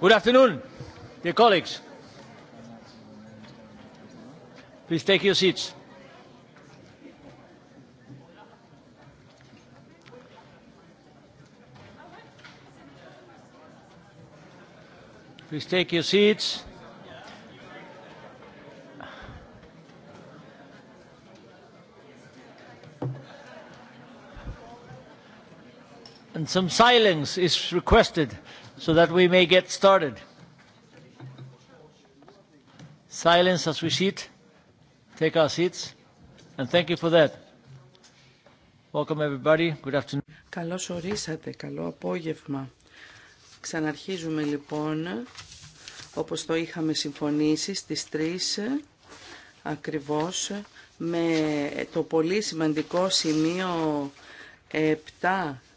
Good afternoon, dear colleagues. Please take your seats. Please take your seats. and some silence is requested so that we may get started. Silence as we sit, take our seats, and thank you for that. Welcome everybody. Good afternoon. Καλώς ορίσατε. Καλό απόγευμα. Ξαναρχίζουμε λοιπόν, όπως το είχαμε συμφωνήσει, στις 3 ακριβώς, με το πολύ σημαντικό σημείο 7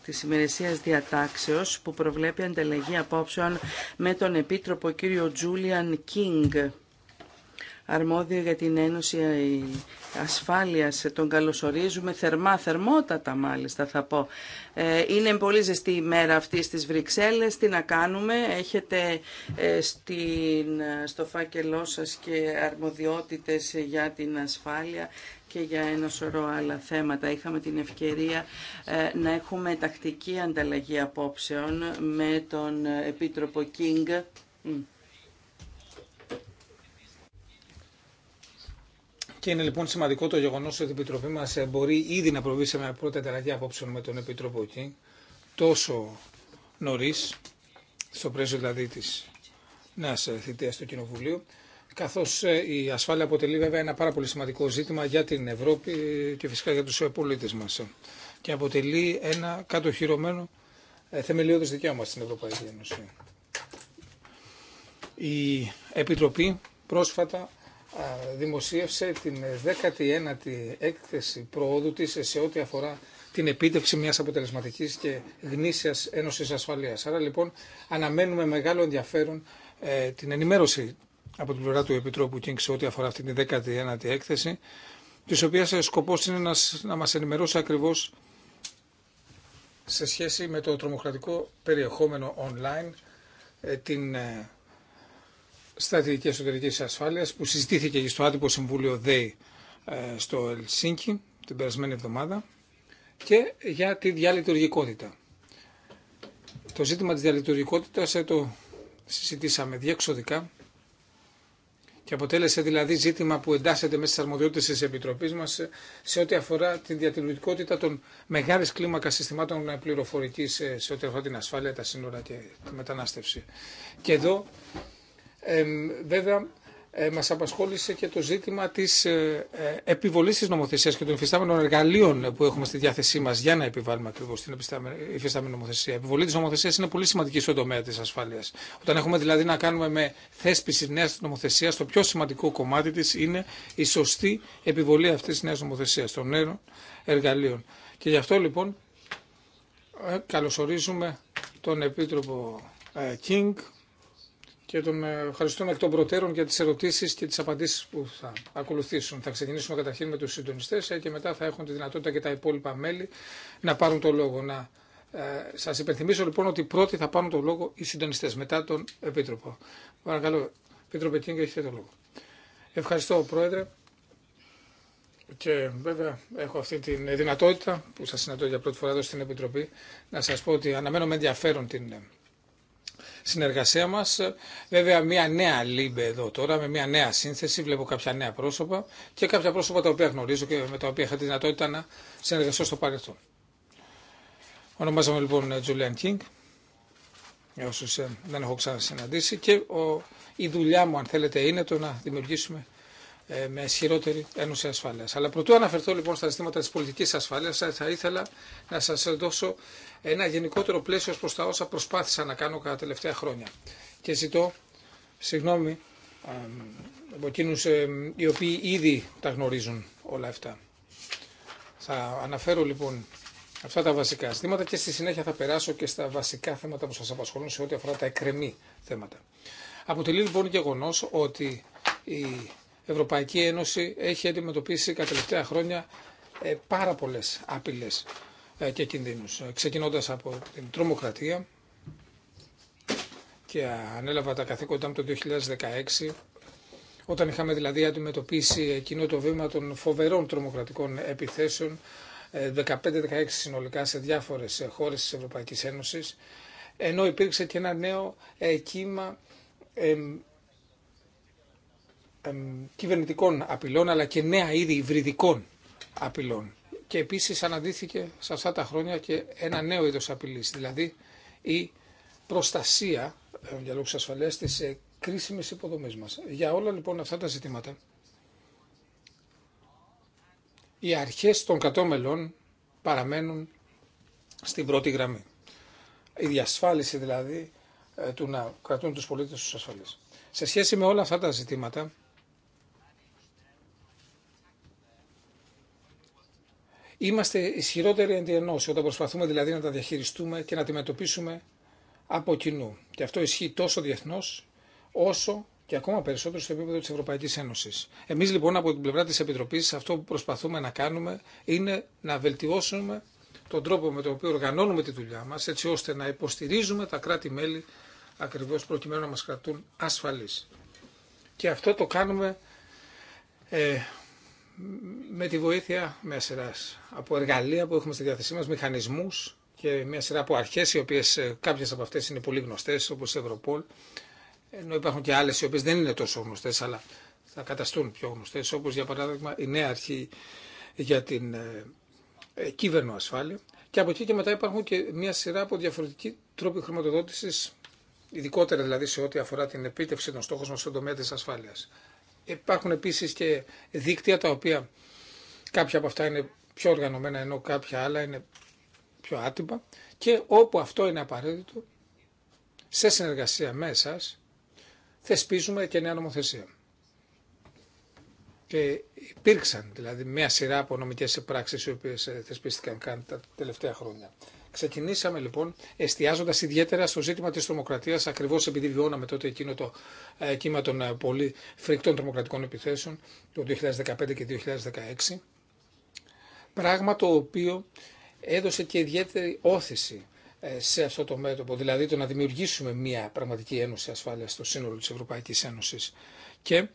Τη ημερησία διατάξεως που προβλέπει ανταλλαγή απόψεων με τον Επίτροπο κύριο Τζούλιαν Κίνγκ αρμόδιο για την Ένωση ασφάλεια Τον καλωσορίζουμε θερμά, θερμότατα μάλιστα θα πω. Ε, είναι πολύ ζεστή η μέρα αυτή στις Βρυξέλλες. Τι να κάνουμε, έχετε ε, στην, ε, στο φάκελό σας και αρμοδιότητες για την ασφάλεια και για ένα σωρό άλλα θέματα. Είχαμε την ευκαιρία ε, να έχουμε τακτική ανταλλαγή απόψεων με τον Επίτροπο Κίνγκ. Και είναι λοιπόν σημαντικό το γεγονό ότι η Επιτροπή μα ε, μπορεί ήδη να προβεί σε μια πρώτη ανταλλαγή απόψεων με τον Επίτροπο Κίνγκ τόσο νωρί, στο πλαίσιο δηλαδή τη νέα ε, θητεία του Κοινοβουλίου καθώς ε, η ασφάλεια αποτελεί βέβαια ένα πάρα πολύ σημαντικό ζήτημα για την Ευρώπη και φυσικά για τους πολίτες μας και αποτελεί ένα κατοχυρωμένο ε, θεμελιώδης δικαίωμα στην Ευρωπαϊκή Ένωση. Η Επιτροπή πρόσφατα δημοσίευσε την 19η έκθεση προόδου της σε ό,τι αφορά την επίτευξη μιας αποτελεσματικής και γνήσιας ένωσης ασφαλείας. Άρα λοιπόν αναμένουμε μεγάλο ενδιαφέρον ε, την ενημέρωση από την πλευρά του Επιτρόπου Κίνξ σε ό,τι αφορά αυτή την 19η έκθεση, τη οποία σκοπό είναι να, να μα ενημερώσει ακριβώ σε σχέση με το τρομοκρατικό περιεχόμενο online, ε, την ε, στρατηγική εσωτερική ασφάλεια που συζητήθηκε και στο άτυπο συμβούλιο ΔΕΗ στο Ελσίνκι την περασμένη εβδομάδα και για τη διαλειτουργικότητα. Το ζήτημα της διαλειτουργικότητας ε, το συζητήσαμε διεξοδικά και αποτέλεσε δηλαδή ζήτημα που εντάσσεται μέσα στις αρμοδιότητες τη Επιτροπή μας σε ό,τι αφορά την διατηρητικότητα των μεγάλη κλίμακα συστημάτων πληροφορική ε, σε ό,τι αφορά την ασφάλεια, τα σύνορα και τη μετανάστευση. Και εδώ βέβαια ε, μας απασχόλησε και το ζήτημα της ε, ε, επιβολής της νομοθεσίας και των υφιστάμενων εργαλείων που έχουμε στη διάθεσή μας για να επιβάλλουμε ακριβώς την υφιστάμενη νομοθεσία. Η επιβολή της νομοθεσίας είναι πολύ σημαντική στον τομέα της ασφάλειας. Όταν έχουμε δηλαδή να κάνουμε με θέσπιση νέας νομοθεσίας, το πιο σημαντικό κομμάτι της είναι η σωστή επιβολή αυτής της νέας νομοθεσίας, των νέων εργαλείων. Και γι' αυτό λοιπόν καλωσορίζουμε τον Επίτροπο King και τον ε, ευχαριστούμε εκ των προτέρων για τις ερωτήσεις και τις απαντήσεις που θα ακολουθήσουν. Θα ξεκινήσουμε καταρχήν με τους συντονιστές ε, και μετά θα έχουν τη δυνατότητα και τα υπόλοιπα μέλη να πάρουν το λόγο. Να ε, σας υπενθυμίσω λοιπόν ότι πρώτοι θα πάρουν το λόγο οι συντονιστές μετά τον Επίτροπο. Παρακαλώ, Επίτροπε Κίνγκ, έχετε το λόγο. Ευχαριστώ, Πρόεδρε. Και βέβαια έχω αυτή τη δυνατότητα που σας συναντώ για πρώτη φορά εδώ στην Επιτροπή να σας πω ότι αναμένω με ενδιαφέρον την ε, συνεργασία μα. Βέβαια μια νέα λίμπε εδώ τώρα, με μια νέα σύνθεση, βλέπω κάποια νέα πρόσωπα και κάποια πρόσωπα τα οποία γνωρίζω και με τα οποία είχα τη δυνατότητα να συνεργαστώ στο παρελθόν. Ονομάζομαι λοιπόν Julian King, για ε, δεν έχω ξανασυναντήσει και ο, η δουλειά μου αν θέλετε είναι το να δημιουργήσουμε ε, με ισχυρότερη ένωση ασφάλεια. Αλλά πρωτού αναφερθώ λοιπόν στα ζητήματα τη πολιτική ασφάλεια, θα ήθελα να σα δώσω ένα γενικότερο πλαίσιο προς τα όσα προσπάθησα να κάνω κατά τελευταία χρόνια. Και ζητώ συγγνώμη από εκείνου οι οποίοι ήδη τα γνωρίζουν όλα αυτά. Θα αναφέρω λοιπόν αυτά τα βασικά ζητήματα και στη συνέχεια θα περάσω και στα βασικά θέματα που σας απασχολούν σε ό,τι αφορά τα εκκρεμή θέματα. Αποτελεί λοιπόν γεγονό ότι η Ευρωπαϊκή Ένωση έχει αντιμετωπίσει κατά τελευταία χρόνια ε, πάρα πολλές απειλές ε, και κινδύνους. Ε, ξεκινώντας από την τρομοκρατία και ανέλαβα τα καθήκοντά μου το 2016 όταν είχαμε δηλαδή αντιμετωπίσει εκείνο το βήμα των φοβερών τρομοκρατικών επιθέσεων 15-16 ε, συνολικά σε διάφορες χώρες της Ευρωπαϊκής Ένωσης ενώ υπήρξε και ένα νέο κύμα κυβερνητικών απειλών αλλά και νέα είδη υβριδικών απειλών και επίσης αναδύθηκε σε αυτά τα χρόνια και ένα νέο είδος απειλής, δηλαδή η προστασία ε, για λόγους ασφαλείας της ε, κρίσιμες υποδομές μας. Για όλα λοιπόν αυτά τα ζητήματα, οι αρχές των κατώμελων παραμένουν στην πρώτη γραμμή. Η διασφάλιση δηλαδή ε, του να κρατούν τους πολίτες τους ασφαλείς. Σε σχέση με όλα αυτά τα ζητήματα, είμαστε ισχυρότεροι εν τη όταν προσπαθούμε δηλαδή να τα διαχειριστούμε και να αντιμετωπίσουμε από κοινού. Και αυτό ισχύει τόσο διεθνώ, όσο και ακόμα περισσότερο στο επίπεδο τη Ευρωπαϊκή Ένωση. Εμεί λοιπόν από την πλευρά τη Επιτροπή αυτό που προσπαθούμε να κάνουμε είναι να βελτιώσουμε τον τρόπο με τον οποίο οργανώνουμε τη δουλειά μα, έτσι ώστε να υποστηρίζουμε τα κράτη-μέλη ακριβώ προκειμένου να μα κρατούν ασφαλεί. Και αυτό το κάνουμε ε, με τη βοήθεια μια σειρά από εργαλεία που έχουμε στη διάθεσή μα μηχανισμού και μια σειρά από αρχέ, οι οποίε κάποιε από αυτέ είναι πολύ γνωστέ, όπω η Ευρωπόλ, ενώ υπάρχουν και άλλε οι οποίες δεν είναι τόσο γνωστέ, αλλά θα καταστούν πιο γνωστέ, όπω για παράδειγμα η νέα αρχή για την ε, ε, κύβερνο ασφάλεια. Και από εκεί και μετά υπάρχουν και μια σειρά από διαφορετικοί τρόποι χρηματοδότηση, ειδικότερα δηλαδή σε ό,τι αφορά την επίτευξη των στόχων μα στον τομέα τη ασφάλεια. Υπάρχουν επίσης και δίκτυα τα οποία κάποια από αυτά είναι πιο οργανωμένα ενώ κάποια άλλα είναι πιο άτυπα και όπου αυτό είναι απαραίτητο σε συνεργασία με εσάς θεσπίζουμε και νέα νομοθεσία και υπήρξαν δηλαδή μια σειρά από νομικές πράξεις οι οποίε ε, θεσπίστηκαν καν τα τελευταία χρόνια. Ξεκινήσαμε λοιπόν εστιάζοντα ιδιαίτερα στο ζήτημα τη τρομοκρατία, ακριβώ επειδή βιώναμε τότε εκείνο το ε, κύμα των ε, πολύ φρικτών τρομοκρατικών επιθέσεων το 2015 και 2016 πράγμα το οποίο έδωσε και ιδιαίτερη όθηση σε αυτό το μέτωπο, δηλαδή το να δημιουργήσουμε μια πραγματική ένωση ασφάλεια στο σύνολο τη Ευρωπαϊκή Ένωση. Και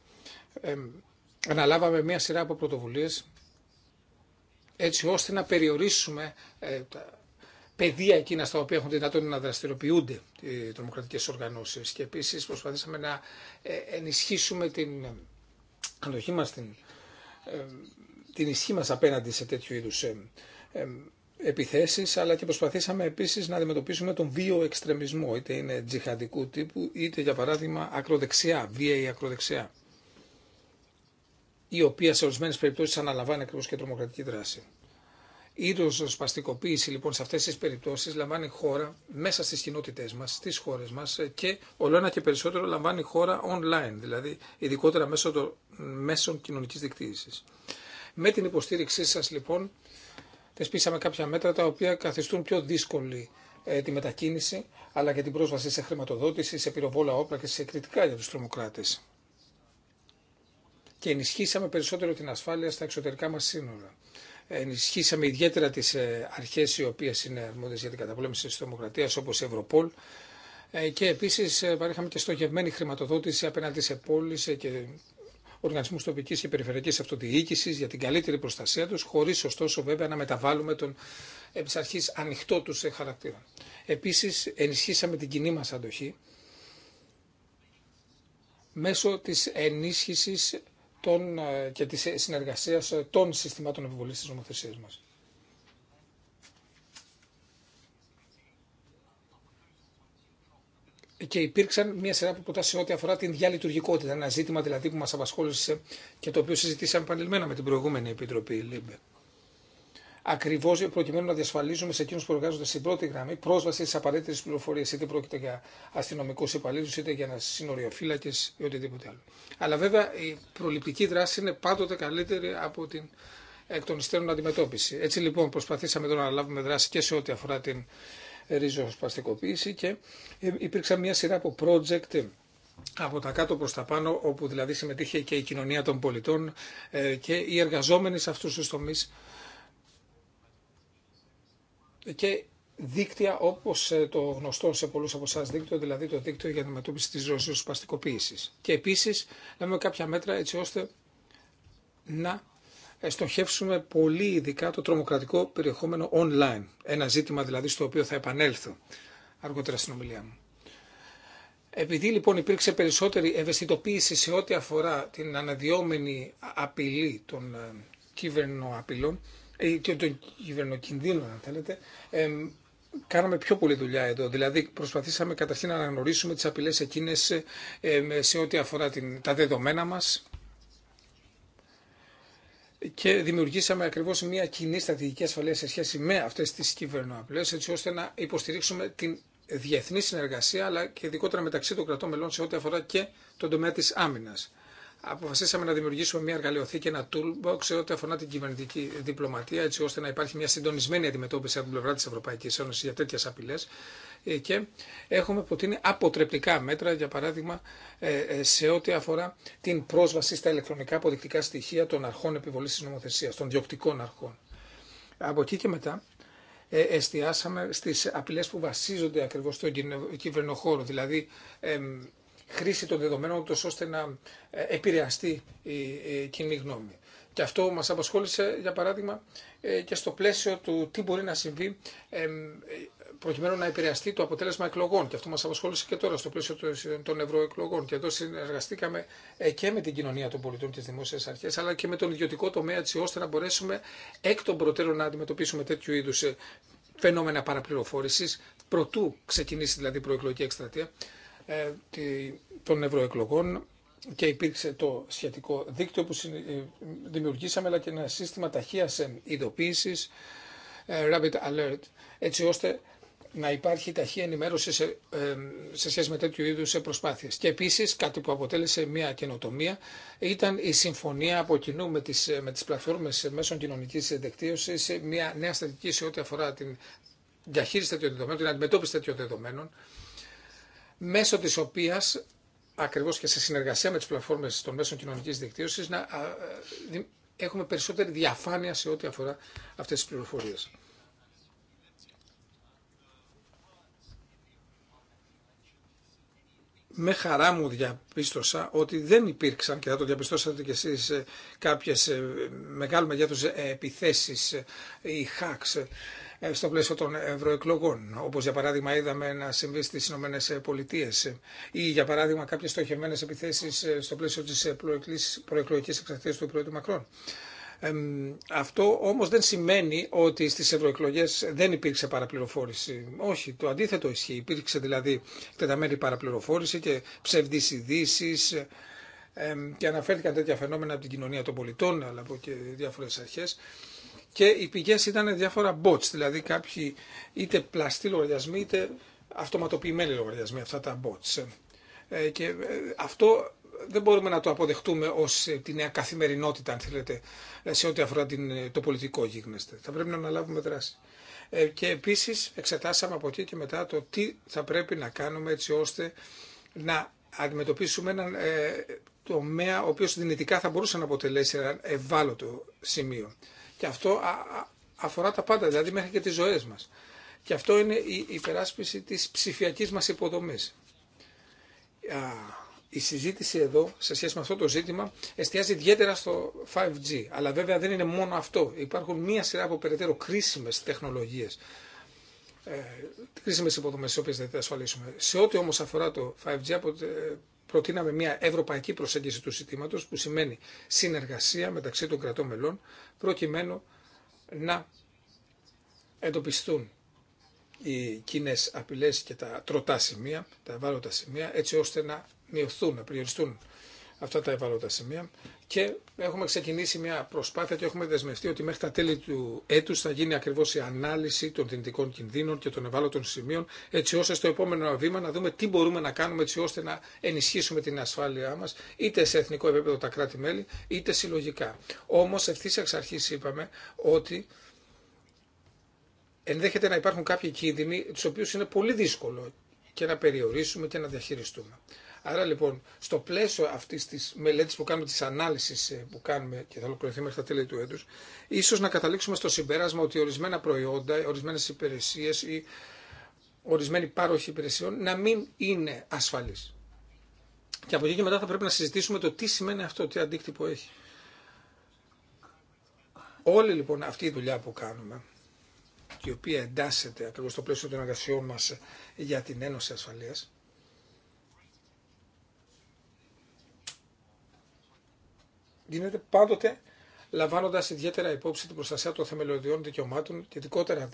αναλάβαμε μία σειρά από πρωτοβουλίες έτσι ώστε να περιορίσουμε ε, τα πεδία εκείνα στα οποία έχουν δυνατόν να δραστηριοποιούνται οι τρομοκρατικές οργανώσεις και επίσης προσπαθήσαμε να ε, ενισχύσουμε την αντοχή μας, την, ε, την ισχύ μας απέναντι σε τέτοιου είδους επιθέσεις, αλλά και προσπαθήσαμε επίσης να αντιμετωπίσουμε τον βίο εξτρεμισμό, είτε είναι τζιχαντικού τύπου, είτε για παράδειγμα ακροδεξιά, βία ή ακροδεξιά η οποία σε ορισμένε περιπτώσει αναλαμβάνει ακριβώ και τρομοκρατική δράση. Η ριζοσπαστικοποίηση λοιπόν σε αυτέ τι περιπτώσει λαμβάνει χώρα μέσα στι κοινότητέ μα, στι χώρε μα και ολόνα και περισσότερο λαμβάνει χώρα online, δηλαδή ειδικότερα μέσω των μέσων κοινωνική δικτύωση. Με την υποστήριξή σα λοιπόν, θεσπίσαμε κάποια μέτρα τα οποία καθιστούν πιο δύσκολη ε, τη μετακίνηση αλλά και την πρόσβαση σε χρηματοδότηση, σε πυροβόλα όπλα και σε κριτικά για του τρομοκράτε και ενισχύσαμε περισσότερο την ασφάλεια στα εξωτερικά μας σύνορα. Ενισχύσαμε ιδιαίτερα τις ε, αρχές οι οποίες είναι αρμόδιες για την καταπολέμηση της δημοκρατίας όπως η Ευρωπόλ ε, και επίσης ε, παρέχαμε και στοχευμένη χρηματοδότηση απέναντι σε πόλεις και οργανισμούς τοπικής και περιφερειακής αυτοδιοίκησης για την καλύτερη προστασία τους, χωρίς ωστόσο βέβαια να μεταβάλουμε τον επί αρχής ανοιχτό του χαρακτήρα. Επίσης ενισχύσαμε την κοινή μα αντοχή μέσω της ενίσχυσης των, ε, και της συνεργασίας ε, των συστημάτων επιβολής της νομοθεσίας μας. Και υπήρξαν μια σειρά από προτάσει ό,τι αφορά την διαλειτουργικότητα. Ένα ζήτημα δηλαδή που μα απασχόλησε και το οποίο συζητήσαμε επανειλημμένα με την προηγούμενη Επιτροπή ΛΥΜΠΕ ακριβώ προκειμένου να διασφαλίζουμε σε εκείνου που εργάζονται στην πρώτη γραμμή πρόσβαση στι απαραίτητε πληροφορίε, είτε πρόκειται για αστυνομικού υπαλλήλου, είτε για συνοριοφύλακε ή οτιδήποτε άλλο. Αλλά βέβαια η προληπτική δράση είναι πάντοτε καλύτερη από την εκ των υστέρων αντιμετώπιση. Έτσι λοιπόν προσπαθήσαμε τώρα να λάβουμε δράση και σε ό,τι αφορά την ριζοσπαστικοποίηση και ε, υπήρξαν μια σειρά από project από τα κάτω προς τα πάνω, όπου δηλαδή συμμετείχε και η κοινωνία των πολιτών ε, και οι εργαζόμενοι σε αυτούς τους τομείς και δίκτυα όπως ε, το γνωστό σε πολλούς από εσά δίκτυο, δηλαδή το δίκτυο για την αντιμετώπιση της παστικοποίηση. Και επίσης λέμε κάποια μέτρα έτσι ώστε να ε, στοχεύσουμε πολύ ειδικά το τρομοκρατικό περιεχόμενο online. Ένα ζήτημα δηλαδή στο οποίο θα επανέλθω αργότερα στην ομιλία μου. Επειδή λοιπόν υπήρξε περισσότερη ευαισθητοποίηση σε ό,τι αφορά την αναδυόμενη απειλή των ε, απειλών, ε, και των κυβερνοκινδύνο, αν θέλετε, κάναμε πιο πολλή δουλειά εδώ. Δηλαδή, προσπαθήσαμε καταρχήν να αναγνωρίσουμε τις απειλές εκείνες σε ό,τι αφορά την, τα δεδομένα μας και δημιουργήσαμε ακριβώς μια κοινή στρατηγική ασφαλεία σε σχέση με αυτές τι κυβερνοαπειλές, έτσι ώστε να υποστηρίξουμε την διεθνή συνεργασία, αλλά και ειδικότερα μεταξύ των κρατών μελών σε ό,τι αφορά και τον τομέα τη Άμυνα αποφασίσαμε να δημιουργήσουμε μια εργαλειοθήκη, ένα toolbox σε ό,τι αφορά την κυβερνητική διπλωματία, έτσι ώστε να υπάρχει μια συντονισμένη αντιμετώπιση από την πλευρά τη Ευρωπαϊκή Ένωση για τέτοιε απειλέ. Ε, και έχουμε προτείνει αποτρεπτικά μέτρα, για παράδειγμα, ε, ε, σε ό,τι αφορά την πρόσβαση στα ηλεκτρονικά αποδεικτικά στοιχεία των αρχών επιβολή τη νομοθεσία, των διοκτικών αρχών. Από εκεί και μετά, εστιάσαμε στι απειλέ που βασίζονται ακριβώς στον κυβερνοχώρο, δηλαδή χρήση των δεδομένων τους ώστε να ε, επηρεαστεί η κοινή γνώμη. Και αυτό μας απασχόλησε, για παράδειγμα, ε, και στο πλαίσιο του τι μπορεί να συμβεί ε, προκειμένου να επηρεαστεί το αποτέλεσμα εκλογών. Και αυτό μας απασχόλησε και τώρα στο πλαίσιο των ευρωεκλογών. Και εδώ συνεργαστήκαμε και με την κοινωνία των πολιτών και τις δημόσιες αρχές, αλλά και με τον ιδιωτικό τομέα, έτσι ώστε να μπορέσουμε εκ των προτέρων να αντιμετωπίσουμε τέτοιου είδους φαινόμενα παραπληροφόρησης, προτού ξεκινήσει δηλαδή προεκλογική εκστρατεία, ε, των ευρωεκλογών και υπήρξε το σχετικό δίκτυο που ε, δημιουργήσαμε αλλά και ένα σύστημα ταχείας ειδοποίησης, ε, Rabbit Alert, έτσι ώστε να υπάρχει ταχεία ενημέρωση σε, σε σχέση με τέτοιου είδους προσπάθειες. Και επίσης κάτι που αποτέλεσε μια καινοτομία ήταν η συμφωνία από κοινού με τις, με τις πλατφόρμες μέσω κοινωνικής μια νέα στρατηγική σε ό,τι αφορά την διαχείριση τέτοιων δεδομένων, την αντιμετώπιση τέτοιων δεδομένων, μέσω της οποίας ακριβώς και σε συνεργασία με τις πλατφόρμες των μέσων κοινωνικής δικτύωσης να έχουμε περισσότερη διαφάνεια σε ό,τι αφορά αυτές τις πληροφορίες. με χαρά μου διαπίστωσα ότι δεν υπήρξαν και θα το διαπιστώσατε και εσείς ε, κάποιες ε, μεγάλου μεγέθους ε, επιθέσεις ή hacks ε, στο πλαίσιο των ευρωεκλογών, όπω για παράδειγμα είδαμε να συμβεί στις Ηνωμένε Πολιτείε ή για παράδειγμα κάποιε στοχευμένε επιθέσει ε, στο πλαίσιο τη ε, προεκλογική εξαρτησία του Πρόεδρου Μακρόν. Ε, αυτό όμω δεν σημαίνει ότι στι ευρωεκλογέ δεν υπήρξε παραπληροφόρηση. Όχι, το αντίθετο ισχύει. Υπήρξε δηλαδή εκτεταμένη παραπληροφόρηση και ψευδεί ειδήσει και αναφέρθηκαν τέτοια φαινόμενα από την κοινωνία των πολιτών αλλά από και διάφορες αρχές και οι πηγές ήταν διάφορα bots, δηλαδή κάποιοι είτε πλαστοί λογαριασμοί είτε αυτοματοποιημένοι λογαριασμοί, αυτά τα bots. Ε, και ε, αυτό δεν μπορούμε να το αποδεχτούμε ως ε, τη νέα καθημερινότητα, αν θέλετε, σε ό,τι αφορά την, το πολιτικό γίγνεσθε. Θα πρέπει να αναλάβουμε δράση. Και επίσης εξετάσαμε από εκεί και μετά το τι θα πρέπει να κάνουμε έτσι ώστε να αντιμετωπίσουμε έναν τομέα ο οποίος δυνητικά θα μπορούσε να αποτελέσει ένα ευάλωτο σημείο. Και αυτό αφορά τα πάντα, δηλαδή μέχρι και τις ζωές μας. Και αυτό είναι η υπεράσπιση της ψηφιακής μας υποδομής. Η συζήτηση εδώ, σε σχέση με αυτό το ζήτημα, εστιάζει ιδιαίτερα στο 5G. Αλλά βέβαια δεν είναι μόνο αυτό. Υπάρχουν μία σειρά από περαιτέρω κρίσιμες τεχνολογίες ε, κρίσιμε υποδομέ τι οποίε θα ασφαλίσουμε. Σε ό,τι όμως αφορά το 5G, προτείναμε μια ευρωπαϊκή προσέγγιση του συστήματος που σημαίνει συνεργασία μεταξύ των κρατών μελών προκειμένου να εντοπιστούν οι κοινέ απειλές και τα τροτά σημεία, τα ευάλωτα σημεία, έτσι ώστε να μειωθούν, να περιοριστούν αυτά τα ευάλωτα σημεία και έχουμε ξεκινήσει μια προσπάθεια και έχουμε δεσμευτεί ότι μέχρι τα τέλη του έτου θα γίνει ακριβώ η ανάλυση των δυνητικών κινδύνων και των ευάλωτων σημείων, έτσι ώστε στο επόμενο βήμα να δούμε τι μπορούμε να κάνουμε έτσι ώστε να ενισχύσουμε την ασφάλειά μα, είτε σε εθνικό επίπεδο τα κράτη-μέλη, είτε συλλογικά. Όμω ευθύ εξ αρχή είπαμε ότι ενδέχεται να υπάρχουν κάποιοι κίνδυνοι, του οποίου είναι πολύ δύσκολο και να περιορίσουμε και να διαχειριστούμε. Άρα λοιπόν, στο πλαίσιο αυτή τη μελέτη που κάνουμε, τη ανάλυση ε, που κάνουμε και θα ολοκληρωθεί μέχρι τα τέλη του έτου, ίσω να καταλήξουμε στο συμπέρασμα ότι ορισμένα προϊόντα, ορισμένε υπηρεσίε ή ορισμένη πάροχη υπηρεσιών να μην είναι ασφαλεί. Και από εκεί και μετά θα πρέπει να συζητήσουμε το τι σημαίνει αυτό, τι αντίκτυπο έχει. Όλη λοιπόν αυτή η δουλειά που κάνουμε, η οποία εντάσσεται ακριβώ στο πλαίσιο των εργασιών μα για την Ένωση Ασφαλείας, γίνεται πάντοτε λαμβάνοντα ιδιαίτερα υπόψη την προστασία των θεμελιωδιών δικαιωμάτων και ειδικότερα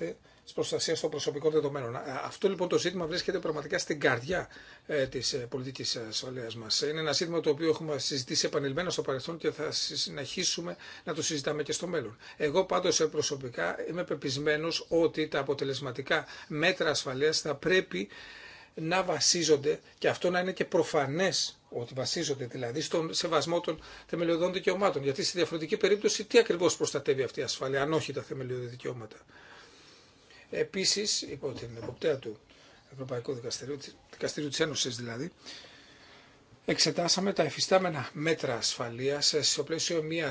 τη προστασία των προσωπικών δεδομένων. Ε, αυτό λοιπόν το ζήτημα βρίσκεται πραγματικά στην καρδιά ε, τη ε, πολιτική ασφαλεία μα. Είναι ένα ζήτημα το οποίο έχουμε συζητήσει επανειλημμένα στο παρελθόν και θα συνεχίσουμε να το συζητάμε και στο μέλλον. Εγώ πάντω ε, προσωπικά είμαι πεπισμένο ότι τα αποτελεσματικά μέτρα ασφαλεία θα πρέπει να βασίζονται και αυτό να είναι και προφανέ ότι βασίζονται δηλαδή στον σεβασμό των θεμελιωδών δικαιωμάτων. Γιατί στη διαφορετική περίπτωση τι ακριβώ προστατεύει αυτή η ασφάλεια, αν όχι τα θεμελιώδη δικαιώματα. Επίση, υπό την εποπτεία του Ευρωπαϊκού Δικαστηρίου, Δικαστηρίου της Ένωσης δηλαδή, Εξετάσαμε τα εφιστάμενα μέτρα ασφαλεία στο πλαίσιο μια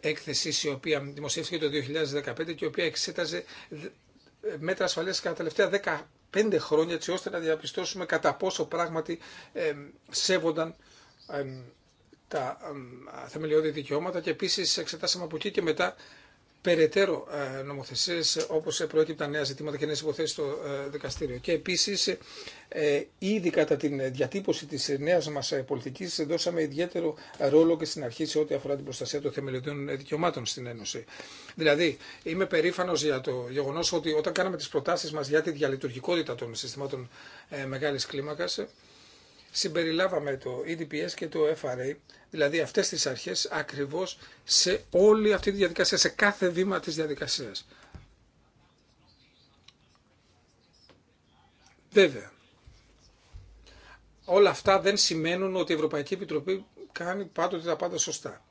ε, έκθεση η οποία δημοσιεύθηκε το 2015 και η οποία εξέταζε μέτρα ασφαλεία κατά τα τελευταία 10 πέντε χρόνια έτσι ώστε να διαπιστώσουμε κατά πόσο πράγματι σέβονταν τα θεμελιώδη δικαιώματα και επίσης εξετάσαμε από εκεί και μετά περαιτέρω ε, νομοθεσίε όπω προέκυπταν νέα ζητήματα και νέε υποθέσει στο ε, δικαστήριο. Και επίση, ε, ήδη κατά την διατύπωση τη νέα μα πολιτική, δώσαμε ιδιαίτερο ρόλο και στην αρχή σε ό,τι αφορά την προστασία των θεμελιωδών δικαιωμάτων στην Ένωση. Δηλαδή είμαι περήφανο για το γεγονό ότι όταν κάναμε τι προτάσει μα για τη διαλειτουργικότητα των συστημάτων μεγάλη κλίμακα, συμπεριλάβαμε το EDPS και το FRA δηλαδή αυτές τις αρχές ακριβώς σε όλη αυτή τη διαδικασία, σε κάθε βήμα της διαδικασίας. Βέβαια, όλα αυτά δεν σημαίνουν ότι η Ευρωπαϊκή Επιτροπή κάνει πάντοτε τα πάντα σωστά.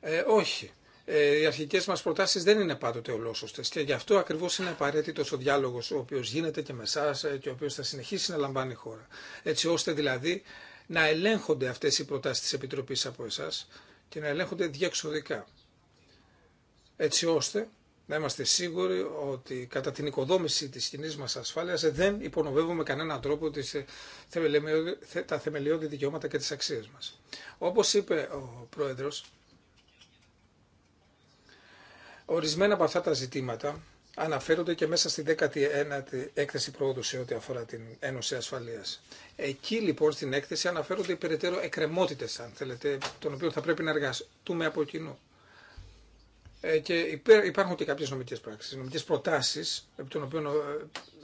Ε, όχι. Ε, οι αρχικές μας προτάσεις δεν είναι πάντοτε ολόσωστες και γι' αυτό ακριβώς είναι απαραίτητο ο διάλογος ο οποίος γίνεται και με εσά ε, και ο οποίος θα συνεχίσει να λαμβάνει η χώρα. Έτσι ώστε δηλαδή να ελέγχονται αυτές οι προτάσεις της Επιτροπής από εσάς και να ελέγχονται διεξοδικά. Έτσι ώστε να είμαστε σίγουροι ότι κατά την οικοδόμηση της κοινή μας ασφάλειας δεν υπονοβεύουμε κανέναν τρόπο τις, τα θεμελιώδη δικαιώματα και τις αξίες μας. Όπως είπε ο Πρόεδρος, ορισμένα από αυτά τα ζητήματα αναφέρονται και μέσα στην 19η έκθεση πρόοδου σε ό,τι αφορά την Ένωση Ασφαλεία. Εκεί λοιπόν στην έκθεση αναφέρονται οι περαιτέρω εκκρεμότητε, αν θέλετε, των οποίων θα πρέπει να εργαστούμε από κοινού. Ε, και υπάρχουν και κάποιε νομικέ πράξει, νομικέ προτάσει, επί των οποίων ε,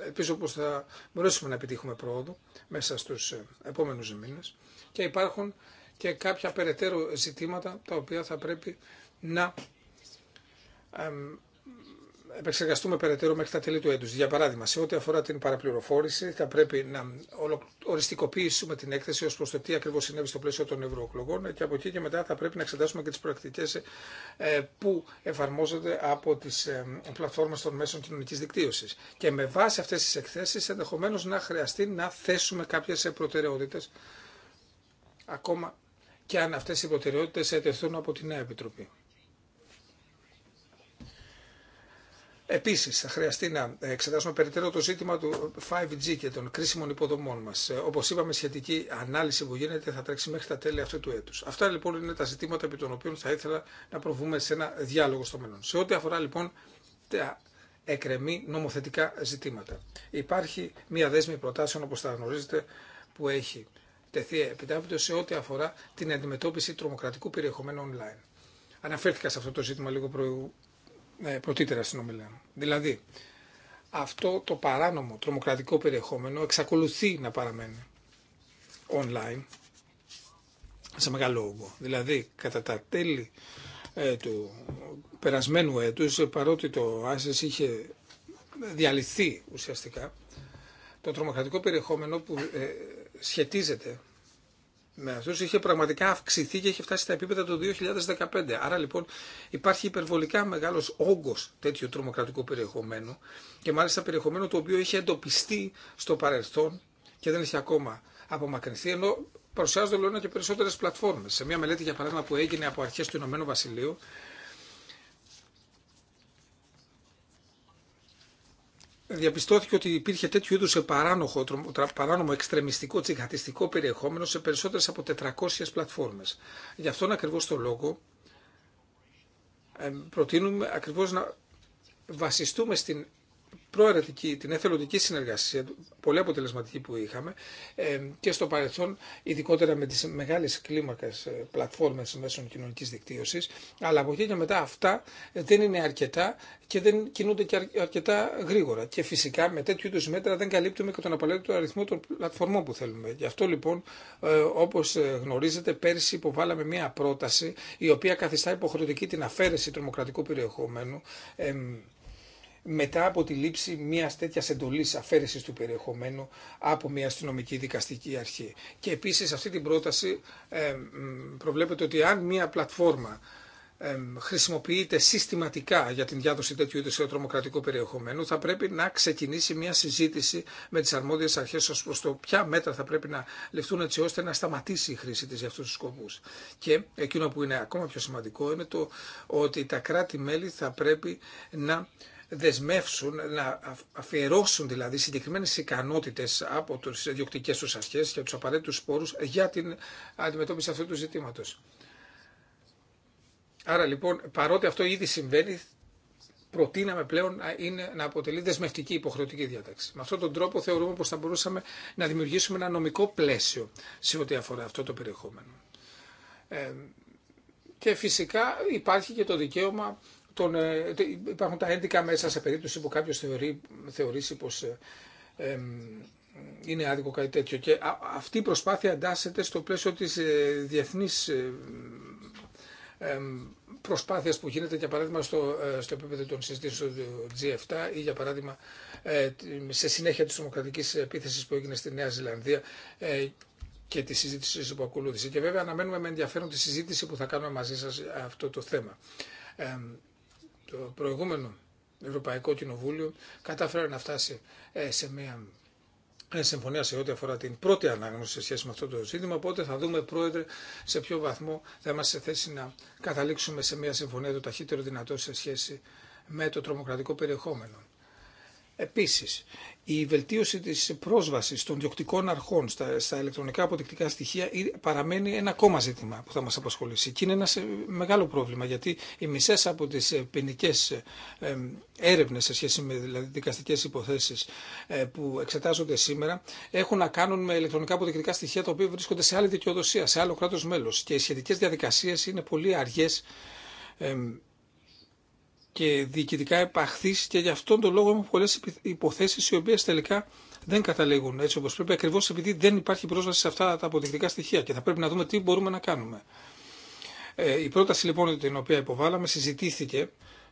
ελπίζω πω θα μπορέσουμε να επιτύχουμε πρόοδο μέσα στου ε, επόμενου μήνε. Και υπάρχουν και κάποια περαιτέρω ζητήματα τα οποία θα πρέπει να επεξεργαστούμε περαιτέρω μέχρι τα τέλη του έτους. Για παράδειγμα, σε ό,τι αφορά την παραπληροφόρηση, θα πρέπει να οριστικοποιήσουμε την έκθεση ω προ το τι ακριβώ συνέβη στο πλαίσιο των ευρωεκλογών και από εκεί και μετά θα πρέπει να εξετάσουμε και τι πρακτικέ ε, που εφαρμόζονται από τι ε, πλατφόρμες των μέσων κοινωνική δικτύωση. Και με βάση αυτέ τι εκθέσει ενδεχομένω να χρειαστεί να θέσουμε κάποιε προτεραιότητε ακόμα και αν αυτές οι προτεραιότητες ετευθούν από τη Νέα Επιτροπή. Επίση, θα χρειαστεί να ε, εξετάσουμε περαιτέρω το ζήτημα του 5G και των κρίσιμων υποδομών μα. Ε, όπω είπαμε, σχετική ανάλυση που γίνεται θα τρέξει μέχρι τα τέλη αυτού του έτου. Αυτά λοιπόν είναι τα ζητήματα επί των οποίων θα ήθελα να προβούμε σε ένα διάλογο στο μέλλον. Σε ό,τι αφορά λοιπόν τα εκρεμή νομοθετικά ζητήματα. Υπάρχει μία δέσμη προτάσεων, όπω θα γνωρίζετε, που έχει τεθεί επιτάπητο σε ό,τι αφορά την αντιμετώπιση τρομοκρατικού περιεχομένου online. Αναφέρθηκα σε αυτό το ζήτημα λίγο προηγουμένω ε, πρωτήτερα στην ομιλία μου. Δηλαδή, αυτό το παράνομο τρομοκρατικό περιεχόμενο εξακολουθεί να παραμένει online σε μεγάλο όγκο. Δηλαδή, κατά τα τέλη ε, του περασμένου έτους, παρότι το ΆΣΕΣ είχε διαλυθεί ουσιαστικά, το τρομοκρατικό περιεχόμενο που ε, σχετίζεται με αυτούς είχε πραγματικά αυξηθεί και είχε φτάσει στα επίπεδα του 2015. Άρα λοιπόν υπάρχει υπερβολικά μεγάλος όγκος τέτοιου τρομοκρατικού περιεχομένου και μάλιστα περιεχομένου το οποίο είχε εντοπιστεί στο παρελθόν και δεν είχε ακόμα απομακρυνθεί, ενώ παρουσιάζονται λόγω και περισσότερε πλατφόρμε. Σε μια μελέτη, για παράδειγμα, που έγινε από αρχέ του Ηνωμένου Βασιλείου, διαπιστώθηκε ότι υπήρχε τέτοιου είδου παράνομο, παράνομο εξτρεμιστικό, τσιγχατιστικό περιεχόμενο σε περισσότερε από 400 πλατφόρμες. Γι' αυτόν ακριβώ το λόγο προτείνουμε ακριβώ να βασιστούμε στην προαιρετική, την εθελοντική συνεργασία, πολύ αποτελεσματική που είχαμε ε, και στο παρελθόν, ειδικότερα με τις μεγάλες κλίμακες ε, πλατφόρμες μέσων κοινωνικής δικτύωσης, αλλά από εκεί και μετά αυτά ε, δεν είναι αρκετά και δεν κινούνται και αρκετά γρήγορα. Και φυσικά με τέτοιου είδους μέτρα δεν καλύπτουμε και τον απαραίτητο αριθμό των πλατφορμών που θέλουμε. Γι' αυτό λοιπόν, όπως γνωρίζετε, πέρσι υποβάλαμε μια πρόταση η οποία καθιστά υποχρεωτική την αφαίρεση τρομοκρατικού περιεχομένου μετά από τη λήψη μια τέτοια εντολή αφαίρεση του περιεχομένου από μια αστυνομική δικαστική αρχή. Και επίση αυτή την πρόταση ε, προβλέπεται ότι αν μια πλατφόρμα ε, χρησιμοποιείται συστηματικά για την διάδοση τέτοιου είδου τρομοκρατικού περιεχομένου, θα πρέπει να ξεκινήσει μια συζήτηση με τι αρμόδιε αρχέ ω προ το ποια μέτρα θα πρέπει να ληφθούν έτσι ώστε να σταματήσει η χρήση τη για αυτού του σκοπού. Και εκείνο που είναι ακόμα πιο σημαντικό είναι το ότι τα κράτη-μέλη θα πρέπει να δεσμεύσουν, να αφιερώσουν δηλαδή συγκεκριμένε ικανότητε από τι διοκτικέ του αρχέ και του απαραίτητου πόρου για την αντιμετώπιση αυτού του ζητήματο. Άρα λοιπόν, παρότι αυτό ήδη συμβαίνει, προτείναμε πλέον να, είναι, να αποτελεί δεσμευτική υποχρεωτική διάταξη. Με αυτόν τον τρόπο θεωρούμε πως θα μπορούσαμε να δημιουργήσουμε ένα νομικό πλαίσιο σε ό,τι αφορά αυτό το περιεχόμενο. Ε, και φυσικά υπάρχει και το δικαίωμα τον, ε, υπάρχουν τα έντικα μέσα σε περίπτωση που κάποιος θεωρεί, θεωρήσει πως ε, είναι άδικο κάτι τέτοιο. Και αυτή η προσπάθεια εντάσσεται στο πλαίσιο της ε, διεθνής προσπάθειας που γίνεται για παράδειγμα στο, στο επίπεδο των συζητήσεων του G7 ή για παράδειγμα σε συνέχεια της δημοκρατικής επίθεσης που έγινε στη Νέα Ζηλανδία και τη συζήτηση που ακολούθησε. Και βέβαια αναμένουμε με ενδιαφέρον τη συζήτηση που θα κάνουμε μαζί σας αυτό το θέμα το προηγούμενο Ευρωπαϊκό Κοινοβούλιο κατάφερε να φτάσει ε, σε μια ε, συμφωνία σε ό,τι αφορά την πρώτη ανάγνωση σε σχέση με αυτό το ζήτημα. Οπότε θα δούμε, Πρόεδρε, σε ποιο βαθμό θα είμαστε σε θέση να καταλήξουμε σε μια συμφωνία το ταχύτερο δυνατό σε σχέση με το τρομοκρατικό περιεχόμενο. Επίσης, η βελτίωση της πρόσβασης των διοκτικών αρχών στα, ηλεκτρονικά αποδεικτικά στοιχεία παραμένει ένα ακόμα ζήτημα που θα μας απασχολήσει. Και είναι ένα ε, μεγάλο πρόβλημα γιατί οι μισές από τις ε, ποινικέ ε, έρευνες σε σχέση με δηλαδή, δικαστικές υποθέσεις που εξετάζονται σήμερα έχουν να κάνουν με ηλεκτρονικά αποδεικτικά στοιχεία τα οποία βρίσκονται σε άλλη δικαιοδοσία, σε άλλο κράτος μέλος και οι σχετικές διαδικασίες είναι πολύ αργές και διοικητικά επαχθείς και γι' αυτόν τον λόγο έχουμε πολλές υποθέσεις οι οποίες τελικά δεν καταλήγουν έτσι όπως πρέπει ακριβώς επειδή δεν υπάρχει πρόσβαση σε αυτά τα αποδεικτικά στοιχεία και θα πρέπει να δούμε τι μπορούμε να κάνουμε. Ε, η πρόταση λοιπόν την οποία υποβάλαμε συζητήθηκε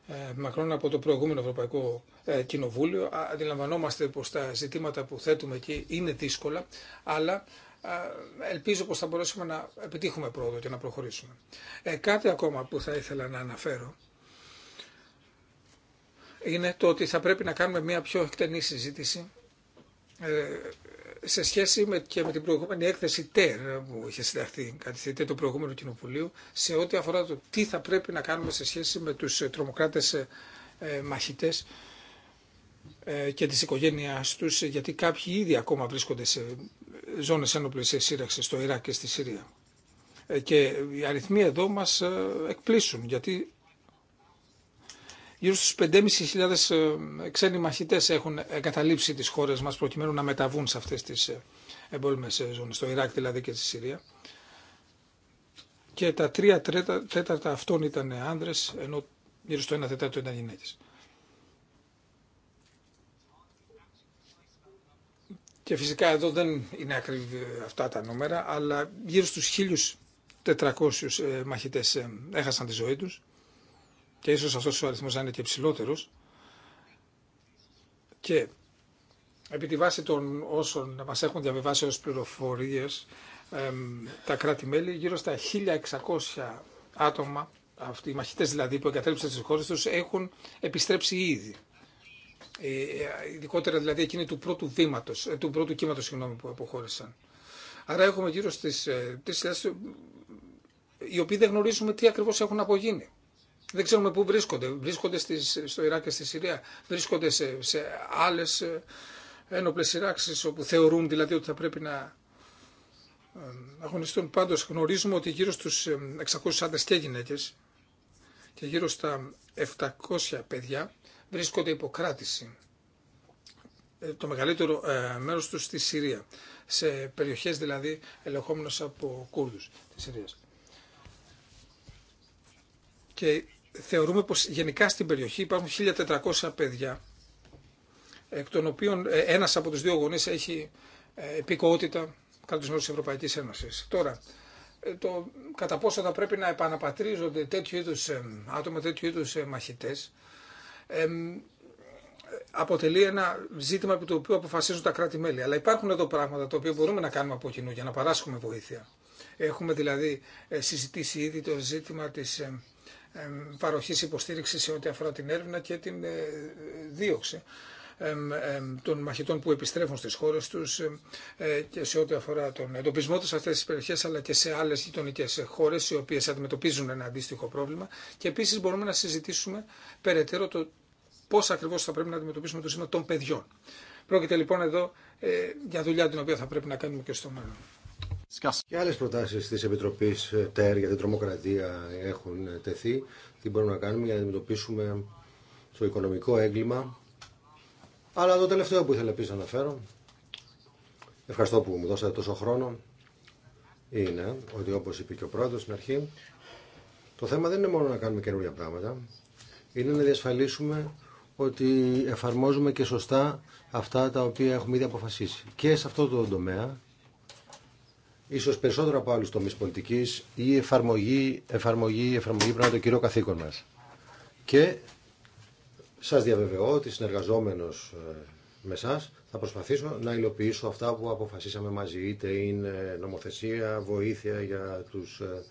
ε, μακρόν από το προηγούμενο Ευρωπαϊκό ε, Κοινοβούλιο. Αντιλαμβανόμαστε πως τα ζητήματα που θέτουμε εκεί είναι δύσκολα, αλλά ελπίζω πως θα μπορέσουμε να επιτύχουμε πρόοδο και να προχωρήσουμε. κάτι ακόμα που θα ήθελα να αναφέρω είναι το ότι θα πρέπει να κάνουμε μια πιο εκτενή συζήτηση ε, σε σχέση με, και με την προηγούμενη έκθεση ΤΕΡ που είχε συνταχθεί κάτι του προηγούμενου κοινοβουλίου σε ό,τι αφορά το τι θα πρέπει να κάνουμε σε σχέση με τους ε, τρομοκράτες ε, μαχητές και τις οικογένειάς τους γιατί κάποιοι ήδη ακόμα βρίσκονται σε ζώνες ένοπλης σύραξη στο Ιράκ και στη Συρία. Και οι αριθμοί εδώ μας εκπλήσουν γιατί Γύρω στους 5.500 ε, ξένοι μαχητές έχουν καταλήψει τις χώρες μας προκειμένου να μεταβούν σε αυτές τις ε, εμπόλμες ε, ζώνες, στο Ιράκ δηλαδή και στη Συρία. Και τα τρία τέταρτα αυτών ήταν άνδρες, ενώ γύρω στο ένα τέταρτο ήταν γυναίκες. Και φυσικά εδώ δεν είναι ακριβή αυτά τα νούμερα, αλλά γύρω στους 1.400 μαχητές έχασαν τη ζωή τους και ίσως αυτός ο αριθμός να είναι και ψηλότερο. και επί τη βάση των όσων μας έχουν διαβιβάσει ως πληροφορίες τα κράτη-μέλη γύρω στα 1600 άτομα αυτοί οι μαχητές δηλαδή που εγκατέλειψαν τις χώρες τους έχουν επιστρέψει ήδη. Ε, ε, ειδικότερα δηλαδή εκείνοι του πρώτου βήματος, ε, του πρώτου κύματος συγγνώμη, που αποχώρησαν. Άρα έχουμε γύρω στις 3.000 οι οποίοι δεν γνωρίζουμε τι ακριβώς έχουν απογίνει δεν ξέρουμε πού βρίσκονται. Βρίσκονται στις, στο Ιράκ και στη Συρία. Βρίσκονται σε, σε άλλες ε, ένοπλες όπου θεωρούν δηλαδή ότι θα πρέπει να ε, αγωνιστούν. Πάντως γνωρίζουμε ότι γύρω στου 600 ε, άντρε και γυναίκε και γύρω στα 700 παιδιά βρίσκονται υποκράτηση. Το μεγαλύτερο μέρος τους στη Συρία. Σε περιοχές δηλαδή ελεγχόμενες από Κούρδους της Συρίας. Και θεωρούμε πως γενικά στην περιοχή υπάρχουν 1.400 παιδιά, εκ των οποίων ε, ένας από τους δύο γονείς έχει ε, κατά τους μέρους της Ευρωπαϊκής Ένωσης. Τώρα, ε, το κατά πόσο θα πρέπει να επαναπατρίζονται τέτοιου είδους άτομα, τέτοιου είδους μαχητές, αποτελεί ένα ζήτημα από το οποίο αποφασίζουν τα κράτη-μέλη. Αλλά υπάρχουν εδώ πράγματα τα οποία μπορούμε να κάνουμε από κοινού για να παράσχουμε βοήθεια. Έχουμε δηλαδή συζητήσει ήδη το ζήτημα της παροχής υποστήριξης σε ό,τι αφορά την έρευνα και την ε, δίωξη των μαχητών που επιστρέφουν στις χώρες τους ε, και σε ό,τι αφορά τον εντοπισμό τους σε αυτές τις περιοχές αλλά και σε άλλες γειτονικέ χώρες οι οποίες αντιμετωπίζουν ένα αντίστοιχο πρόβλημα και επίσης μπορούμε να συζητήσουμε περαιτέρω το πώς ακριβώς θα πρέπει να αντιμετωπίσουμε το ζήτημα των παιδιών. Πρόκειται λοιπόν εδώ ε, για δουλειά την οποία θα πρέπει να κάνουμε και στο μέλλον. Και άλλε προτάσει τη Επιτροπή ε, ΤΕΡ για την τρομοκρατία έχουν ε, τεθεί. Τι μπορούμε να κάνουμε για να αντιμετωπίσουμε το οικονομικό έγκλημα. Αλλά το τελευταίο που ήθελα επίση να αναφέρω, ευχαριστώ που μου δώσατε τόσο χρόνο, είναι ότι όπω είπε και ο πρόεδρος στην αρχή, το θέμα δεν είναι μόνο να κάνουμε καινούργια πράγματα, είναι να διασφαλίσουμε ότι εφαρμόζουμε και σωστά αυτά τα οποία έχουμε ήδη αποφασίσει. Και σε αυτό το τομέα ίσως περισσότερο από άλλους τομείς πολιτικής, η εφαρμογή, εφαρμογή, εφαρμογή πρέπει να είναι το κύριο καθήκον μας. Και σας διαβεβαιώ ότι συνεργαζόμενος ε, με εσά θα προσπαθήσω να υλοποιήσω αυτά που αποφασίσαμε μαζί, είτε είναι νομοθεσία, βοήθεια για τους ε,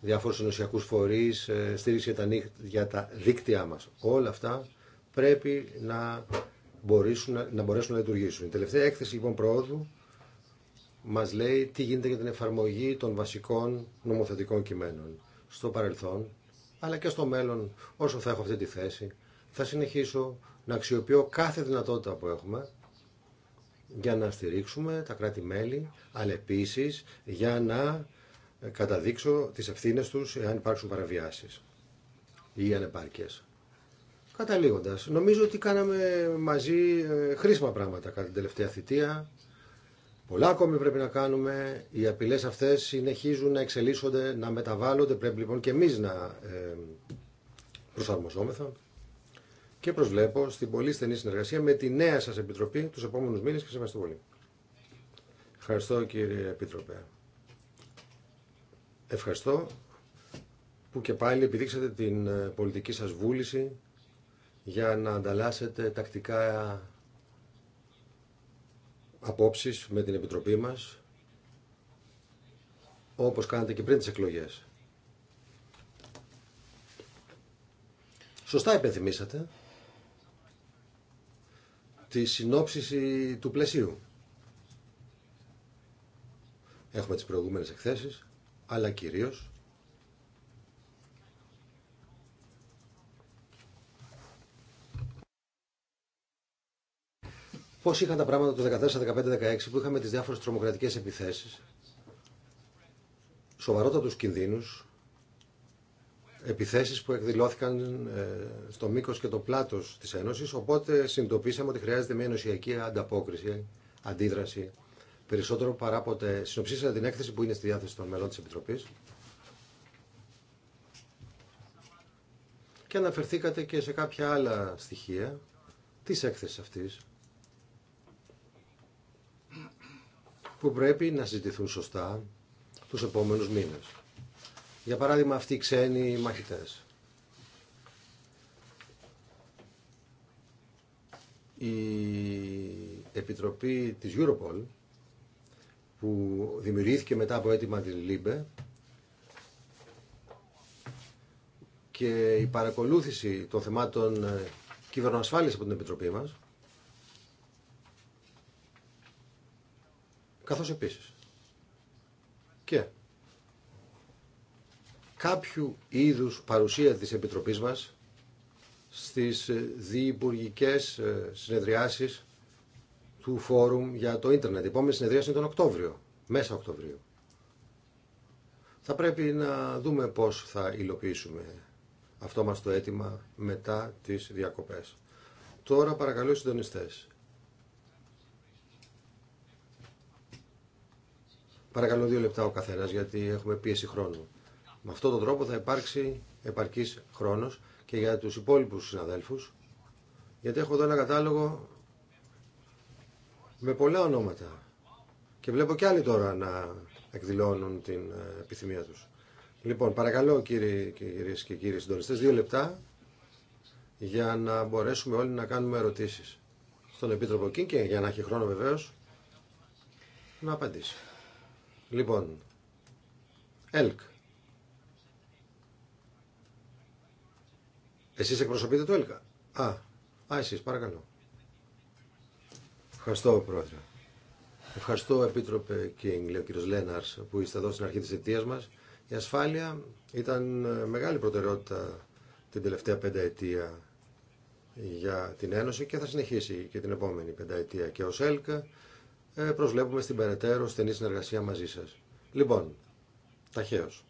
διάφορους ενωσιακούς φορείς, ε, στήριξη για τα, δίκτυά μας. Όλα αυτά πρέπει να μπορέσουν να, να, μπορέσουν να λειτουργήσουν. Η τελευταία έκθεση λοιπόν προόδου Μα λέει τι γίνεται για την εφαρμογή των βασικών νομοθετικών κειμένων στο παρελθόν, αλλά και στο μέλλον όσο θα έχω αυτή τη θέση, θα συνεχίσω να αξιοποιώ κάθε δυνατότητα που έχουμε για να στηρίξουμε τα κράτη-μέλη, αλλά επίση για να ε, καταδείξω τις ευθύνες τους εάν υπάρξουν παραβιάσεις ή ανεπάρκειες. Καταλήγοντας, νομίζω ότι κάναμε μαζί ε, χρήσιμα πράγματα κατά την τελευταία θητεία. Πολλά ακόμη πρέπει να κάνουμε. Οι απειλέ αυτέ συνεχίζουν να εξελίσσονται, να μεταβάλλονται. Πρέπει λοιπόν και εμεί να ε, προσαρμοζόμεθα. Και προσβλέπω στην πολύ στενή συνεργασία με τη νέα σα επιτροπή του επόμενου μήνε και σε ευχαριστώ πολύ. Ευχαριστώ κύριε Επίτροπε. Ευχαριστώ που και πάλι επιδείξατε την ε, πολιτική σας βούληση για να ανταλλάσσετε τακτικά απόψεις με την Επιτροπή μας, όπως κάνατε και πριν τις εκλογές. Σωστά υπενθυμίσατε τη συνόψιση του πλαισίου. Έχουμε τις προηγούμενες εκθέσεις, αλλά κυρίως Πώ είχαν τα πράγματα το 14, 15, 16 που είχαμε τι διάφορε τρομοκρατικέ επιθέσει, σοβαρότατου κινδύνου, επιθέσει που εκδηλώθηκαν ε, στο μήκο και το πλάτο τη Ένωση, οπότε συνειδητοποίησαμε ότι χρειάζεται μια ενωσιακή ανταπόκριση, αντίδραση, περισσότερο παρά ποτέ. Συνοψίσαμε την έκθεση που είναι στη διάθεση των μελών τη Επιτροπή. Και αναφερθήκατε και σε κάποια άλλα στοιχεία της έκθεση αυτής που πρέπει να συζητηθούν σωστά τους επόμενους μήνες. Για παράδειγμα αυτοί οι ξένοι μαχητές. Η Επιτροπή της Europol που δημιουργήθηκε μετά από αίτημα της ΛΥΜΠΕ και η παρακολούθηση των θεμάτων ε, κυβερνοασφάλειας από την Επιτροπή μας καθώς επίσης και κάποιου είδους παρουσία της Επιτροπής μας στις ε, διυπουργικές ε, συνεδριάσεις του φόρουμ για το ίντερνετ. Η επόμενη συνεδρίαση είναι τον Οκτώβριο, μέσα Οκτωβρίου. Θα πρέπει να δούμε πώς θα υλοποιήσουμε αυτό μας το αίτημα μετά τις διακοπές. Τώρα παρακαλώ οι συντονιστές Παρακαλώ δύο λεπτά ο καθένα γιατί έχουμε πίεση χρόνου. Με αυτόν τον τρόπο θα υπάρξει επαρκή χρόνο και για του υπόλοιπου συναδέλφου γιατί έχω εδώ ένα κατάλογο με πολλά ονόματα και βλέπω και άλλοι τώρα να εκδηλώνουν την ε, επιθυμία τους. Λοιπόν, παρακαλώ κύριοι και κυρίες και κύριοι συντονιστές, δύο λεπτά για να μπορέσουμε όλοι να κάνουμε ερωτήσεις στον Επίτροπο Κίν και για να έχει χρόνο βεβαίως να απαντήσει. Λοιπόν, ΕΛΚ. Εσείς εκπροσωπείτε το ΕΛΚΑ. Α, α εσείς, παρακαλώ. Ευχαριστώ, Πρόεδρε. Ευχαριστώ, Επίτροπε Κίνγκ, λέει ο κύριος Λέναρς, που είστε εδώ στην αρχή της αιτίας μας. Η ασφάλεια ήταν ε, μεγάλη προτεραιότητα την τελευταία πενταετία για την Ένωση και θα συνεχίσει και την επόμενη πενταετία. Και ως ΕΛΚΑ ε, προσβλέπουμε στην περαιτέρω στενή συνεργασία μαζί σας. Λοιπόν, ταχαίως.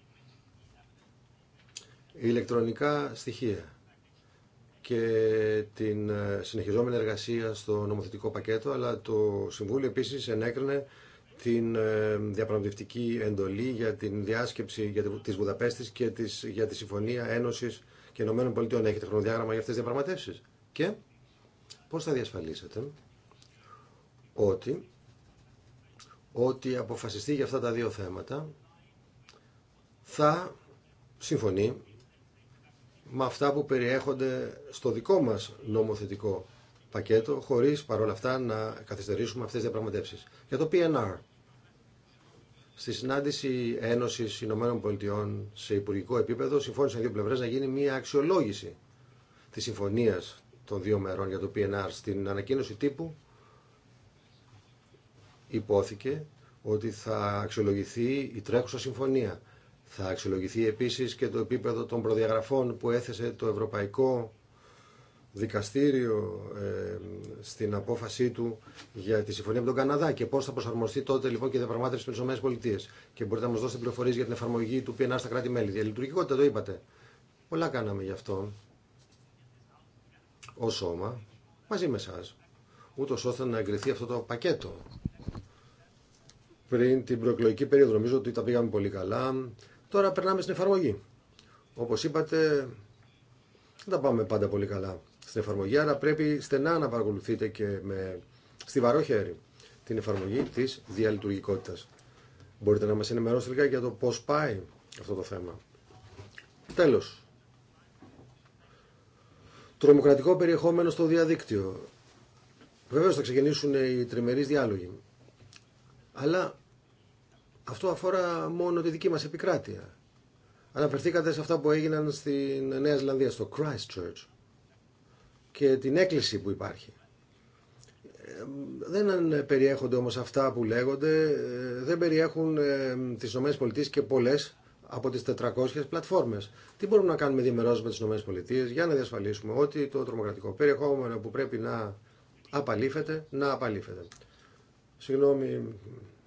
ηλεκτρονικά στοιχεία και την ε, συνεχιζόμενη εργασία στο νομοθετικό πακέτο, αλλά το Συμβούλιο επίσης ενέκρινε την ε, διαπραγματευτική εντολή για την διάσκεψη για της Βουδαπέστης και για τη Συμφωνία Ένωσης και Ηνωμένων Πολιτειών. Έχετε χρονοδιάγραμμα για αυτές τις διαπραγματεύσεις. Και πώς θα διασφαλίσετε ότι ότι αποφασιστεί για αυτά τα δύο θέματα θα συμφωνεί με αυτά που περιέχονται στο δικό μας νομοθετικό πακέτο χωρίς παρόλα αυτά να καθυστερήσουμε αυτές τις διαπραγματεύσεις. Για το PNR, στη συνάντηση Ένωσης Ηνωμένων Πολιτειών σε υπουργικό επίπεδο συμφώνησαν δύο πλευρές να γίνει μια αξιολόγηση της συμφωνίας των δύο μερών για το PNR στην ανακοίνωση τύπου υπόθηκε ότι θα αξιολογηθεί η τρέχουσα συμφωνία. Θα αξιολογηθεί επίσης και το επίπεδο των προδιαγραφών που έθεσε το Ευρωπαϊκό Δικαστήριο ε, στην απόφασή του για τη συμφωνία με τον Καναδά και πώς θα προσαρμοστεί τότε λοιπόν και η διαπραγμάτευση με τις ΗΠΑ. Και μπορείτε να μας δώσετε πληροφορίες για την εφαρμογή του PNR στα κράτη-μέλη. Διαλειτουργικότητα το είπατε. Πολλά κάναμε γι' αυτό ως σώμα μαζί με εσά, ούτω ώστε να εγκριθεί αυτό το πακέτο πριν την προεκλογική περίοδο. Νομίζω ότι τα πήγαμε πολύ καλά. Τώρα περνάμε στην εφαρμογή. Όπως είπατε, δεν τα πάμε πάντα πολύ καλά στην εφαρμογή, άρα πρέπει στενά να παρακολουθείτε και με στιβαρό χέρι την εφαρμογή της διαλειτουργικότητας. Μπορείτε να μας ενημερώσετε λίγα για το πώ πάει αυτό το θέμα. Τέλος. Τρομοκρατικό περιεχόμενο στο διαδίκτυο. Βεβαίως θα ξεκινήσουν οι τριμερείς διάλογοι. Αλλά αυτό αφορά μόνο τη δική μας επικράτεια. Αναφερθήκατε σε αυτά που έγιναν στην Νέα Ζηλανδία, στο Christchurch και την έκκληση που υπάρχει. Ε, δεν ε, περιέχονται όμως αυτά που λέγονται, ε, δεν περιέχουν τις ΗΠΑ και πολλές από τις 400 πλατφόρμες. Τι μπορούμε να κάνουμε διμερώς με τις ΗΠΑ για να διασφαλίσουμε ότι το τρομοκρατικό περιεχόμενο που πρέπει να απαλήφεται, να απαλήφεται. Συγγνώμη,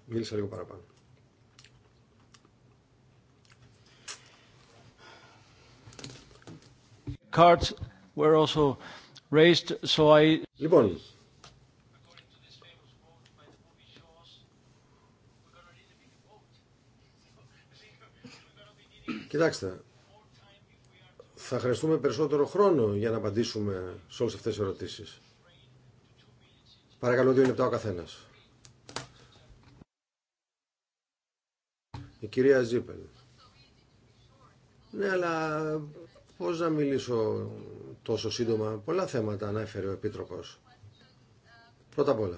μίλησα λίγο παραπάνω. cards were also raised, so I... Λοιπόν, Κοιτάξτε, θα χρειαστούμε περισσότερο χρόνο για να απαντήσουμε σε όλες αυτές τις ερωτήσεις. Παρακαλώ δύο λεπτά ο καθένας. Η κυρία Ζίπελ. Ναι, αλλά Πώς να μιλήσω τόσο σύντομα, πολλά θέματα ανέφερε ο Επίτροπος. Πρώτα απ' όλα,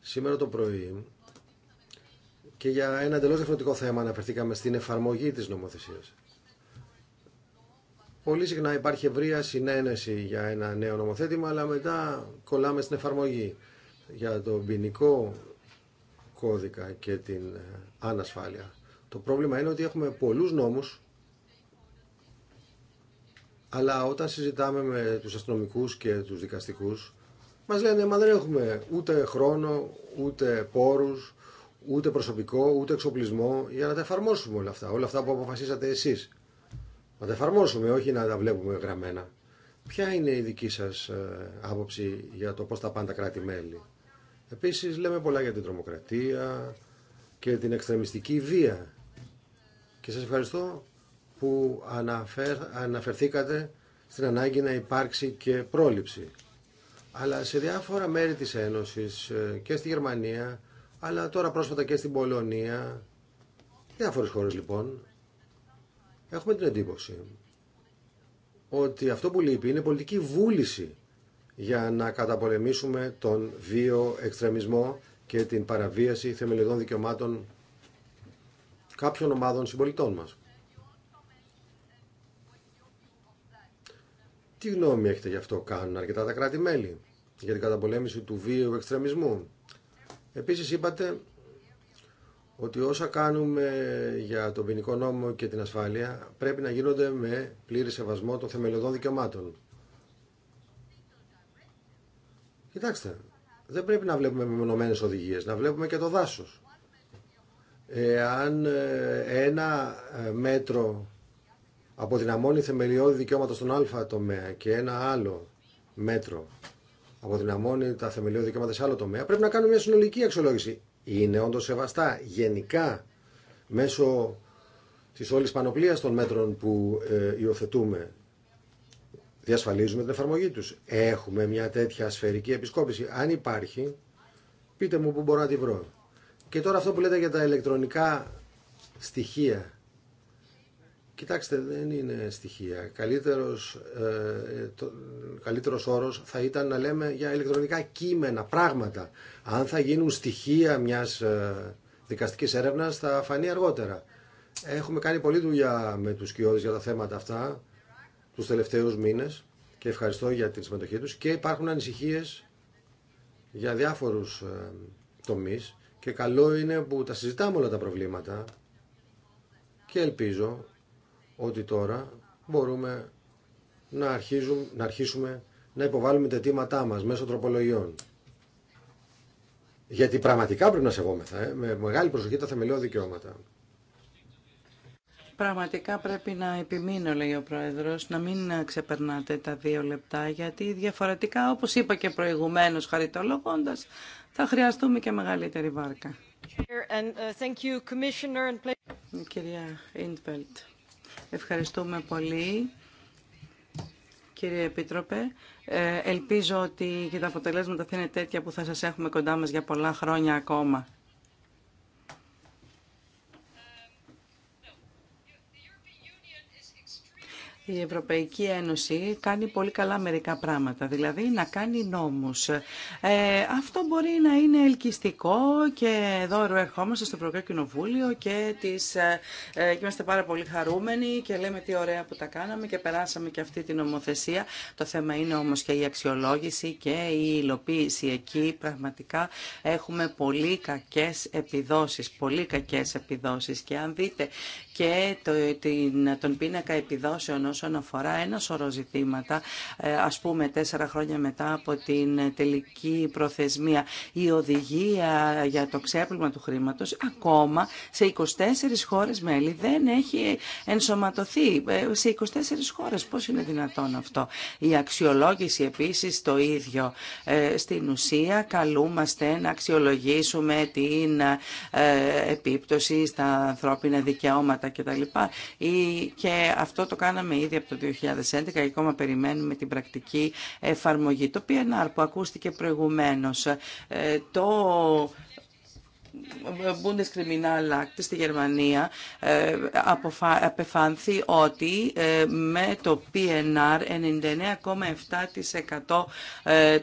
σήμερα το πρωί και για ένα εντελώ διαφορετικό θέμα αναφερθήκαμε στην εφαρμογή της νομοθεσίας. Πολύ συχνά υπάρχει ευρεία συνένεση για ένα νέο νομοθέτημα, αλλά μετά κολλάμε στην εφαρμογή για τον ποινικό κώδικα και την ε, ανασφάλεια. Το πρόβλημα είναι ότι έχουμε πολλούς νόμους αλλά όταν συζητάμε με τους αστυνομικούς και τους δικαστικούς, μας λένε, μα δεν έχουμε ούτε χρόνο, ούτε πόρους, ούτε προσωπικό, ούτε εξοπλισμό για να τα εφαρμόσουμε όλα αυτά. Όλα αυτά που αποφασίσατε εσείς. Να τα εφαρμόσουμε, όχι να τα βλέπουμε γραμμένα. Ποια είναι η δική σας ε, άποψη για το πώς τα πάνε τα κράτη-μέλη. Επίσης λέμε πολλά για την τρομοκρατία και την εξτρεμιστική βία. Και σας ευχαριστώ που αναφέρ, αναφερθήκατε στην ανάγκη να υπάρξει και πρόληψη. Αλλά σε διάφορα μέρη της Ένωσης ε, και στη Γερμανία, αλλά τώρα πρόσφατα και στην Πολωνία, διάφορες χώρες λοιπόν, έχουμε την εντύπωση ότι αυτό που λείπει είναι πολιτική βούληση για να καταπολεμήσουμε τον βίο εξτρεμισμό και την παραβίαση θεμελιωδών δικαιωμάτων κάποιων ομάδων συμπολιτών μας. Τι γνώμη έχετε γι' αυτό, κάνουν αρκετά τα κράτη-μέλη για την καταπολέμηση του βίου εξτρεμισμού. Επίσης είπατε ότι όσα κάνουμε για τον ποινικό νόμο και την ασφάλεια πρέπει να γίνονται με πλήρη σεβασμό των θεμελιωδών δικαιωμάτων. Κοιτάξτε, δεν πρέπει να βλέπουμε μεμονωμένε οδηγίες, να βλέπουμε και το δάσο. Εάν ε, ένα ε, μέτρο αποδυναμώνει θεμελιώδη δικαιώματα στον α τομέα και ένα άλλο μέτρο αποδυναμώνει τα θεμελιώδη δικαιώματα σε άλλο τομέα, πρέπει να κάνουμε μια συνολική αξιολόγηση. Είναι όντω σεβαστά γενικά μέσω τη όλη πανοπλία των μέτρων που ε, υιοθετούμε. Διασφαλίζουμε την εφαρμογή του. Έχουμε μια τέτοια σφαιρική επισκόπηση. Αν υπάρχει, πείτε μου πού μπορώ να τη βρω. Και τώρα αυτό που λέτε για τα ηλεκτρονικά στοιχεία Κοιτάξτε, δεν είναι στοιχεία. Καλύτερος, ε, καλύτερος όρος θα ήταν να λέμε για ηλεκτρονικά κείμενα, πράγματα. Αν θα γίνουν στοιχεία μιας ε, δικαστικής έρευνας θα φανεί αργότερα. Έχουμε κάνει πολλή δουλειά με τους κοιόδης για τα θέματα αυτά τους τελευταίους μήνες και ευχαριστώ για την συμμετοχή τους και υπάρχουν ανησυχίες για διάφορους ε, τομείς και καλό είναι που τα συζητάμε όλα τα προβλήματα και ελπίζω ότι τώρα μπορούμε να, αρχίζουμε, να αρχίσουμε να υποβάλουμε τα αιτήματά μας μέσω τροπολογιών. Γιατί πραγματικά πρέπει να σεβόμεθα, ε, με μεγάλη προσοχή τα θεμελιώδη δικαιώματα. Πραγματικά πρέπει να επιμείνω, λέει ο Πρόεδρος, να μην ξεπερνάτε τα δύο λεπτά, γιατί διαφορετικά, όπως είπα και προηγουμένως χαριτολογώντας, θα χρειαστούμε και μεγαλύτερη βάρκα. Uh, Κυρία Ιντβελτ. Ευχαριστούμε πολύ. Κύριε Επίτροπε, ε, ελπίζω ότι και τα αποτελέσματα θα είναι τέτοια που θα σας έχουμε κοντά μας για πολλά χρόνια ακόμα. η Ευρωπαϊκή Ένωση κάνει πολύ καλά μερικά πράγματα, δηλαδή να κάνει νόμους. Ε, αυτό μπορεί να είναι ελκυστικό και εδώ ερχόμαστε στο Ευρωπαϊκό Κοινοβούλιο και, τις, ε, ε είμαστε πάρα πολύ χαρούμενοι και λέμε τι ωραία που τα κάναμε και περάσαμε και αυτή την νομοθεσία. Το θέμα είναι όμως και η αξιολόγηση και η υλοποίηση εκεί. Πραγματικά έχουμε πολύ κακές επιδόσεις, πολύ κακές επιδόσεις και αν δείτε και το, την, τον πίνακα επιδόσεων όσον αφορά ένα σωρό ζητήματα, ε, ας πούμε τέσσερα χρόνια μετά από την τελική προθεσμία. Η οδηγία για το ξέπλυμα του χρήματος ακόμα σε 24 χώρες μέλη δεν έχει ενσωματωθεί. Ε, σε 24 χώρες πώς είναι δυνατόν αυτό. Η αξιολόγηση επίσης το ίδιο. Ε, στην ουσία καλούμαστε να αξιολογήσουμε την επίπτωση στα ανθρώπινα δικαιώματα κτλ. Και αυτό το κάναμε ήδη ήδη από το 2011 και ακόμα περιμένουμε την πρακτική εφαρμογή. Το PNR που ακούστηκε προηγουμένως, ε, το Bundeskriminalakt στη Γερμανία ε, απεφάνθη ότι ε, με το PNR 99,7%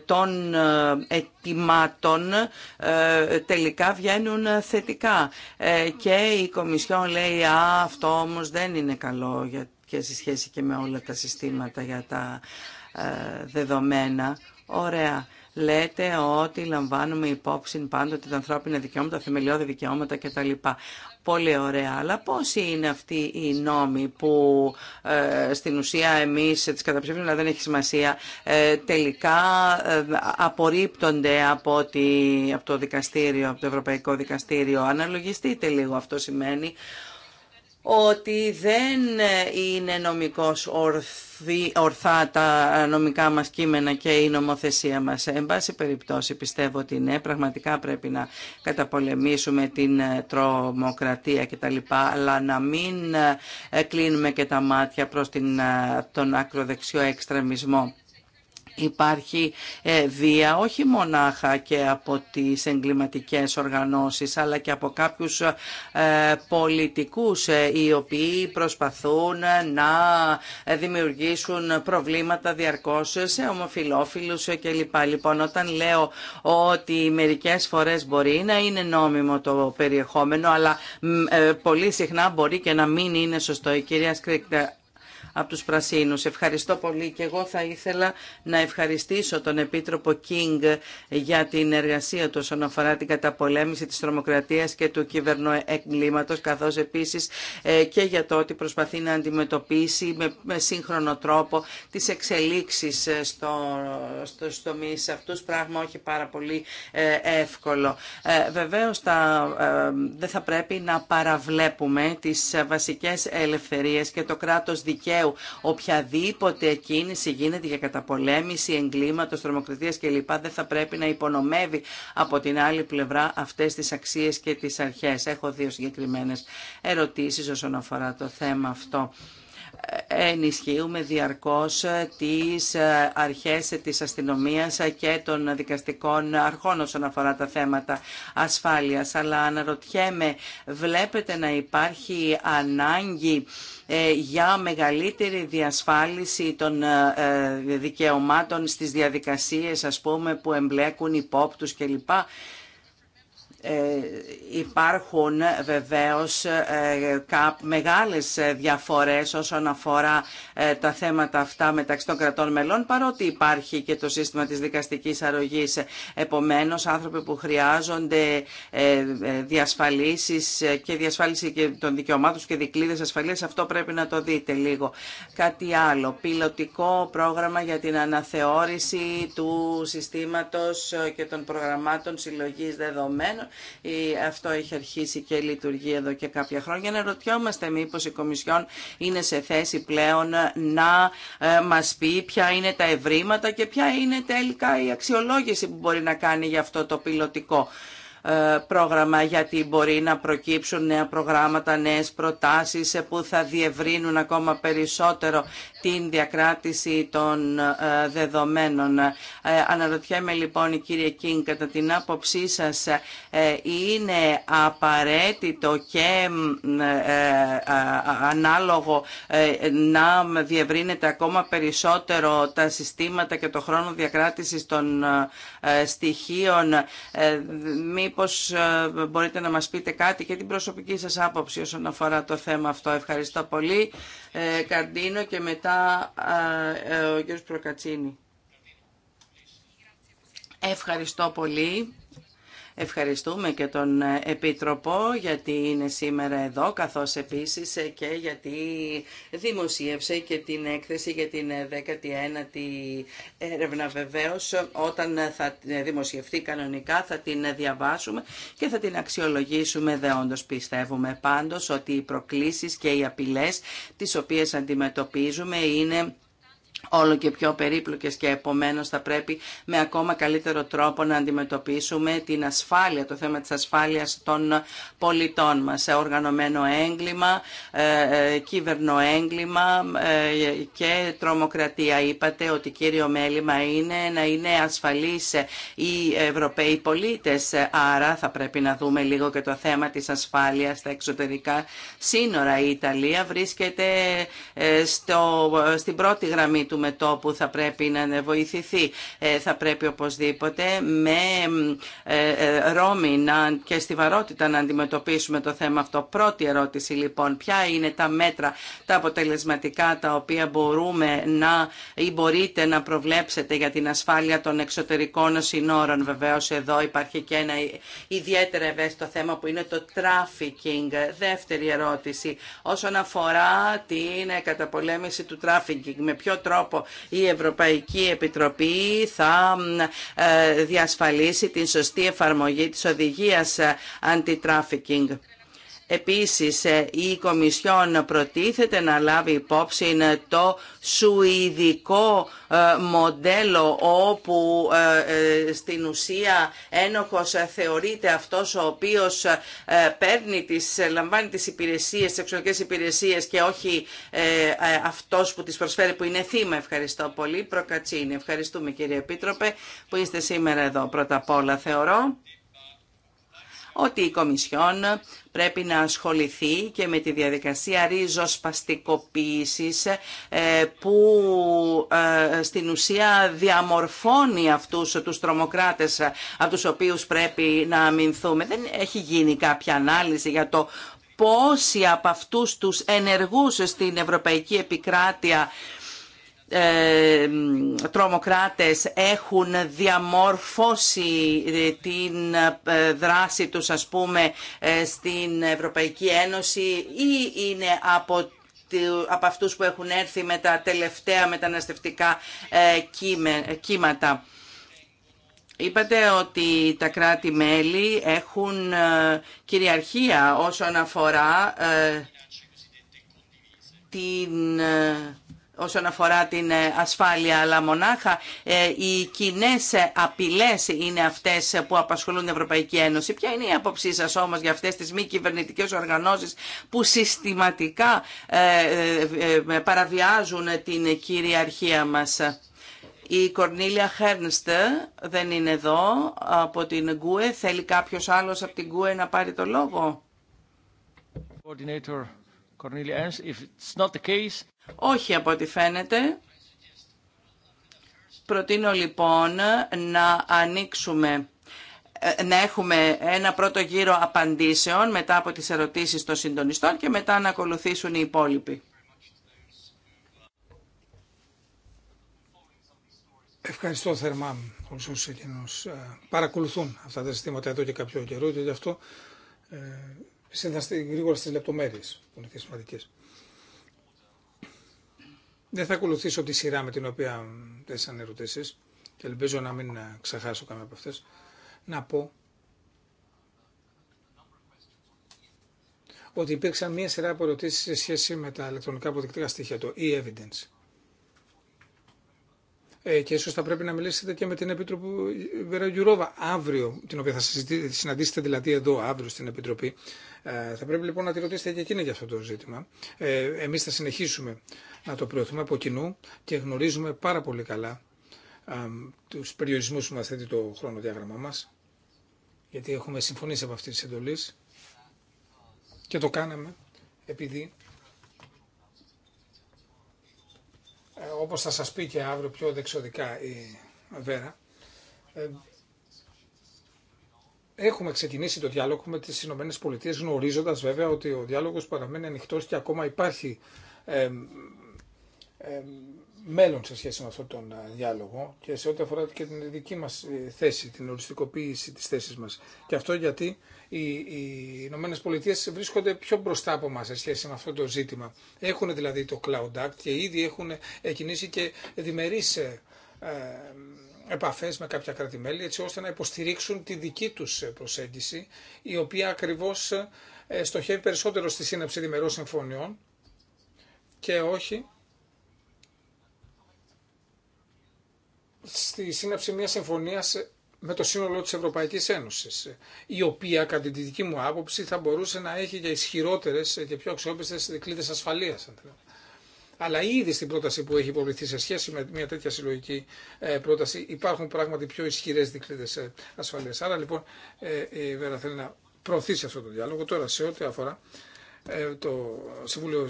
των ετοιμάτων τελικά βγαίνουν θετικά και η Κομισιόν λέει «Α, αυτό όμως δεν είναι καλό για και σε σχέση και με όλα τα συστήματα για τα ε, δεδομένα. Ωραία. Λέτε ότι λαμβάνουμε υπόψη πάντοτε τα ανθρώπινα δικαιώματα, τα θεμελιώδη δικαιώματα κτλ. Πολύ ωραία. Αλλά πόσοι είναι αυτοί οι νόμοι που ε, στην ουσία εμείς τι καταψήφιμε, αλλά δεν έχει σημασία, ε, τελικά ε, απορρίπτονται από, από το δικαστήριο, από το Ευρωπαϊκό Δικαστήριο. Αναλογιστείτε λίγο. Αυτό σημαίνει ότι δεν είναι νομικός ορθή, ορθά τα νομικά μας κείμενα και η νομοθεσία μας. Εν πάση περιπτώσει πιστεύω ότι ναι, πραγματικά πρέπει να καταπολεμήσουμε την ε, τρομοκρατία κτλ. Αλλά να μην ε, κλείνουμε και τα μάτια προς την, ε, τον ακροδεξιό εξτρεμισμό. Υπάρχει ε, βία όχι μονάχα και από τις εγκληματικές οργανώσεις αλλά και από κάποιους ε, πολιτικούς ε, οι οποίοι προσπαθούν να δημιουργήσουν προβλήματα διαρκώς σε ομοφιλόφιλους κλπ. Λοιπόν, όταν λέω ότι μερικές φορές μπορεί να είναι νόμιμο το περιεχόμενο αλλά πολύ συχνά μπορεί και να μην είναι σωστό. Η κυρία Σκρίκτα από τους Πρασίνους. Ευχαριστώ πολύ και εγώ θα ήθελα να ευχαριστήσω τον Επίτροπο Κίνγκ για την εργασία του όσον αφορά την καταπολέμηση της τρομοκρατίας και του κυβερνοεκκλήματος καθώς επίσης ε, και για το ότι προσπαθεί να αντιμετωπίσει με σύγχρονο τρόπο τις εξελίξεις ε, στο, στο, στο σε αυτούς πράγμα όχι πάρα πολύ ε, εύκολο. Βεβαίως δεν θα πρέπει να παραβλέπουμε τις βασικές ελευθερίες και το κράτος δικαίου Οποιαδήποτε κίνηση γίνεται για καταπολέμηση εγκλήματο, τρομοκρατία κλπ. δεν θα πρέπει να υπονομεύει από την άλλη πλευρά αυτές τις αξίες και τις αρχές. Έχω δύο συγκεκριμένε ερωτήσεις όσον αφορά το θέμα αυτό ενισχύουμε διαρκώς τις αρχές της αστυνομίας και των δικαστικών αρχών όσον αφορά τα θέματα ασφάλειας. Αλλά αναρωτιέμαι, βλέπετε να υπάρχει ανάγκη ε, για μεγαλύτερη διασφάλιση των ε, δικαιωμάτων στις διαδικασίες ας πούμε που εμπλέκουν υπόπτους κλπ. Ε, υπάρχουν βεβαίως ε, μεγάλες διαφορές όσον αφορά ε, τα θέματα αυτά μεταξύ των κρατών μελών παρότι υπάρχει και το σύστημα της δικαστικής αρρωγής. Επομένως άνθρωποι που χρειάζονται διασφαλίσεις και διασφάλιση και των δικαιωμάτων και δικλείδες ασφαλείας αυτό πρέπει να το δείτε λίγο. Κάτι άλλο, πιλωτικό πρόγραμμα για την αναθεώρηση του συστήματος και των προγραμμάτων συλλογής δεδομένων ε, αυτό έχει αρχίσει και λειτουργεί εδώ και κάποια χρόνια. ρωτιόμαστε μήπως η Κομισιόν είναι σε θέση πλέον να ε, μας πει ποια είναι τα ευρήματα και ποια είναι τελικά η αξιολόγηση που μπορεί να κάνει για αυτό το πιλωτικό. Ε, πρόγραμμα γιατί μπορεί να προκύψουν νέα προγράμματα, νέες προτάσεις ε, που θα διευρύνουν ακόμα περισσότερο την διακράτηση των ε, δεδομένων. Αναρωτιέμαι λοιπόν κύριε Κίνγκ, κατά την άποψή σας είναι απαραίτητο και ανάλογο να διευρύνεται ακόμα περισσότερο τα συστήματα και το χρόνο διακράτησης των στοιχείων μη Μήπως ε, μπορείτε να μας πείτε κάτι και την προσωπική σας άποψη όσον αφορά το θέμα αυτό. Ευχαριστώ πολύ. Ε, Καρντίνο και μετά ε, ε, ο κ. Προκατσίνη. Ευχαριστώ πολύ. Ευχαριστούμε και τον Επίτροπο γιατί είναι σήμερα εδώ, καθώς επίσης και γιατί δημοσίευσε και την έκθεση για την 19η έρευνα βεβαίως. Όταν θα δημοσιευτεί κανονικά θα την διαβάσουμε και θα την αξιολογήσουμε δεόντως. Πιστεύουμε πάντως ότι οι προκλήσεις και οι απειλές τις οποίες αντιμετωπίζουμε είναι όλο και πιο περίπλοκες και επομένως θα πρέπει με ακόμα καλύτερο τρόπο να αντιμετωπίσουμε την ασφάλεια, το θέμα της ασφάλειας των πολιτών μας. Οργανωμένο έγκλημα, ε, ε, έγκλημα ε, και τρομοκρατία. Είπατε ότι κύριο μέλημα είναι να είναι ασφαλείς οι Ευρωπαίοι πολίτες. Άρα θα πρέπει να δούμε λίγο και το θέμα της ασφάλειας στα εξωτερικά σύνορα. Η Ιταλία βρίσκεται στο, στην πρώτη γραμμή του μετόπου θα πρέπει να βοηθηθεί. Ε, θα πρέπει οπωσδήποτε με ε, ε, ρόμη και στιβαρότητα να αντιμετωπίσουμε το θέμα αυτό. Πρώτη ερώτηση λοιπόν, ποια είναι τα μέτρα, τα αποτελεσματικά τα οποία μπορούμε να ή μπορείτε να προβλέψετε για την ασφάλεια των εξωτερικών συνόρων. Βεβαίως εδώ υπάρχει και ένα ιδιαίτερα ευαίσθητο θέμα που είναι το trafficking. Δεύτερη ερώτηση, όσον αφορά την καταπολέμηση του trafficking, με ποιο τρόπο η Ευρωπαϊκή Επιτροπή θα ε, διασφαλίσει την σωστή εφαρμογή της οδηγίας αντιτράφικινγκ. Ε, Επίσης, ε, η Κομισιόν προτίθεται να λάβει υπόψη ε, το σουηδικό ε, μοντέλο όπου στην ουσία ένοχος θεωρείται αυτός ο οποίος παίρνει τις, λαμβάνει τις υπηρεσίες, τις εξωτερικές υπηρεσίες και όχι αυτός που τις προσφέρει που είναι θύμα. Ευχαριστώ πολύ. Προκατσίνη. Ευχαριστούμε κύριε Επίτροπε που είστε σήμερα εδώ πρώτα απ' όλα θεωρώ ότι η Κομισιόν πρέπει να ασχοληθεί και με τη διαδικασία ρίζοσπαστικοποίησης ε, που ε, στην ουσία διαμορφώνει αυτούς τους τρομοκράτες ε, από τους οποίους πρέπει να αμυνθούμε. Δεν έχει γίνει κάποια ανάλυση για το πόσοι από αυτούς τους ενεργούς στην Ευρωπαϊκή Επικράτεια ε, τρομοκράτες έχουν διαμορφώσει την ε, δράση τους ας πούμε ε, στην Ευρωπαϊκή Ένωση ή είναι από από αυτούς που έχουν έρθει με τα τελευταία μεταναστευτικά κύματα. Είπατε ότι τα κράτη-μέλη έχουν κυριαρχία όσον αφορά την όσον αφορά την ε, ασφάλεια, αλλά μονάχα ε, οι κοινέ ε, απειλέ είναι αυτέ που απασχολούν την Ευρωπαϊκή Ένωση. Ποια είναι η άποψή σα όμω για αυτέ τι μη κυβερνητικέ οργανώσει που συστηματικά παραβιάζουν την κυριαρχία μα. Η Κορνίλια Χέρνστε δεν είναι εδώ από την Γκουε. Θέλει κάποιος άλλος από την ΚΟΕ να πάρει το λόγο. Όχι από ό,τι φαίνεται. Προτείνω λοιπόν να ανοίξουμε ε, να έχουμε ένα πρώτο γύρο απαντήσεων μετά από τις ερωτήσεις των συντονιστών και μετά να ακολουθήσουν οι υπόλοιποι. Ευχαριστώ θερμά όλους όσους ε, παρακολουθούν αυτά τα ζητήματα εδώ και κάποιο καιρό και γι' αυτό ε, γρήγορα στις λεπτομέρειες που είναι και σημαντικές. Δεν ναι, θα ακολουθήσω τη σειρά με την οποία τέσαν ερωτήσεις και ελπίζω να μην ε, ξεχάσω καμία από αυτές. Να πω ότι υπήρξαν μία σειρά από ερωτήσεις σε σχέση με τα ηλεκτρονικά αποδεικτικά στοιχεία, το e-evidence. Ε, και ίσως θα πρέπει να μιλήσετε και με την Επίτροπο Βεραγιουρόβα αύριο, την οποία θα συναντήσετε δηλαδή εδώ αύριο στην Επιτροπή, ε, θα πρέπει λοιπόν να τη ρωτήσετε και εκείνη για αυτό το ζήτημα. Ε, εμείς θα συνεχίσουμε να το προωθούμε από κοινού και γνωρίζουμε πάρα πολύ καλά α, ε, τους περιορισμούς που μας θέτει το χρονοδιάγραμμά μας γιατί έχουμε συμφωνήσει από αυτή τη εντολή και το κάναμε επειδή ε, όπως θα σας πει και αύριο πιο δεξιοδικά η Βέρα ε, έχουμε ξεκινήσει το διάλογο με τι Ηνωμένε Πολιτείε, γνωρίζοντας βέβαια ότι ο διάλογο παραμένει ανοιχτό και ακόμα υπάρχει ε, ε, μέλλον σε σχέση με αυτόν τον ε, διάλογο και σε ό,τι αφορά και την δική μα ε, θέση, την οριστικοποίηση τη θέση μα. Και αυτό γιατί οι, οι Ηνωμένε Πολιτείε βρίσκονται πιο μπροστά από εμά σε σχέση με αυτό το ζήτημα. Έχουν δηλαδή το Cloud Act και ήδη έχουν κινήσει και διμερεί. ε, ε επαφές με κάποια κράτη-μέλη έτσι ώστε να υποστηρίξουν τη δική τους ε, προσέγγιση η οποία ακριβώς ε, στοχεύει περισσότερο στη σύναψη διμερών συμφωνιών και όχι στη σύναψη μιας συμφωνίας με το σύνολο της Ευρωπαϊκής Ένωσης, η οποία κατά τη δική μου άποψη θα μπορούσε να έχει για ισχυρότερες και πιο αξιόπιστες δικλείδες ασφαλείας. Αν αλλά ήδη στην πρόταση που έχει υποβληθεί σε σχέση με μια τέτοια συλλογική ε, πρόταση υπάρχουν πράγματι πιο ισχυρέ δικλείδε ασφαλεία. Άρα λοιπόν ε, η Βέρα θέλει να προωθήσει αυτό το διάλογο. Τώρα σε ό,τι αφορά ε, το Συμβούλιο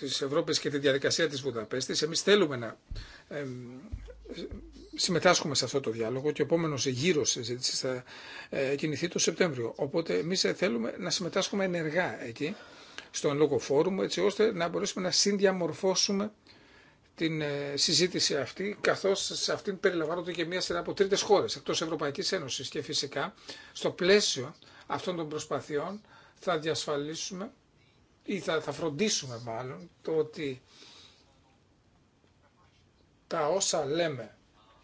τη Ευρώπη και τη διαδικασία τη Βουδαπέστης. Εμεί θέλουμε να συμμετάσχουμε σε αυτό το διάλογο και ο επόμενο γύρο συζήτηση θα κινηθεί το Σεπτέμβριο. Οπότε εμεί θέλουμε να συμμετάσχουμε ενεργά εκεί στον Λόγο φόρουμ, έτσι ώστε να μπορέσουμε να συνδιαμορφώσουμε την ε, συζήτηση αυτή, καθώ σε αυτήν περιλαμβάνονται και μία σειρά από τρίτε χώρε εκτό Ευρωπαϊκή Ένωση. Και φυσικά στο πλαίσιο αυτών των προσπαθειών θα διασφαλίσουμε ή θα, θα φροντίσουμε μάλλον το ότι τα όσα λέμε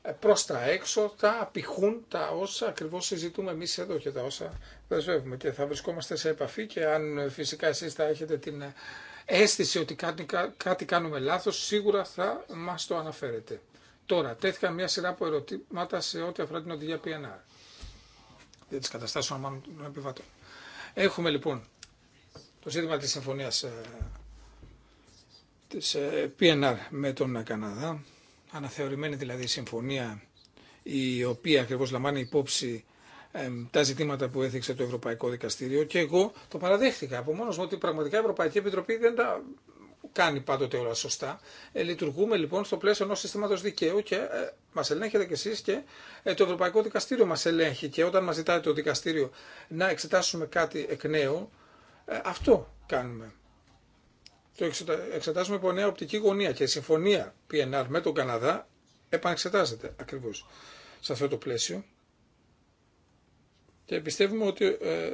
ε, προς τα έξω τα απηχούν τα όσα ακριβώς συζητούμε εμείς εδώ και τα όσα δεσμεύουμε και θα βρισκόμαστε σε επαφή και αν ε, φυσικά εσείς θα έχετε την ε, αίσθηση ότι κάτι, κάτι κάνουμε λάθος σίγουρα θα μας το αναφέρετε. Τώρα, τέθηκαν μια σειρά από ερωτήματα σε ό,τι αφορά την οδηγία PNR. για τις καταστάσεις των επιβατών. Έχουμε λοιπόν το ζήτημα της συμφωνίας της PNR με τον Καναδά αναθεωρημένη δηλαδή συμφωνία η οποία ακριβώς λαμβάνει υπόψη τα ζητήματα που έθιξε το Ευρωπαϊκό Δικαστήριο και εγώ το παραδέχτηκα από μόνος μου ότι πραγματικά η Ευρωπαϊκή Επιτροπή δεν τα κάνει πάντοτε όλα σωστά. Ε, λειτουργούμε λοιπόν στο πλαίσιο ενό συστήματο δικαίου και ε, μα ελέγχετε κι εσεί και ε, το Ευρωπαϊκό Δικαστήριο μα ελέγχει. Και όταν μα ζητάει το δικαστήριο να εξετάσουμε κάτι εκ νέου, ε, αυτό κάνουμε το εξετάζουμε από νέα οπτική γωνία και η συμφωνία PNR με τον Καναδά επανεξετάζεται ακριβώς σε αυτό το πλαίσιο και πιστεύουμε ότι ε,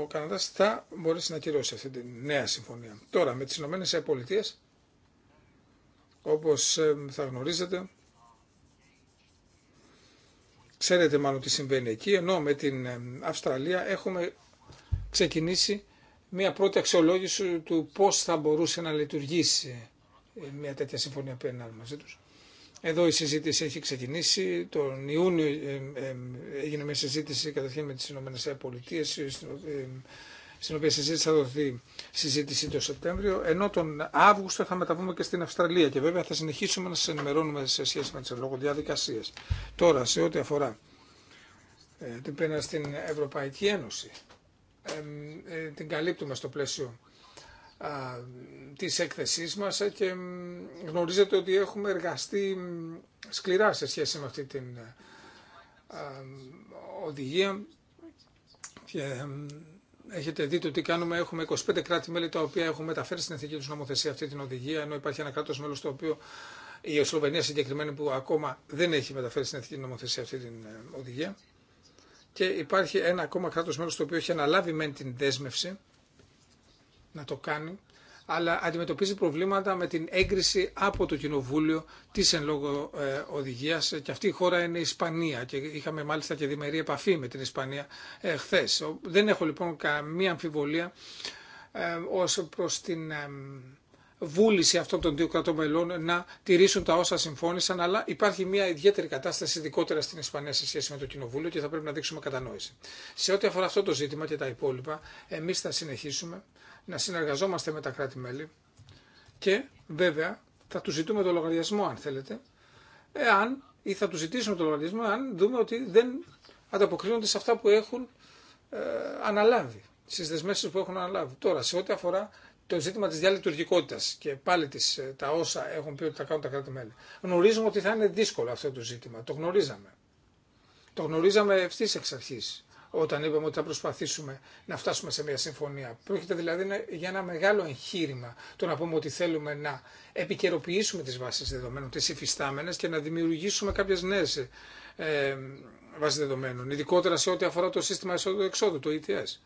ο Καναδάς θα μπορέσει να κυρώσει αυτή τη νέα συμφωνία. Τώρα με τις Ηνωμένες Πολιτείες όπως ε, θα γνωρίζετε ξέρετε μάλλον τι συμβαίνει εκεί ενώ με την ε, Αυστραλία έχουμε ξεκινήσει μια πρώτη αξιολόγηση του Εδώ θα μπορούσε να λειτουργήσει ε, μια τέτοια συμφωνία ειναι μαζί του Εδώ η συζήτηση έχει ξεκινήσει. Τον Ιούνιο ε, ε, έγινε μια συζήτηση καταρχήν με τι ΗΠΑ στην οποία συζήτηση θα δοθεί συζήτηση το Σεπτέμβριο, ενώ τον Αύγουστο θα μεταβούμε και στην Αυστραλία και βέβαια θα συνεχίσουμε να σα ενημερώνουμε σε σχέση με τις διαδικασίες. Τώρα, σε ό,τι αφορά την πένα στην Ευρωπαϊκή Ένωση, ε, την καλύπτουμε στο πλαίσιο της έκθεσής μας ε, και γνωρίζετε ότι έχουμε εργαστεί σκληρά σε σχέση με αυτή την ε, οδηγία και έχετε δει το τι κάνουμε. Έχουμε 25 κράτη-μέλη τα οποία έχουν μεταφέρει στην εθνική του νομοθεσία αυτή την οδηγία, ενώ υπάρχει ένα κράτο μέλο το οποίο η Σλοβενία συγκεκριμένη που ακόμα δεν έχει μεταφέρει στην εθνική νομοθεσία αυτή την οδηγία και υπάρχει ένα ακόμα κράτος μέλος το οποίο έχει αναλάβει μεν την δέσμευση να το κάνει, αλλά αντιμετωπίζει προβλήματα με την έγκριση από το Κοινοβούλιο τη εν λόγω ε, οδηγία και αυτή η χώρα είναι η Ισπανία και είχαμε μάλιστα και διμερή επαφή με την Ισπανία ε, χθε. Δεν έχω λοιπόν καμία αμφιβολία ε, ω προ την βούληση αυτών των δύο κρατών μελών να τηρήσουν τα όσα συμφώνησαν, αλλά υπάρχει μια ιδιαίτερη κατάσταση, ειδικότερα στην Ισπανία σε σχέση με το Κοινοβούλιο και θα πρέπει να δείξουμε κατανόηση. Σε ό,τι αφορά αυτό το ζήτημα και τα υπόλοιπα, εμεί θα συνεχίσουμε να συνεργαζόμαστε με τα κράτη-μέλη και βέβαια θα του ζητούμε το λογαριασμό, αν θέλετε, εάν ή θα του ζητήσουμε το λογαριασμό, αν δούμε ότι δεν ανταποκρίνονται σε αυτά που έχουν ε, αναλάβει, στι δεσμεύσει που έχουν αναλάβει. Τώρα, σε ό,τι αφορά το ζήτημα τη διαλειτουργικότητα και πάλι τις, ε, τα όσα έχουν πει ότι θα κάνουν τα κράτη-μέλη. Γνωρίζουμε ότι θα είναι δύσκολο αυτό το ζήτημα. Το γνωρίζαμε. Το γνωρίζαμε ευθύ εξ αρχή όταν είπαμε ότι θα προσπαθήσουμε να φτάσουμε σε μια συμφωνία. Πρόκειται δηλαδή για ένα μεγάλο εγχείρημα το να πούμε ότι θέλουμε να επικαιροποιήσουμε τι βάσει δεδομένων, τι υφιστάμενες και να δημιουργήσουμε κάποιε νέε ε, ε, βάσεις δεδομένων, ειδικότερα σε ό,τι αφορά το συστημα εισοδου εσόδου-εξόδου, το ETS.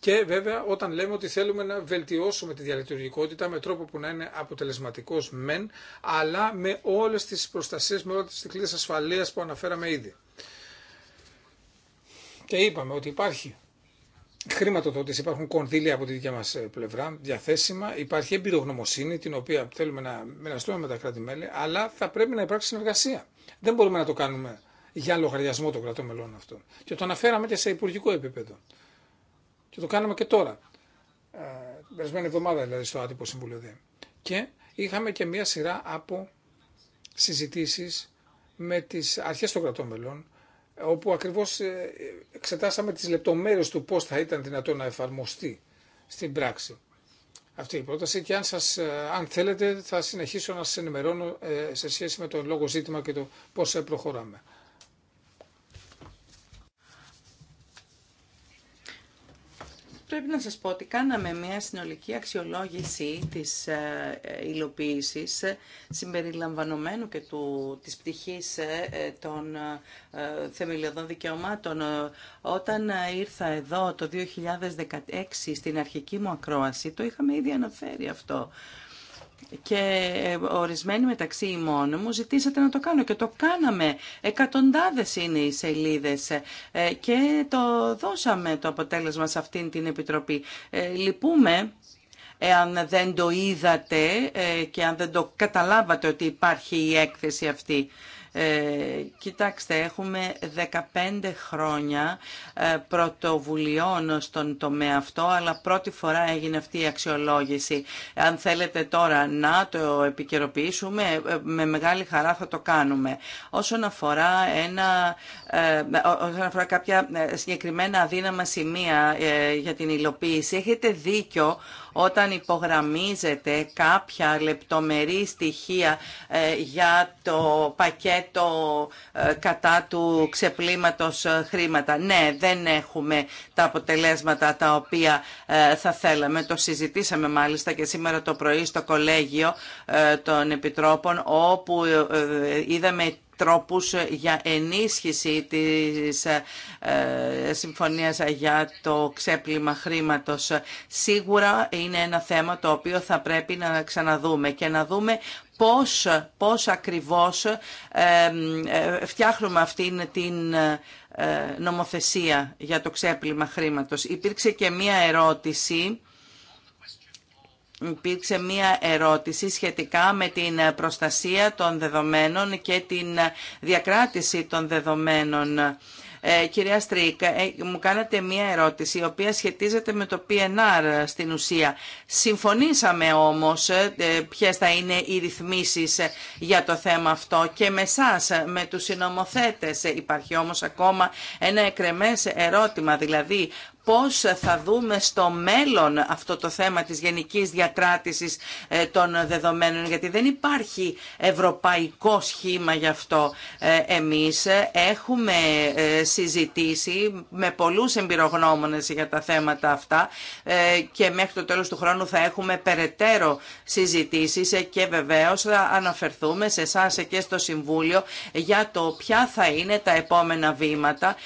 Και βέβαια όταν λέμε ότι θέλουμε να βελτιώσουμε τη διαλειτουργικότητα με τρόπο που να είναι αποτελεσματικός μεν, αλλά με όλες τις προστασίες, με όλες τις κλίδες ασφαλείας που αναφέραμε ήδη. Και είπαμε ότι υπάρχει χρηματοδότηση, υπάρχουν κονδύλια από τη δικιά μας ε, πλευρά διαθέσιμα, υπάρχει εμπειρογνωμοσύνη την οποία θέλουμε να μοιραστούμε με τα κράτη-μέλη, αλλά θα πρέπει να υπάρξει συνεργασία. Δεν μπορούμε να το κάνουμε για λογαριασμό των κρατών μελών αυτών. Και το αναφέραμε και σε υπουργικό επίπεδο. Και το κάναμε και τώρα. Την ε, περασμένη εβδομάδα δηλαδή στο άτυπο Συμβούλιο ΔΕ. Και είχαμε και μία σειρά από συζητήσεις με τις αρχές των κρατών μελών, όπου ακριβώς ε, εξετάσαμε τις λεπτομέρειες του πώς θα ήταν δυνατόν να εφαρμοστεί στην πράξη αυτή η πρόταση και αν, σας, ε, αν θέλετε θα συνεχίσω να σας ενημερώνω σε σχέση με το λόγο ζήτημα και το πώς προχωράμε. Πρέπει να σας πω ότι κάναμε μια συνολική αξιολόγηση της ε, υλοποίησης ε, συμπεριλαμβανομένου και του, της πτυχής ε, των θεμελιωδών δικαιωμάτων. Όταν ήρθα εδώ το 2016 στην αρχική μου ακρόαση, το είχαμε ήδη αναφέρει αυτό και ορισμένοι μεταξύ ημών μου ζητήσατε να το κάνω και το κάναμε. Εκατοντάδες είναι οι σελίδες ε, και το δώσαμε το αποτέλεσμα σε αυτήν την Επιτροπή. Ε, λυπούμε εάν δεν το είδατε ε, και αν δεν το καταλάβατε ότι υπάρχει η έκθεση αυτή. Ε, κοιτάξτε, έχουμε 15 χρόνια ε, πρωτοβουλειών στον τομέα αυτό, αλλά πρώτη φορά έγινε αυτή η αξιολόγηση. Αν θέλετε τώρα να το επικαιροποιήσουμε, ε, με μεγάλη χαρά θα το κάνουμε. Όσον αφορά, ένα, κάποια συγκεκριμένα αδύναμα σημεία για την υλοποίηση, έχετε δίκιο όταν υπογραμμίζεται κάποια λεπτομερή στοιχεία ε, για το πακέτο ε, κατά του ξεπλήματος ε, χρήματα. Ναι, δεν έχουμε τα αποτελέσματα τα οποία θα θέλαμε. Το συζητήσαμε μάλιστα και σήμερα το πρωί στο κολέγιο των Επιτρόπων όπου είδαμε τρόπους ε, για ενίσχυση της ε, ε, συμφωνίας για το ξέπλυμα χρήματος. Σίγουρα είναι ένα θέμα το οποίο θα πρέπει να ξαναδούμε και να δούμε πώς, πώς ακριβώς φτιάχνουμε αυτήν την νομοθεσία για το ξέπλυμα χρήματος. Υπήρξε και μία ερώτηση υπήρξε μία ερώτηση σχετικά με την προστασία των δεδομένων και την διακράτηση των δεδομένων. Ε, κυρία Στρίκ, ε, μου κάνατε μία ερώτηση η οποία σχετίζεται με το PNR στην ουσία. Συμφωνήσαμε όμως ε, ε, ποιες θα είναι οι ρυθμίσεις για το θέμα αυτό και με εσά, με τους συνομοθέτες. Υπάρχει όμως ακόμα ένα εκρεμές ερώτημα, δηλαδή πώς θα δούμε στο μέλλον αυτό το θέμα της γενικής διακράτησης ε, των δεδομένων, γιατί δεν υπάρχει ευρωπαϊκό σχήμα γι' αυτό. Ε, εμείς ε, έχουμε συζητήσει με πολλούς εμπειρογνώμονες για τα θέματα αυτά και μέχρι το τέλος του χρόνου θα έχουμε περαιτέρω συζητήσεις και βεβαίως θα αναφερθούμε σε εσά και στο Συμβούλιο για το ποια θα είναι τα επόμενα βήματα,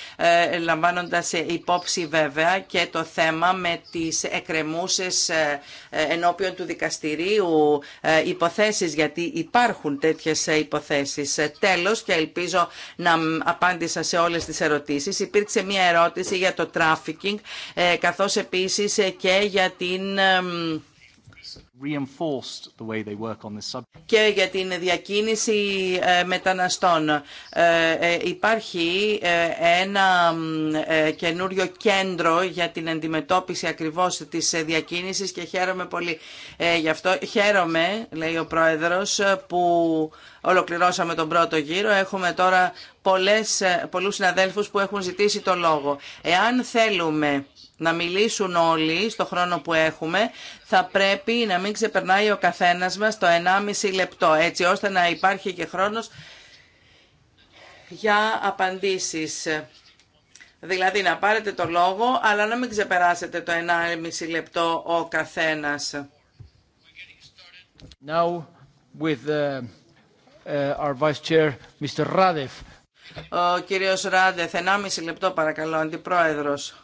λαμβάνοντας υπόψη βέβαια και το θέμα με τις εκρεμούσες ε, ε, ενώπιον του δικαστηρίου ε, υποθέσεις, γιατί υπάρχουν τέτοιες υποθέσεις. Τέλος, και ελπίζω να απάντησα σε όλες τις ερωτήσεις, υπήρξε μία ερώτηση για το τράφικινγκ, καθώς επίσης και για την και για την διακίνηση ε, μεταναστών. Ε, ε, υπάρχει ένα καινούριο κέντρο για την αντιμετώπιση ακριβώς της διακίνησης και χαίρομαι πολύ γι' αυτό. Χαίρομαι, λέει ο Πρόεδρος, που ολοκληρώσαμε τον πρώτο γύρο. Έχουμε τώρα πολλές, πολλούς συναδέλφους που έχουν ζητήσει το λόγο. Εάν θέλουμε να μιλήσουν όλοι στο χρόνο που έχουμε, θα πρέπει να μην ξεπερνάει ο καθένας μας το 1,5 λεπτό, έτσι ώστε να υπάρχει και χρόνος για απαντήσεις. Δηλαδή να πάρετε το λόγο, αλλά να μην ξεπεράσετε το 1,5 λεπτό ο καθένας. Now with uh, uh, our Vice Chair, Mr. Radev. Ο κύριος Ράντεφ, 1,5 λεπτό παρακαλώ, αντιπρόεδρος.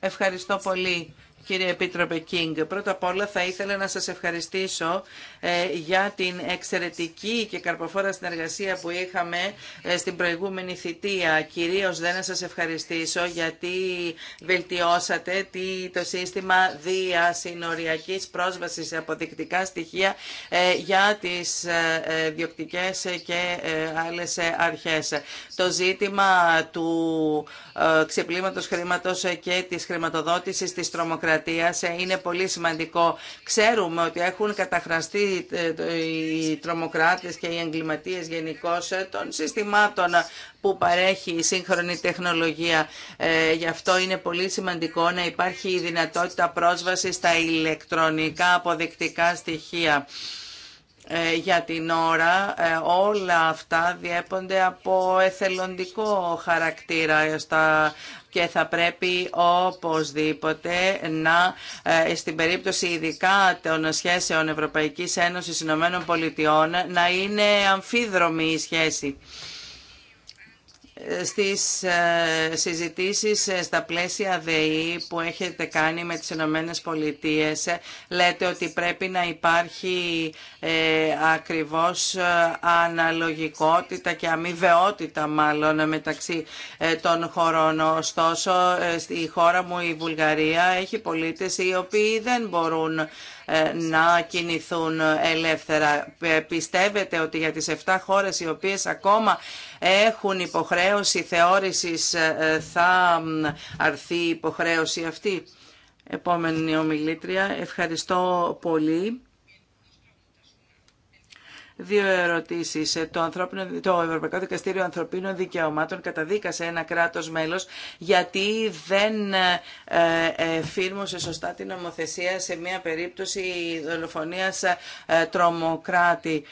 Ευχαριστώ πολύ κύριε Επίτροπε Κίνγκ. Πρώτα απ' όλα θα ήθελα να σας ευχαριστήσω ε, για την εξαιρετική και καρποφόρα συνεργασία που είχαμε ε, στην προηγούμενη θητεία. Κυρίως δεν σας ευχαριστήσω γιατί βελτιώσατε το σύστημα διασυνοριακής πρόσβασης σε αποδεικτικά στοιχεία ε, για τις διοκτικές και άλλες αρχές. Το ζήτημα του ξεπλήματος χρήματος και της χρηματοδότησης της τρομοκρατίας είναι πολύ σημαντικό. Ξέρουμε ότι έχουν καταχραστεί ε, οι τρομοκράτες και οι εγκληματίες γενικώ ε, των συστημάτων που παρέχει η σύγχρονη τεχνολογία. Ε, γι' αυτό είναι πολύ σημαντικό να υπάρχει η δυνατότητα πρόσβαση στα ηλεκτρονικά αποδεικτικά στοιχεία. Ε, για την ώρα ε, όλα αυτά διέπονται από εθελοντικό χαρακτήρα στα και θα πρέπει οπωσδήποτε να, ε, στην περίπτωση ειδικά των σχέσεων Ευρωπαϊκής Ένωσης Ηνωμένων να είναι αμφίδρομη η σχέση στις ε, συζητήσεις ε, στα πλαίσια ΔΕΗ που έχετε κάνει με τις Ηνωμένες Πολιτείες ε, λέτε ότι πρέπει να υπάρχει ακριβώς αναλογικότητα και αμοιβαιότητα μάλλον μεταξύ των χωρών. Ωστόσο, η χώρα μου η Βουλγαρία έχει πολίτες οι οποίοι δεν μπορούν ε, να κινηθούν ελεύθερα. Ε, πιστεύετε ότι για τις 7 χώρες οι οποίες ακόμα έχουν υποχρέωση θεώρησης ε, θα αρθεί η υποχρέωση αυτή. Επόμενη ομιλήτρια. Ευχαριστώ πολύ. Δύο ερωτήσεις. Ε, το, ανθρώπινο, το Ευρωπαϊκό Δικαστήριο Ανθρωπίνων Δικαιωμάτων καταδίκασε ένα κράτος μέλος γιατί δεν ε, ε, φύρμωσε σωστά την νομοθεσία σε μια περίπτωση δολοφονίας τρομοκράτη.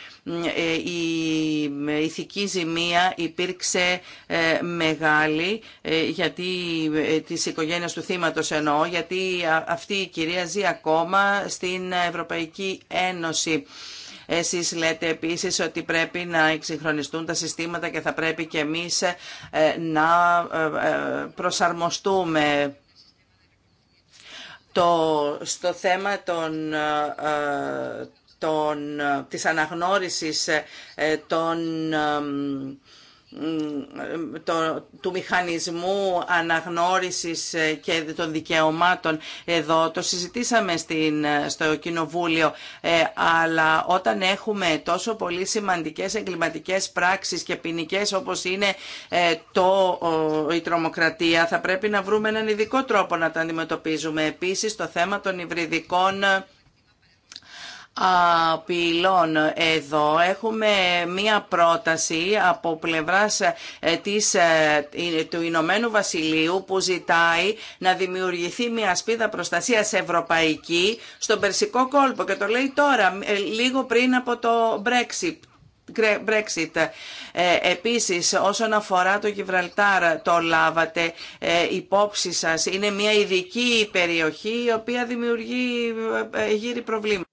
Η ηθική ζημία υπήρξε μεγάλη γιατί της οικογένειας του θύματο εννοώ γιατί αυτή η κυρία ζει ακόμα στην Ευρωπαϊκή Ένωση. Εσείς λέτε επίσης ότι πρέπει να εξυγχρονιστούν τα συστήματα και θα πρέπει και εμείς ε, να ε, ε, προσαρμοστούμε το, στο θέμα των, των, της αναγνώρισης των το, του μηχανισμού αναγνώρισης ε, και των δικαιωμάτων εδώ. Το συζητήσαμε στην, ε, στο Κοινοβούλιο, ε, αλλά όταν έχουμε τόσο πολύ σημαντικές εγκληματικές πράξεις και ποινικέ όπως είναι το, η τρομοκρατία, θα πρέπει να βρούμε έναν ειδικό τρόπο να τα αντιμετωπίζουμε. Επίσης, το θέμα των υβριδικών απειλών εδώ. Έχουμε μία πρόταση από πλευράς ε, της, ε, ε, του Ηνωμένου Βασιλείου που ζητάει να δημιουργηθεί μία σπίδα προστασίας ευρωπαϊκή στον Περσικό κόλπο και το λέει τώρα, λίγο πριν από το Brexit. Brexit. επίσης, όσον αφορά το Γιβραλτάρ, το λάβατε υπόψη σας. Είναι μια ειδική περιοχή η οποία δημιουργεί ε, γύρι προβλήματα.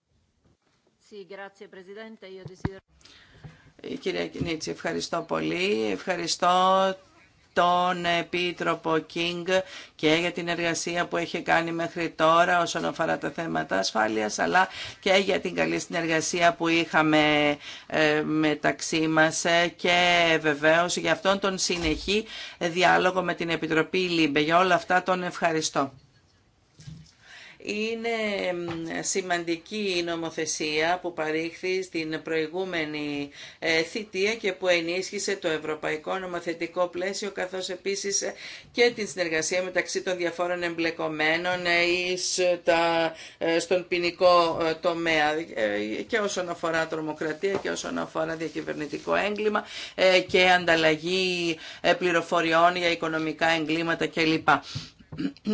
Κυρία Κινίτση, ευχαριστώ πολύ. Ευχαριστώ τον Επίτροπο Κίνγκ και για την εργασία που έχει κάνει μέχρι τώρα όσον αφορά τα θέματα ασφάλειας, αλλά και για την καλή συνεργασία που είχαμε ε, μεταξύ μας και βεβαίως για αυτόν τον συνεχή διάλογο με την Επιτροπή ΛΥΜΠΕ. Για όλα αυτά τον ευχαριστώ. Είναι σημαντική η νομοθεσία που παρήχθη στην προηγούμενη ε, θητεία και που ενίσχυσε το ευρωπαϊκό νομοθετικό πλαίσιο καθώς επίσης ε, και την συνεργασία μεταξύ των διαφόρων εμπλεκομένων ε, στον ποινικό τομέα και όσον αφορά τρομοκρατία και όσον αφορά διακυβερνητικό έγκλημα και ανταλλαγή πληροφοριών για οικονομικά εγκλήματα κλπ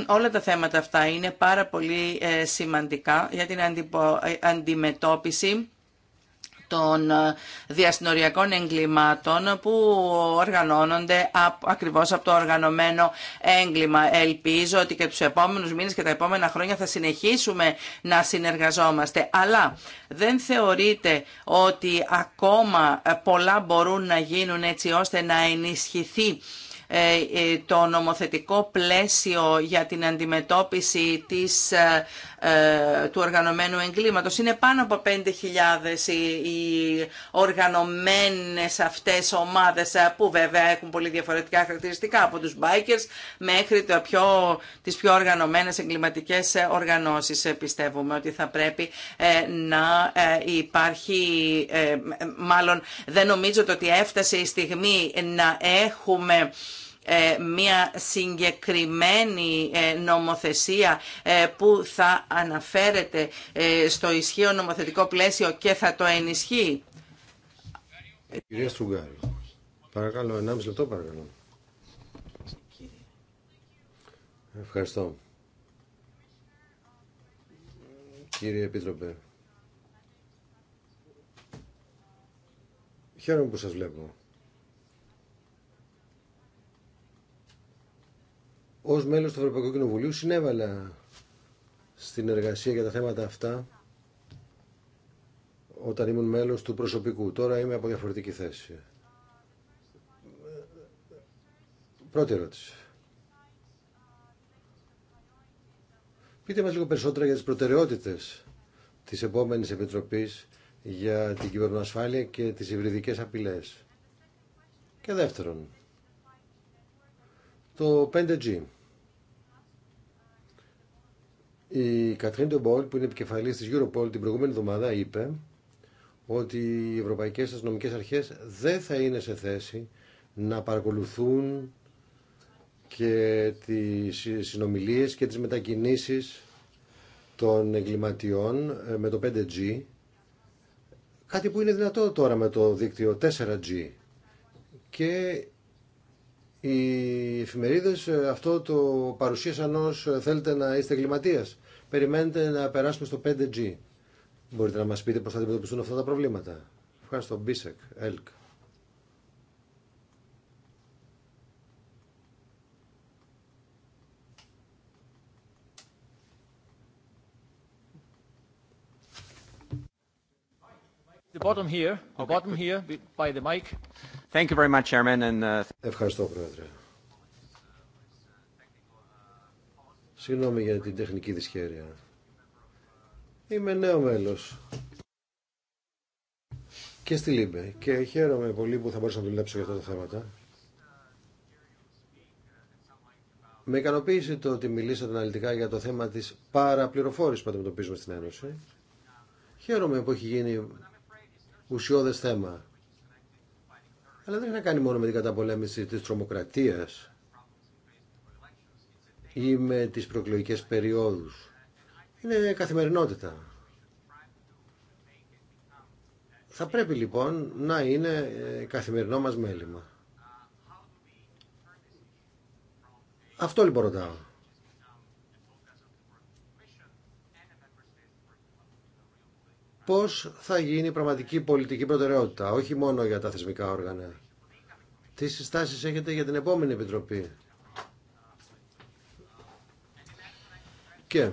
όλα τα θέματα αυτά είναι πάρα πολύ ε, σημαντικά για την ε, αντιμετώπιση των ε, διασυνοριακών εγκλημάτων που οργανώνονται ακριβώς από το οργανωμένο έγκλημα. Ελπίζω ότι και τους επόμενους μήνες και τα επόμενα χρόνια θα συνεχίσουμε να συνεργαζόμαστε. Αλλά δεν θεωρείτε ότι ακόμα πολλά μπορούν να γίνουν έτσι ώστε να ενισχυθεί ε, ε, το νομοθετικό πλαίσιο για την αντιμετώπιση της, ε, του οργανωμένου εγκλήματος. Είναι πάνω από 5.000 οι οργανωμένες αυτές ομάδες που βέβαια έχουν πολύ διαφορετικά χαρακτηριστικά από τους bikers μέχρι το πιο, τις πιο οργανωμένες εγκληματικές οργανώσεις. Πιστεύουμε ότι θα πρέπει να υπάρχει, μάλλον δεν νομίζω ότι έφτασε η στιγμή να έχουμε ε, μια συγκεκριμένη ε, νομοθεσία ε, που θα αναφέρεται στο ισχύο νομοθετικό πλαίσιο και θα το ενισχύει. Κυρία Στρουγκάρη, παρακαλώ, 1,5 λεπτό παρακαλώ. Ευχαριστώ. Κύριε Επίτροπε, χαίρομαι που σας βλέπω. Ω μέλος του Ευρωπαϊκού Κοινοβουλίου συνέβαλα στην εργασία για τα θέματα αυτά όταν ήμουν μέλος του προσωπικού. Τώρα είμαι από διαφορετική θέση. Πρώτη ερώτηση. Πείτε μας λίγο περισσότερα για τις προτεραιότητες της επόμενης Επιτροπής για την κυβερνοασφάλεια και τις υβριδικές απειλές. Και δεύτερον, το 5G. Η Κατρίν Ντεμπόλ, που είναι επικεφαλής της Europol την προηγούμενη εβδομάδα, είπε ότι οι ευρωπαϊκές αστυνομικέ αρχές δεν θα είναι σε θέση να παρακολουθούν και τις συνομιλίε και τις μετακινήσεις των εγκληματιών ε, με το 5G κάτι που είναι δυνατό τώρα με το δίκτυο 4G και οι εφημερίδες ε, αυτό το παρουσίασαν ως ε, θέλετε να είστε εγκληματίας περιμένετε να περάσουμε στο 5G. Μπορείτε να μας πείτε πώς θα αντιμετωπιστούν αυτά τα προβλήματα. Ευχαριστώ. Μπίσεκ, ΕΛΚ. Ευχαριστώ, Πρόεδρε. Συγγνώμη για την τεχνική δυσχέρεια. Είμαι νέο μέλος και στη Λίμπε και χαίρομαι πολύ που θα μπορούσα να δουλέψω για αυτά τα θέματα. Με ικανοποίησε το ότι μιλήσατε αναλυτικά για το θέμα της παραπληροφόρησης που αντιμετωπίζουμε στην Ένωση. Χαίρομαι που έχει γίνει ουσιώδες θέμα. Αλλά δεν έχει να κάνει μόνο με την καταπολέμηση της τρομοκρατίας ή με τις προεκλογικές περιόδους. Είναι καθημερινότητα. Θα πρέπει λοιπόν να είναι ε, καθημερινό μας μέλημα. Αυτό λοιπόν ρωτάω. Πώς θα γίνει η πραγματική πολιτική προτεραιότητα, όχι μόνο για τα θεσμικά όργανα. Τι συστάσεις έχετε για την επόμενη Επιτροπή Και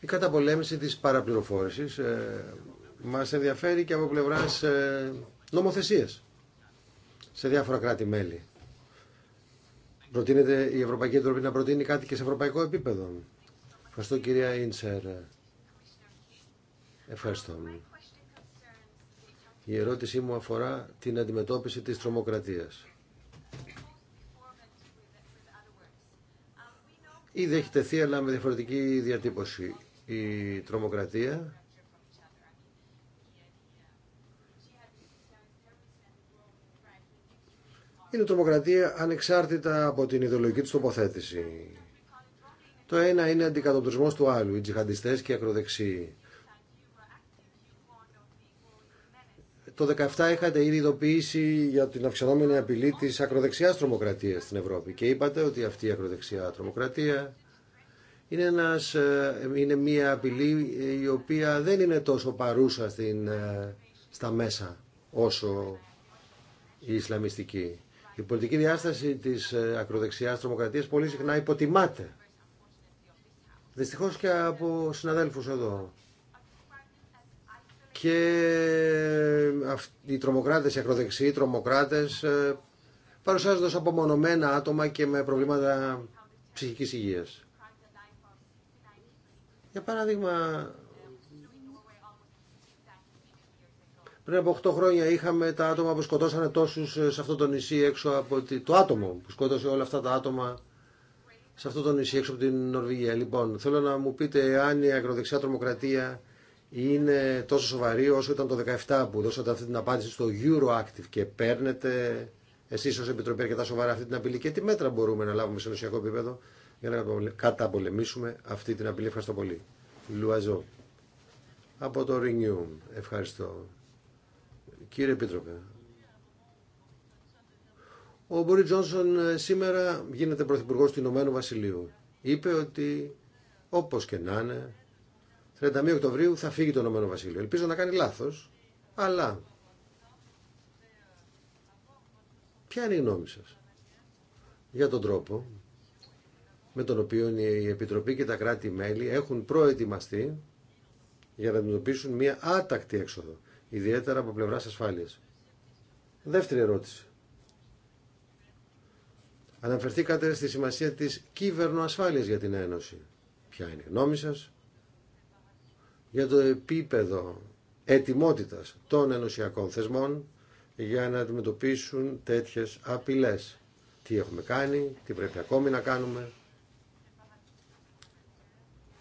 η καταπολέμηση της παραπληροφόρησης ε, μας ενδιαφέρει και από πλευράς ε, σε διάφορα κράτη-μέλη. Προτείνεται η Ευρωπαϊκή Επιτροπή να προτείνει κάτι και σε ευρωπαϊκό επίπεδο. Ευχαριστώ κυρία Ίντσερ. Ευχαριστώ. Η ερώτησή μου αφορά την αντιμετώπιση της τρομοκρατίας. Ήδη έχει τεθεί αλλά με διαφορετική διατύπωση. Η τρομοκρατία είναι τρομοκρατία ανεξάρτητα από την ιδεολογική του τοποθέτηση. Το ένα είναι αντικατοπτρισμός του άλλου, οι τζιχαντιστές και οι ακροδεξιοί. Το 2017 είχατε ήδη ειδοποιήσει για την αυξανόμενη απειλή της ακροδεξιάς τρομοκρατίας στην Ευρώπη και είπατε ότι αυτή η ακροδεξιά τρομοκρατία είναι, ένας, ε, είναι μια απειλή ε, η οποία δεν είναι τόσο παρούσα στην, ε, στα μέσα όσο η Ισλαμιστική. Η πολιτική διάσταση της ακροδεξιάς τρομοκρατίας πολύ συχνά υποτιμάται. Δυστυχώς και από συναδέλφους εδώ και ε, οι τρομοκράτες, οι ακροδεξιοί τρομοκράτες ε, παρουσιάζονται απομονωμένα άτομα και με προβλήματα ψυχικής υγείας. Για παράδειγμα, πριν από 8 χρόνια είχαμε τα άτομα που σκοτώσανε τόσους ε, σε αυτό το νησί έξω από το άτομο που σκότωσε όλα αυτά τα άτομα σε αυτό το νησί έξω από την Νορβηγία. Λοιπόν, θέλω να μου πείτε αν η ακροδεξιά τρομοκρατία είναι τόσο σοβαρή όσο ήταν το 2017 που δώσατε αυτή την απάντηση στο Euroactive και παίρνετε εσείς ως Επιτροπή αρκετά σοβαρά αυτή την απειλή και τι μέτρα μπορούμε να λάβουμε σε ενωσιακό επίπεδο για να καταπολεμήσουμε αυτή την απειλή. Ευχαριστώ πολύ. Λουαζό. Από το Renew. Ευχαριστώ. Κύριε Επίτροπε. Ο Μπορί Τζόνσον ε, σήμερα γίνεται πρωθυπουργό του Ηνωμένου Βασιλείου. Είπε ότι όπως και να είναι 31 Οκτωβρίου θα φύγει το Ηνωμένο Βασίλειο. Ελπίζω να κάνει λάθος, αλλά ποια είναι η γνώμη σα. για τον τρόπο με τον οποίο η Επιτροπή και τα κράτη-μέλη έχουν προετοιμαστεί για να αντιμετωπίσουν μια άτακτη έξοδο, ιδιαίτερα από πλευρά ασφάλειας. Δεύτερη ερώτηση. Αναφερθήκατε στη σημασία της κυβερνοασφάλειας για την Ένωση. Ποια είναι η γνώμη σας για το επίπεδο ετοιμότητας των ενωσιακών θεσμών για να αντιμετωπίσουν τέτοιες απειλές. Τι έχουμε κάνει, τι πρέπει ακόμη να κάνουμε.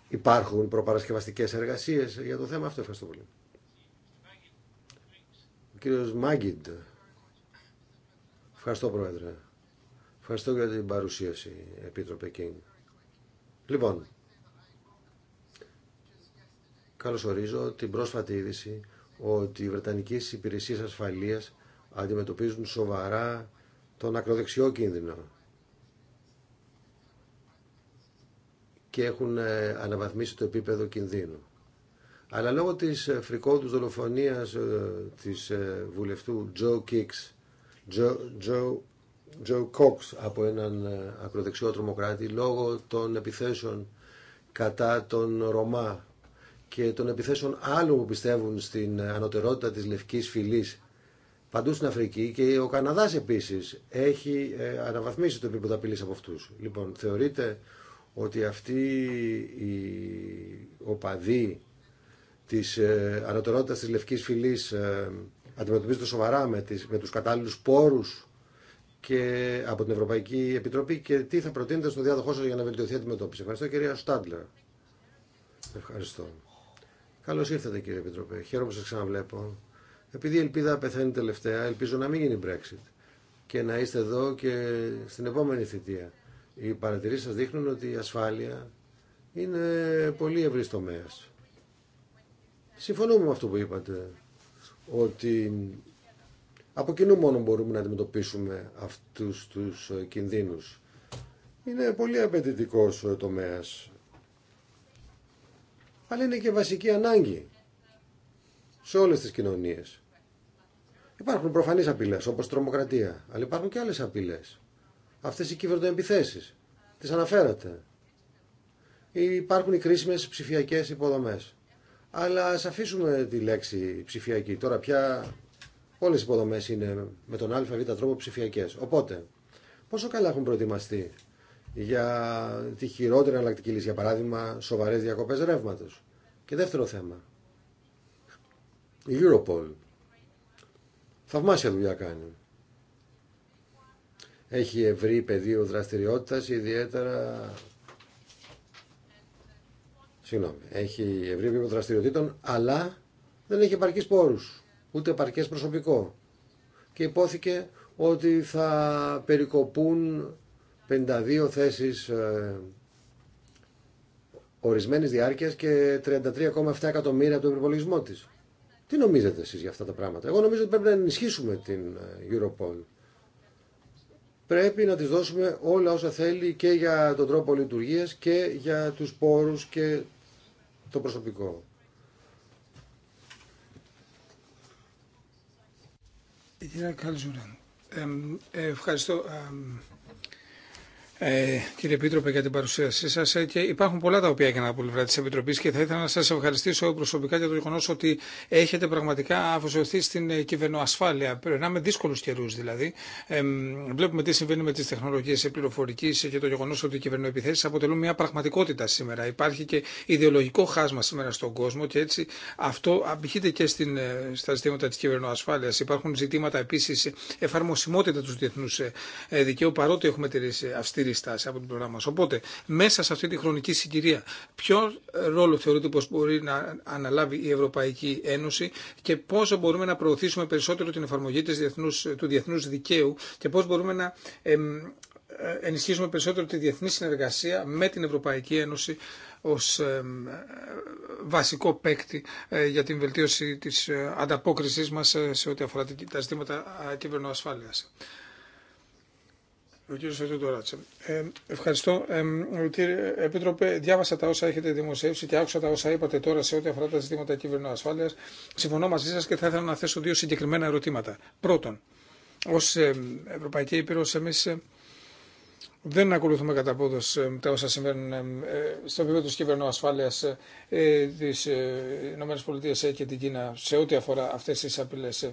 Υπάρχουν προπαρασκευαστικές εργασίες για το θέμα αυτό. Ευχαριστώ πολύ. Ο κύριος Μάγκιντ. Ευχαριστώ Πρόεδρε. Ευχαριστώ για την παρουσίαση, Επίτροπε Κίνγκ. Λοιπόν, καλωσορίζω την πρόσφατη είδηση ότι οι Βρετανικέ Υπηρεσίε Ασφαλείας αντιμετωπίζουν σοβαρά τον ακροδεξιό κίνδυνο και έχουν ε, αναβαθμίσει το επίπεδο κινδύνου. Αλλά λόγω της ε, φρικόδους δολοφονίας ε, της βουλευτού Joe Kicks, από έναν ακροδεξιό τρομοκράτη, λόγω των επιθέσεων κατά τον Ρωμά και των επιθέσεων άλλων που πιστεύουν στην ανωτερότητα της λευκής φυλής παντού στην Αφρική και ο Καναδάς επίσης έχει ε, αναβαθμίσει το επίπεδο απειλής από αυτούς. Λοιπόν, θεωρείτε ότι αυτοί οι οπαδοί της ε, ανωτερότητας της λευκής φυλής ε, αντιμετωπίζονται σοβαρά με, τις, με τους κατάλληλους πόρους και από την Ευρωπαϊκή Επιτροπή και τι θα προτείνετε στο διάδοχό σας για να βελτιωθεί η αντιμετώπιση. Ευχαριστώ κυρία Στάντλερ. Ευχαριστώ. Καλώ ήρθατε κύριε Επιτροπέ. Χαίρομαι που σα ξαναβλέπω. Επειδή η ελπίδα πεθαίνει τελευταία, ελπίζω να μην γίνει Brexit και να είστε εδώ και στην επόμενη θητεία. Οι παρατηρήσει σα δείχνουν ότι η ασφάλεια είναι πολύ ευρύ τομέα. Συμφωνούμε με αυτό που είπατε, ότι από κοινού μόνο μπορούμε να αντιμετωπίσουμε αυτούς τους κινδύνους. Είναι πολύ απαιτητικό ο αλλά είναι και βασική ανάγκη σε όλε τι κοινωνίες. Υπάρχουν προφανείς απειλές όπως τρομοκρατία, αλλά υπάρχουν και άλλες απειλέ. Αυτές οι κυβερνοεπιθέσεις, τις αναφέρατε. Υπάρχουν οι κρίσιμε ψηφιακέ υποδομές. Αλλά ας αφήσουμε τη λέξη ψηφιακή. Τώρα πια όλες οι υποδομές είναι με τον αβ τρόπο ψηφιακέ. Οπότε, πόσο καλά έχουν προετοιμαστεί για τη χειρότερη εναλλακτική λύση, για παράδειγμα σοβαρέ διακοπές ρεύματο. Και δεύτερο θέμα, η Europol. Θαυμάσια δουλειά κάνει. Έχει ευρύ πεδίο δραστηριότητα ιδιαίτερα... Συγγνώμη, έχει ευρύ πεδίο δραστηριοτήτων, αλλά δεν έχει επαρκεί πόρους, ούτε επαρκέ προσωπικό. Και υπόθηκε ότι θα περικοπούν 52 θέσεις ε, ορισμένης διάρκειας και 33,7 εκατομμύρια από τον προπολογισμό της. Τι νομίζετε εσείς για αυτά τα πράγματα. Εγώ νομίζω ότι πρέπει να ενισχύσουμε την ε, Europol. Πρέπει να της δώσουμε όλα όσα θέλει και για τον τρόπο λειτουργίας και για τους πόρους και το προσωπικό. Ε, ευχαριστώ. Ε, κύριε Επίτροπε, για την παρουσίασή σα ε, και υπάρχουν πολλά τα οποία έγιναν από πλευρά τη Επιτροπή και θα ήθελα να σα ευχαριστήσω προσωπικά για το γεγονό ότι έχετε πραγματικά αφοσιωθεί στην ε, κυβερνοασφάλεια. Περνάμε δύσκολου καιρού δηλαδή. βλέπουμε τι συμβαίνει με τι τεχνολογίε πληροφορική και το γεγονό ότι οι κυβερνοεπιθέσει αποτελούν μια πραγματικότητα σήμερα. Υπάρχει και ιδεολογικό χάσμα σήμερα στον κόσμο και έτσι αυτό απηχείται και στην, στα ζητήματα τη κυβερνοασφάλεια. Υπάρχουν ζητήματα επίση εφαρμοσιμότητα του διεθνού δικαίου παρότι έχουμε τηρήσει αυστηρή στάση από την πλευρά μα. Οπότε, μέσα σε αυτή τη χρονική συγκυρία, ποιο ρόλο θεωρείτε πω μπορεί να αναλάβει η Ευρωπαϊκή Ένωση και πόσο μπορούμε να προωθήσουμε περισσότερο την εφαρμογή της διεθνούς, του διεθνού δικαίου και πώ μπορούμε να ε, ενισχύσουμε περισσότερο τη διεθνή συνεργασία με την Ευρωπαϊκή Ένωση ως βασικό παίκτη ε, για την βελτίωση της ε, ανταπόκρισής μας σε ό,τι αφορά τα ζητήματα κυβερνοασφάλειας. Ο ε, ευχαριστώ. Ε, κύριε Επίτροπε, διάβασα τα όσα έχετε δημοσιεύσει και άκουσα τα όσα είπατε τώρα σε ό,τι αφορά τα ζητήματα κυβερνού ασφάλεια. Συμφωνώ μαζί σα και θα ήθελα να θέσω δύο συγκεκριμένα ερωτήματα. Πρώτον, ω ε, Ευρωπαϊκή Ήπειρο, εμεί ε, δεν ακολουθούμε κατά πόδος ε, τα όσα συμβαίνουν στο επίπεδο κυβερνού ασφάλεια τη ΗΠΑ και την Κίνα σε ό,τι αφορά αυτές τις απειλές.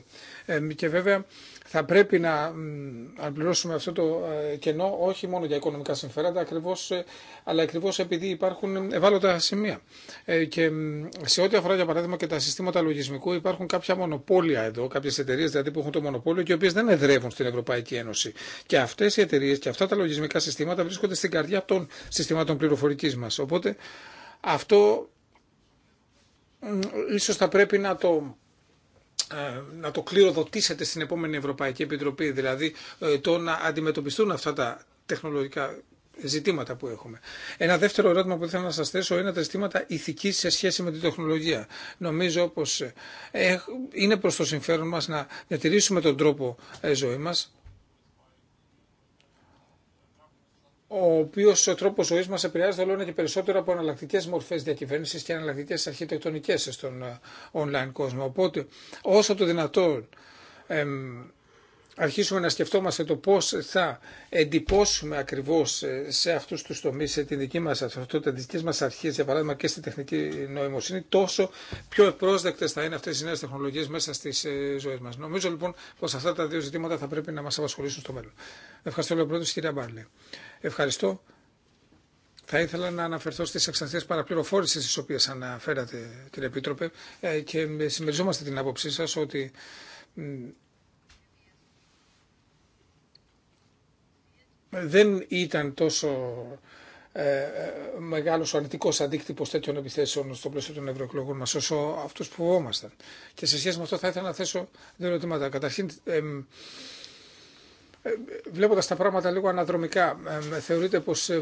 Και βέβαια θα πρέπει να αναπληρώσουμε αυτό το ε, κενό όχι μόνο για οικονομικά συμφέροντα, ακριβώς, ε, αλλά ακριβώ επειδή υπάρχουν ευάλωτα σημεία. Ε, και σε ό,τι αφορά, για παράδειγμα, και τα συστήματα λογισμικού, υπάρχουν κάποια μονοπόλια εδώ, κάποιε εταιρείε δηλαδή που έχουν το μονοπόλιο και οι οποίε δεν εδρεύουν στην Ευρωπαϊκή Ένωση. Και αυτέ οι εταιρείε και αυτά τα λογισμικά συστήματα βρίσκονται στην καρδιά των συστημάτων πληροφορική μα. Οπότε αυτό ίσως θα πρέπει να το ε, να το κληροδοτήσετε στην επόμενη Ευρωπαϊκή Επιτροπή, δηλαδή ε, το να αντιμετωπιστούν αυτά τα τεχνολογικά ζητήματα που έχουμε. Ένα δεύτερο ερώτημα που θέλω να σας θέσω είναι τα ζητήματα ηθικής σε σχέση με την τεχνολογία. Νομίζω πως ε, είναι προς το συμφέρον μας να διατηρήσουμε τον τρόπο ζωή μας ο οποίο ο τρόπο ζωή μα επηρεάζεται όλο και περισσότερο από αναλλακτικέ μορφέ διακυβέρνηση και αναλλακτικέ αρχιτεκτονικέ στον ε, online κόσμο. Οπότε, όσο το δυνατόν εμ, αρχίσουμε να σκεφτόμαστε το πώ θα εντυπώσουμε ακριβώ ε, σε αυτού του τομεί την δική μα τι δικέ μα αρχέ, για παράδειγμα και στη τεχνική νοημοσύνη, τόσο πιο ευπρόσδεκτε θα είναι αυτέ οι νέε τεχνολογίε μέσα στι ε, ζωέ μα. Νομίζω λοιπόν πω αυτά τα δύο ζητήματα θα πρέπει να μα απασχολήσουν στο μέλλον. Ευχαριστώ, πρώτο, κύριε Μπάρλε. Ευχαριστώ. Θα ήθελα να αναφερθώ στι εξαρτήσει παραπληροφόρηση τι οποίε αναφέρατε, κύριε Επίτροπε, ε, και συμμεριζόμαστε την άποψή σα ότι δεν ήταν τόσο ε, ε μεγάλος ο αρνητικό αντίκτυπος τέτοιων επιθέσεων στο πλαίσιο των ευρωεκλογών μα όσο αυτούς που φοβόμασταν. Και σε σχέση με αυτό θα ήθελα να θέσω δύο ερωτήματα. Καταρχήν, βλέποντα τα πράγματα λίγο αναδρομικά, θεωρείτε πω ε,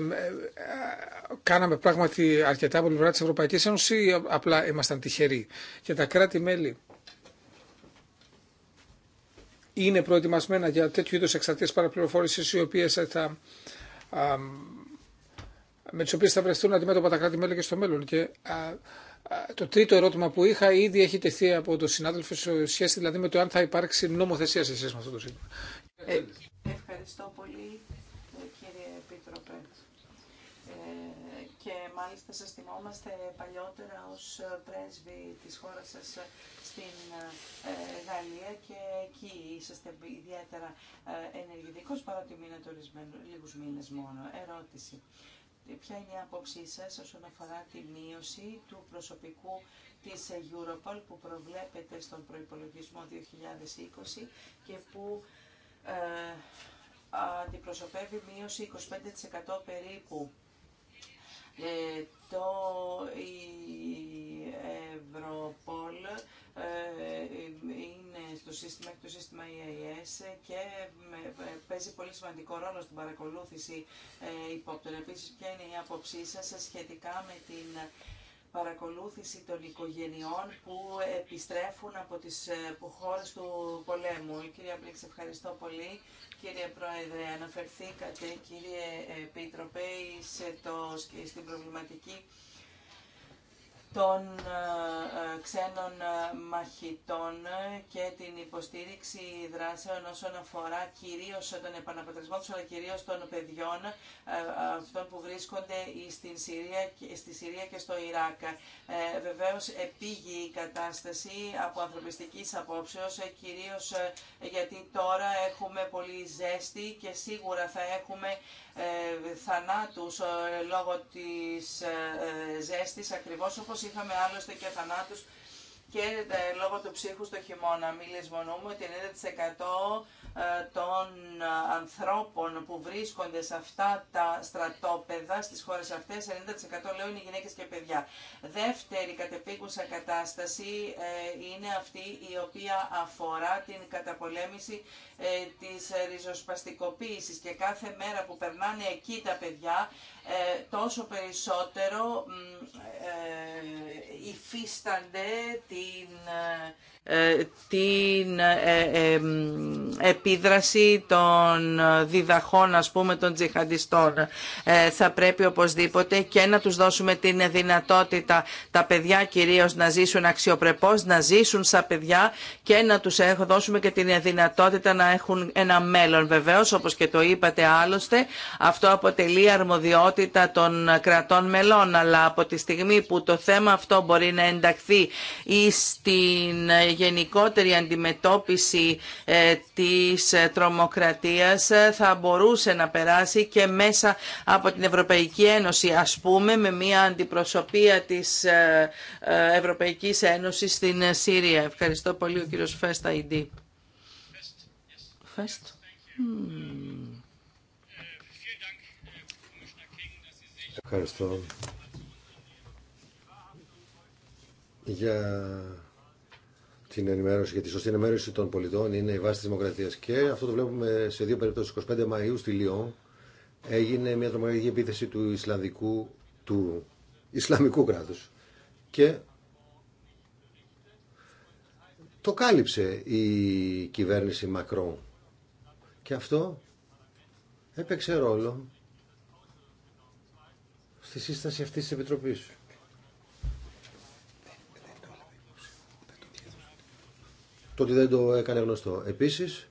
κάναμε πράγματι αρκετά από πλευρά τη Ευρωπαϊκή Ένωση ή απλά ήμασταν τυχεροί. Και τα κράτη-μέλη είναι προετοιμασμένα για τέτοιου είδου εξαρτήσει παραπληροφόρηση, οι οποίε θα. με τι οποίε θα βρεθούν αντιμέτωπα τα κράτη-μέλη και στο μέλλον. Και το τρίτο ερώτημα που είχα ήδη έχει τεθεί από τον συνάδελφο σε σχέση δηλαδή με το αν θα υπάρξει νομοθεσία σε σχέση με αυτό το ζήτημα. Ε, Ευχαριστώ πολύ κύριε Επίτροπε. Ε, και μάλιστα σας θυμόμαστε παλιότερα ως πρέσβη της χώρας σας στην ε, Γαλλία και εκεί είσαστε ιδιαίτερα ε, ενεργητικός ότι μείνετε λίγους μήνες μόνο. Ερώτηση. Ποια είναι η άποψή σας όσον αφορά τη μείωση του προσωπικού της Europol που προβλέπεται στον προϋπολογισμό 2020 και που ε, αντιπροσωπεύει μείωση 25% περίπου. Ε, το, η Ευρωπόλ ε, είναι στο σύστημα, το σύστημα EIS και παίζει πολύ σημαντικό ρόλο στην παρακολούθηση ε, υπόπτων. Επίσης, ποια είναι η άποψή σας σχετικά με την παρακολούθηση των οικογενειών που επιστρέφουν από τις ε, του πολέμου. Κυρία Μπλίξ, ευχαριστώ πολύ. Κύριε Πρόεδρε, αναφερθήκατε, κύριε Επίτροπε, σε το, στην προβληματική των ε, ε, ξένων ε, μαχητών και την υποστήριξη δράσεων όσον αφορά κυρίως τον επαναπατρισμό τους, αλλά κυρίως των παιδιών αυτών που βρίσκονται Συρία, στη Συρία και στο Ιράκ. Βεβαίως επίγει η κατάσταση από ανθρωπιστικής απόψεως, κυρίως γιατί τώρα έχουμε πολύ ζέστη και σίγουρα θα έχουμε θανάτους λόγω της ζέστης, ακριβώς όπως είχαμε άλλωστε και θανάτους και ε, λόγω του ψύχου στο χειμώνα. Μην λησμονούμε ότι 90% ε, των ανθρώπων που βρίσκονται σε αυτά τα στρατόπεδα, στις χώρες αυτές, 90% λέω είναι γυναίκες και παιδιά. Δεύτερη κατεπίκουσα κατάσταση ε, είναι αυτή η οποία αφορά την καταπολέμηση της ριζοσπαστικοποίησης και κάθε μέρα που περνάνε εκεί τα παιδιά ε, τόσο περισσότερο ε, υφίστανται την, ε, την επίδραση των διδαχών ας πούμε των τζιχαντιστών. Θα πρέπει οπωσδήποτε και να τους δώσουμε την δυνατότητα τα παιδιά κυρίως να ζήσουν αξιοπρεπώς, να ζήσουν σαν παιδιά και να τους δώσουμε και την δυνατότητα να έχουν ένα μέλλον. Βεβαίως όπως και το είπατε άλλωστε αυτό αποτελεί αρμοδιότητα των κρατών μελών, αλλά από τη στιγμή που το θέμα αυτό μπορεί να ενταχθεί ή στην γενικότερη αντιμετώπιση της τρομοκρατίας θα μπορούσε να περάσει και μέσα από την Ευρωπαϊκή Ένωση, ας πούμε, με μια αντιπροσωπεία της Ευρωπαϊκής Ένωσης στην Σύρια. Ευχαριστώ πολύ ο κύριος Φέστα Ιντύπ. Ευχαριστώ για την ενημέρωση, για τη σωστή ενημέρωση των πολιτών είναι η βάση της δημοκρατίας. Και αυτό το βλέπουμε σε δύο περιπτώσεις. 25 Μαΐου στη Λιόν έγινε μια τρομακτική επίθεση του Ισλανδικού, του Ισλαμικού κράτους. Και το κάλυψε η κυβέρνηση Μακρόν. Και αυτό έπαιξε ρόλο στη σύσταση αυτής τη Επιτροπής. Το ότι δεν το έκανε γνωστό. Επίσης,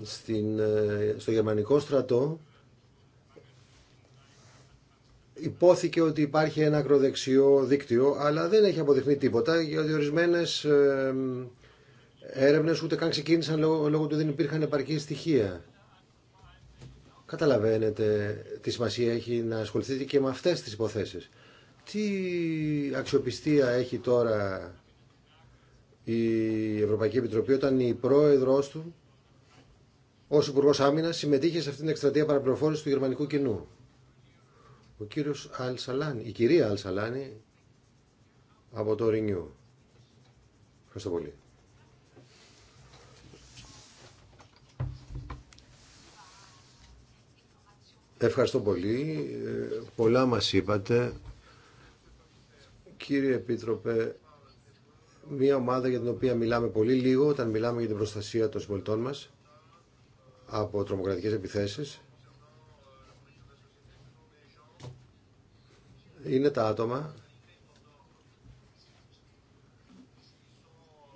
ε, στο γερμανικό στρατό υπόθηκε ότι υπάρχει ένα ακροδεξιό δίκτυο, αλλά δεν έχει αποδειχθεί τίποτα, γιατί ορισμένε ε, ε, έρευνε ούτε καν ξεκίνησαν λόγω, λόγω του δεν υπήρχαν επαρκή στοιχεία καταλαβαίνετε τι σημασία έχει να ασχοληθείτε και με αυτές τις υποθέσεις. Τι αξιοπιστία έχει τώρα η Ευρωπαϊκή Επιτροπή όταν η πρόεδρος του ω Υπουργό Άμυνα συμμετείχε σε αυτήν την εκστρατεία παραπληροφόρηση του γερμανικού κοινού. Ο κύριος Αλσαλάνη, η κυρία Αλσαλάνη από το Ρινιού. Ευχαριστώ πολύ. Ευχαριστώ πολύ. Ε, πολλά μας είπατε. Κύριε Επίτροπε, μια ομάδα για την οποία μιλάμε πολύ λίγο όταν μιλάμε για την προστασία των συμπολιτών μας από τρομοκρατικές επιθέσεις είναι τα άτομα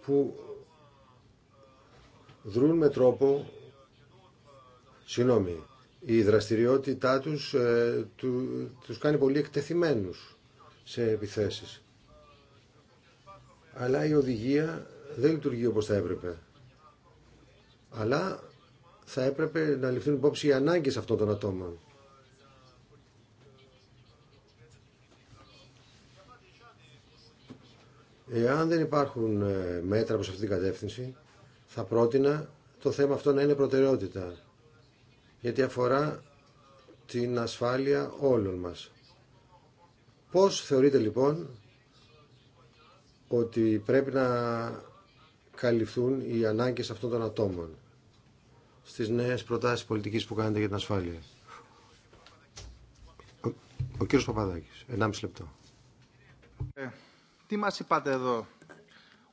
που δρούν με τρόπο συγγνώμη η δραστηριότητά τους ε, του, τους κάνει πολύ εκτεθειμένους σε επιθέσεις. Αλλά η οδηγία δεν λειτουργεί όπως θα έπρεπε. Αλλά θα έπρεπε να ληφθούν υπόψη οι ανάγκες αυτών των ατόμων. Εάν δεν υπάρχουν ε, μέτρα προς αυτήν την κατεύθυνση, θα πρότεινα το θέμα αυτό να είναι προτεραιότητα γιατί αφορά την ασφάλεια όλων μας. Πώς θεωρείτε λοιπόν ότι πρέπει να καλυφθούν οι ανάγκες αυτών των ατόμων στις νέες προτάσεις πολιτικής που κάνετε για την ασφάλεια. Ο, ο κύριος Παπαδάκης, 1,5 λεπτό. Ε, τι μας είπατε εδώ,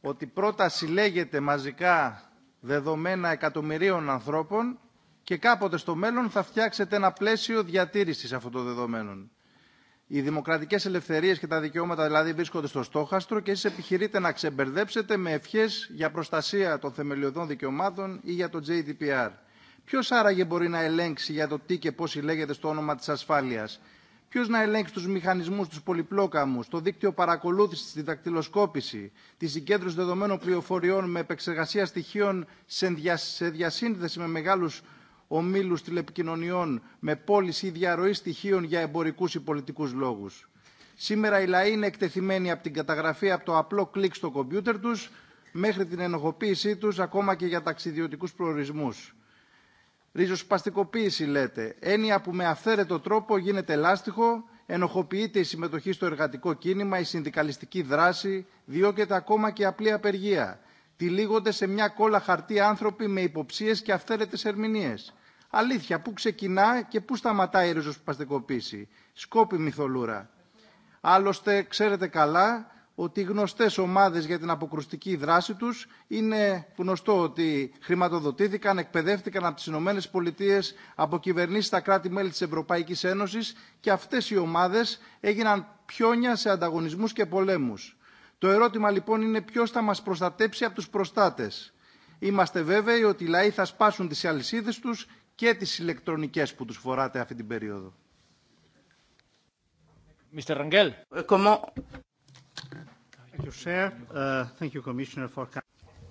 ότι πρόταση λέγεται μαζικά δεδομένα εκατομμυρίων ανθρώπων και κάποτε στο μέλλον θα φτιάξετε ένα πλαίσιο διατήρησης αυτών των δεδομένων. Οι δημοκρατικές ελευθερίες και τα δικαιώματα δηλαδή βρίσκονται στο στόχαστρο και εσείς επιχειρείτε να ξεμπερδέψετε με ευχές για προστασία των θεμελιωδών δικαιωμάτων ή για το JDPR. Ποιο άραγε μπορεί να ελέγξει για το τι και πώ συλλέγεται στο όνομα τη ασφάλεια, Ποιο να ελέγξει του μηχανισμού, του πολυπλόκαμου, το δίκτυο παρακολούθηση, τη δακτυλοσκόπηση, τη συγκέντρωση δεδομένων πληροφοριών με επεξεργασία στοιχείων σε διασύνδεση με μεγάλου ομίλους τηλεπικοινωνιών με πώληση ή διαρροή στοιχείων για εμπορικούς ή πολιτικούς λόγους. Σήμερα οι λαοί είναι εκτεθειμένοι από την καταγραφή από το απλό κλικ στο κομπιούτερ τους μέχρι την ενοχοποίησή τους ακόμα και για ταξιδιωτικούς προορισμούς. Ριζοσπαστικοποίηση λέτε, έννοια που με αυθαίρετο τρόπο γίνεται λάστιχο, ενοχοποιείται η συμμετοχή στο εργατικό κίνημα, η συνδικαλιστική δράση, διώκεται ακόμα και απλή απεργία τυλίγονται σε μια κόλλα χαρτί άνθρωποι με υποψίες και αυθαίρετες ερμηνείες. Αλήθεια, πού ξεκινά και πού σταματάει η ριζοσπαστικοποίηση. σκοπι θολούρα. Άλλωστε, ξέρετε καλά ότι οι γνωστές ομάδες για την αποκρουστική δράση τους είναι γνωστό ότι χρηματοδοτήθηκαν, εκπαιδεύτηκαν από τις ΗΠΑ, από κυβερνήσεις στα κράτη-μέλη της Ευρωπαϊκής Ένωσης και αυτές οι ομάδες έγιναν πιόνια σε ανταγωνισμούς και πολέμους. Το ερώτημα λοιπόν είναι ποιο θα μα προστατέψει από του προστάτε. Είμαστε βέβαιοι ότι οι λαοί θα σπάσουν τι αλυσίδε του και τι ηλεκτρονικέ που του φοράτε αυτή την περίοδο. Mr. Rangel. Ε, uh,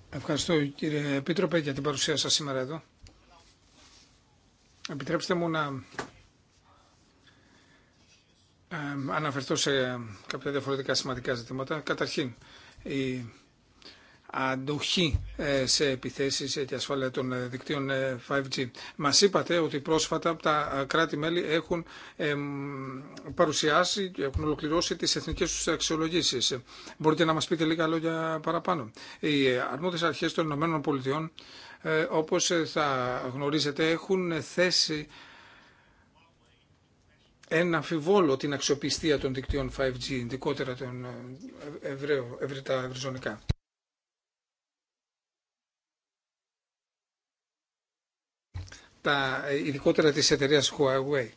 Ευχαριστώ κύριε Επίτροπε για την παρουσία σας σήμερα εδώ. Επιτρέψτε μου να αναφερθώ σε κάποια διαφορετικά σημαντικά ζητήματα. Καταρχήν, η αντοχή ε, σε επιθέσεις και ασφάλεια των ε, δικτύων 5G. Ε, μας είπατε ότι πρόσφατα τα κράτη-μέλη έχουν παρουσιάσει και έχουν ολοκληρώσει τις εθνικές τους αξιολογήσεις. Μπορείτε να μας πείτε λίγα λόγια παραπάνω. Οι αρμόδιες αρχές των ΗΠΑ, όπως θα γνωρίζετε, έχουν θέσει αμφιβόλω την αξιοπιστία των δικτύων 5G, ειδικότερα των ε, ευρυτά ευρυζωνικά. Τα ε, ειδικότερα της εταιρείας Huawei.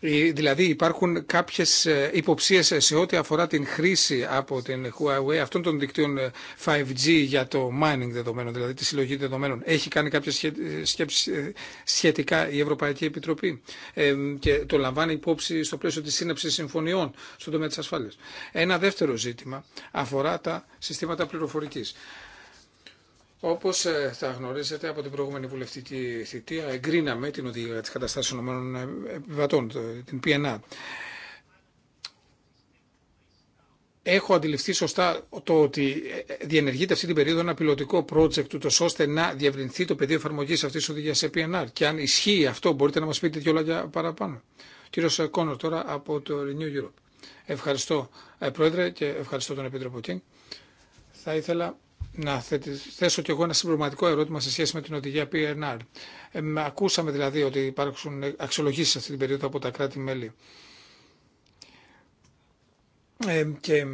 Ε, δηλαδή υπάρχουν κάποιες ε, υποψίες σε ό,τι αφορά την χρήση από την Huawei αυτών των δικτύων 5G ε, για το mining δεδομένων, δηλαδή τη συλλογή δεδομένων. Έχει κάνει κάποια σκέψη σχετικά η Ευρωπαϊκή Επιτροπή και το λαμβάνει υπόψη στο πλαίσιο της σύναψης συμφωνιών στον τομέα της ασφάλειας. Ένα δεύτερο ζήτημα αφορά τα συστήματα πληροφορικής. Όπως ε, θα γνωρίζετε από την προηγούμενη βουλευτική θητεία, εγκρίναμε την οδηγία της καταστάσεων ομάδων ε, επιβατών, την PNR. Έχω αντιληφθεί σωστά το ότι ε, διενεργείται αυτή την περίοδο ένα πιλωτικό project του, ώστε να διευρυνθεί το πεδίο εφαρμογή αυτή τη οδηγία σε PNR. Και αν ισχύει αυτό, μπορείτε να μα πείτε δύο για παραπάνω. Κύριο Κόνορ, τώρα από το Renew Europe. Ευχαριστώ, Πρόεδρε, και ευχαριστώ τον Επίτροπο Κίνγκ. Θα ήθελα να θέσω κι εγώ ένα συμπληρωματικό ερώτημα σε σχέση με την οδηγία PNR. Ε, ακούσαμε δηλαδή ότι υπάρχουν αξιολογήσεις αυτή την περίοδο από τα κράτη-μέλη. Ε, και ε,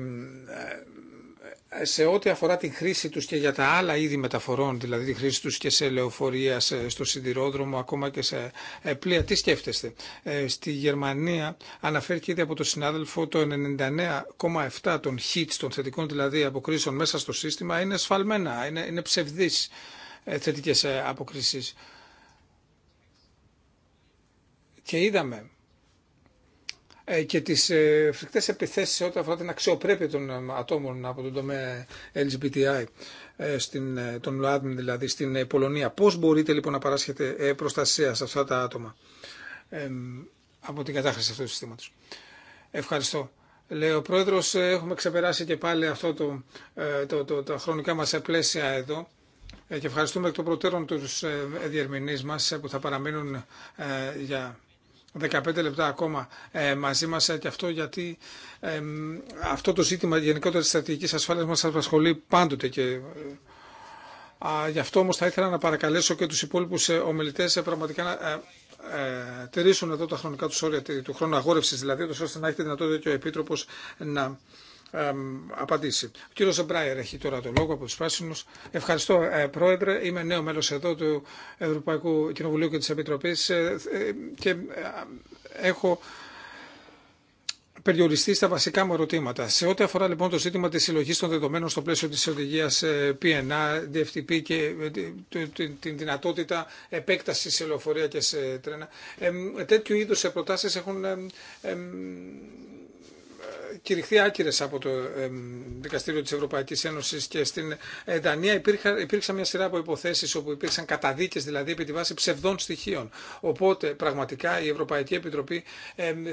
σε ό,τι αφορά την χρήση τους και για τα άλλα είδη μεταφορών, δηλαδή τη χρήση τους και σε λεωφορεία, στο σιδηρόδρομο, ακόμα και σε ε, πλοία, τι σκέφτεστε. Ε, στη Γερμανία και ήδη από τον συνάδελφο το 99,7 των hits, των θετικών δηλαδή αποκρίσεων μέσα στο σύστημα, είναι σφαλμένα, είναι, είναι ψευδείς ε, θετικές αποκρίσεις. Και είδαμε ε, και τι ε, φρικτέ επιθέσεις όταν αφορά την αξιοπρέπεια των ε, ατόμων από τον τομέα LGBTI, στην, των ΛΟΑΔΜ δηλαδή, στην Πολωνία. Πώς μπορείτε λοιπόν να παράσχετε προστασία σε αυτά τα άτομα από την κατάχρηση αυτού του συστήματος. Ευχαριστώ. Λέω, ο Πρόεδρος, έχουμε ξεπεράσει και πάλι αυτό το, το, το τα χρονικά μα πλαίσια εδώ και ευχαριστούμε εκ των προτέρων τους διερμηνείς μας που θα παραμείνουν για 15 λεπτά ακόμα ε, μαζί μας ε, και αυτό γιατί αυτό το ζήτημα γενικότερα της στρατηγικής ασφάλειας μας απασχολεί πάντοτε και ε, γι' αυτό όμως θα ήθελα να παρακαλέσω και τους υπόλοιπους ομιλητές πραγματικά να τηρήσουν εδώ τα χρονικά τους όρια του χρόνου αγόρευσης δηλαδή ώστε να έχετε δυνατότητα και ο Επίτροπος να απαντήσει. Ο κύριος Ζεμπράιερ έχει τώρα το λόγο από τους Πράσινους. Ευχαριστώ ε, Πρόεδρε, είμαι νέο μέλος εδώ του Ευρωπαϊκού Κοινοβουλίου και της Επιτροπής ε, ε, και έχω περιοριστεί στα βασικά μου ερωτήματα. Σε ό,τι αφορά λοιπόν το ζήτημα της συλλογή των δεδομένων στο πλαίσιο της οδηγία PNA, DFTP και την δυνατότητα επέκτασης σε λεωφορεία και σε τρένα, τέτοιου είδους προτάσει έχουν κηρυχθεί άκυρες από το Δικαστήριο της Ευρωπαϊκής Ένωσης και στην ε, Δανία υπήρξαν μια σειρά από υποθέσεις όπου υπήρξαν καταδίκες δηλαδή επί τη βάση ψευδών στοιχείων. Οπότε πραγματικά η Ευρωπαϊκή Επιτροπή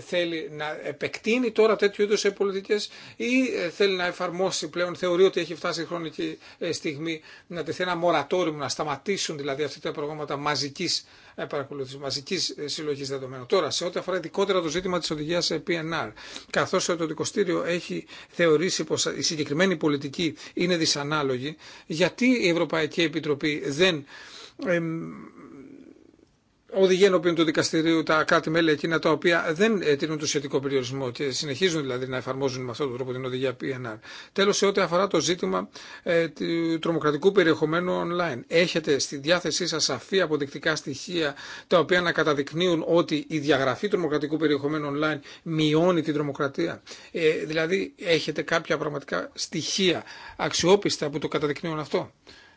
θέλει να επεκτείνει τώρα τέτοιου είδους πολιτικές ή ε, θέλει να εφαρμόσει πλέον, θεωρεί ότι έχει φτάσει η χρονική ε, στιγμή να τεθεί ένα μορατόριο, να σταματήσουν δηλαδή αυτά τα προγράμματα μαζικής ε, παρακολούθηση μαζική ε, συλλογή δεδομένων. Τώρα, σε ό,τι αφορά ειδικότερα το ζήτημα τη οδηγία PNR, καθώ το δικοστήριο έχει θεωρήσει πω η συγκεκριμένη πολιτική είναι δυσανάλογη, γιατί η Ευρωπαϊκή Επιτροπή δεν οδηγεί ενώπιον του δικαστηρίου τα κράτη-μέλη εκείνα τα οποία δεν ε, τηρούν το σχετικό περιορισμό και συνεχίζουν δηλαδή να εφαρμόζουν με αυτόν τον τρόπο την οδηγία PNR. Τέλο, σε ό,τι αφορά το ζήτημα ε, του τρομοκρατικού περιεχομένου online, έχετε στη διάθεσή σα σαφή αποδεικτικά στοιχεία τα οποία να καταδεικνύουν ότι η διαγραφή τρομοκρατικού περιεχομένου online μειώνει την τρομοκρατία. Ε, δηλαδή, έχετε κάποια πραγματικά στοιχεία αξιόπιστα που το καταδεικνύουν αυτό.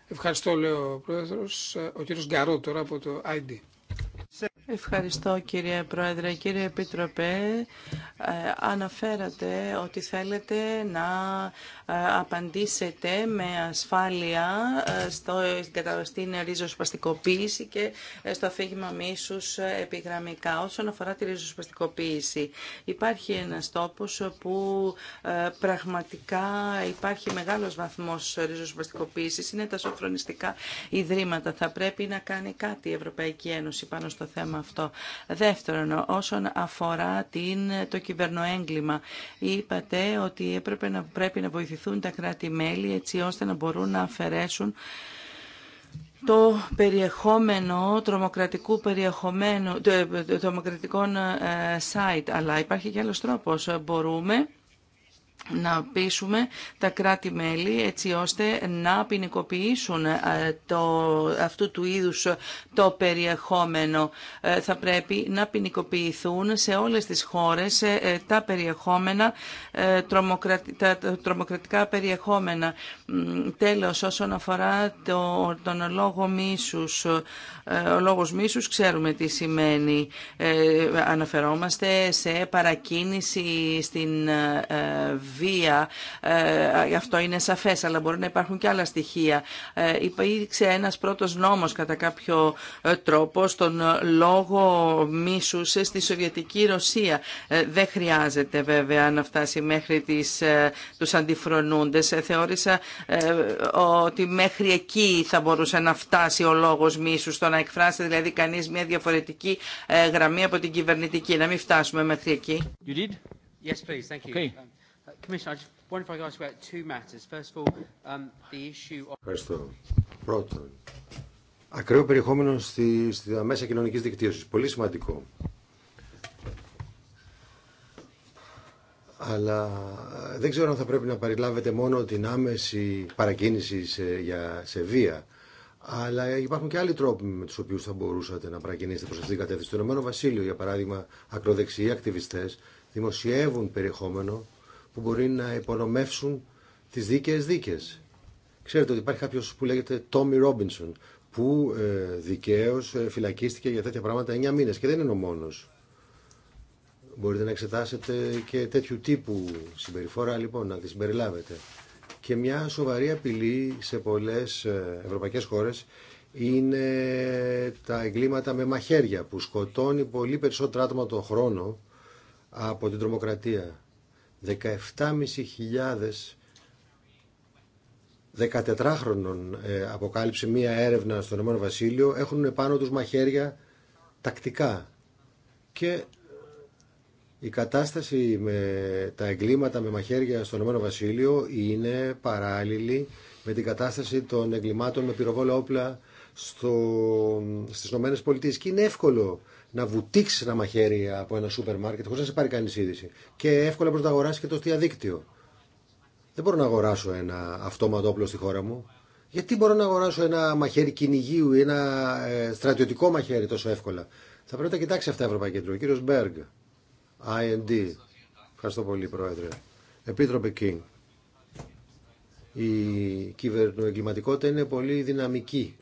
Ευχαριστώ, λέει ο Πρόεδρος. Ε, ο κύριος Γκαρό τώρα από το ID. Ευχαριστώ κύριε Πρόεδρε. Κύριε Επίτροπε, ε, αναφέρατε ότι θέλετε να ε, απαντήσετε με ασφάλεια ε, στο, στην ριζοσπαστικοποίηση και στο αφήγημα μίσους επιγραμμικά. Όσον αφορά τη ριζοσπαστικοποίηση, υπάρχει ένας τόπος που πραγματικά υπάρχει μεγάλος βαθμός ριζοσπαστικοποίησης. Είναι τα σοφρονιστικά ιδρύματα. Θα πρέπει να κάνει κάτι η Ευρωπαϊκή Ένωση πάνω στο στο θέμα αυτό. Δεύτερον, όσον αφορά την, το κυβερνοέγκλημα, είπατε ότι έπρεπε να, πρέπει να βοηθηθούν τα κράτη-μέλη έτσι ώστε να μπορούν να αφαιρέσουν το περιεχόμενο τρομοκρατικού περιεχομένου, τρομοκρατικών ε, site. Αλλά υπάρχει και άλλος τρόπος. Μπορούμε να πείσουμε τα κράτη-μέλη έτσι ώστε να ποινικοποιήσουν ε, το, αυτού του είδους το περιεχόμενο. Ε, θα πρέπει να ποινικοποιηθούν σε όλες τις χώρες ε, τα περιεχόμενα, τα τρομοκρατικά περιεχόμενα. Τέλος, όσον αφορά το, τον λόγο μίσους, ο λόγος μίσους ξέρουμε τι σημαίνει. Αναφερόμαστε σε παρακίνηση στην βία, ε, αυτό είναι σαφές, αλλά μπορεί να υπάρχουν και άλλα στοιχεία. Ε, υπήρξε ένας πρώτος νόμος κατά κάποιο ε, τρόπο στον λόγο μίσους στη Σοβιετική Ρωσία. Δεν χρειάζεται βέβαια να φτάσει μέχρι τις, τους αντιφρονούντες. Θεώρησα ότι μέχρι εκεί θα μπορούσε να φτάσει ο λόγος μίσους, το να εκφράσει δηλαδή κανείς μια διαφορετική γραμμή από την κυβερνητική. Να μην φτάσουμε μέχρι εκεί. Yes, please. Thank you. Okay. Ευχαριστώ. Πρώτον, ακραίο περιεχόμενο στη, στη μέσα κοινωνική δικτύωση. Πολύ σημαντικό. αλλά δεν ξέρω αν θα πρέπει να παριλάβετε μόνο την άμεση παρακίνηση σε, για, σε βία. Αλλά υπάρχουν και άλλοι τρόποι με του οποίου θα μπορούσατε να παρακινήσετε προ αυτήν την κατεύθυνση. Το Ηνωμένο Βασίλειο, για παράδειγμα, ακροδεξιοί ακτιβιστέ δημοσιεύουν περιεχόμενο που μπορεί να υπονομεύσουν τις δίκαιε δίκε. Ξέρετε ότι υπάρχει κάποιο που λέγεται Τόμι Ρόμπινσον που ε, ε, φυλακίστηκε για τέτοια πράγματα 9 μήνες και δεν είναι ο μόνος. Μπορείτε να εξετάσετε και τέτοιου τύπου συμπεριφορά λοιπόν να τη συμπεριλάβετε. Και μια σοβαρή απειλή σε πολλές ε, ευρωπαϊκές χώρε είναι τα εγκλήματα με μαχαίρια που σκοτώνει πολύ περισσότερο άτομα τον χρόνο από την τρομοκρατία. 17.500 14χρονων αποκάλυψε μία έρευνα στον Ηνωμένο Βασίλειο έχουν επάνω τους μαχαίρια τακτικά και η κατάσταση με τα εγκλήματα με μαχαίρια στον Ηνωμένο Βασίλειο είναι παράλληλη με την κατάσταση των εγκλημάτων με πυροβόλα όπλα στο, στις Ηνωμένες Πολιτείες και είναι εύκολο να βουτήξεις ένα μαχαίρι από ένα σούπερ μάρκετ χωρίς να σε πάρει κανείς είδηση και εύκολα μπορείς να αγοράσεις και το διαδίκτυο. Δεν μπορώ να αγοράσω ένα αυτόματο όπλο στη χώρα μου. Γιατί μπορώ να αγοράσω ένα μαχαίρι κυνηγίου ή ένα ε, στρατιωτικό μαχαίρι τόσο εύκολα. Θα πρέπει να τα κοιτάξει αυτά η Ευρωπαϊκή Κέντρο. Ο Μπέργκ, IND. Ευχαριστώ πολύ, Πρόεδρε. Επίτροπε Κίνγκ. Η κυβερνοεγκληματικότητα είναι πολύ δυναμική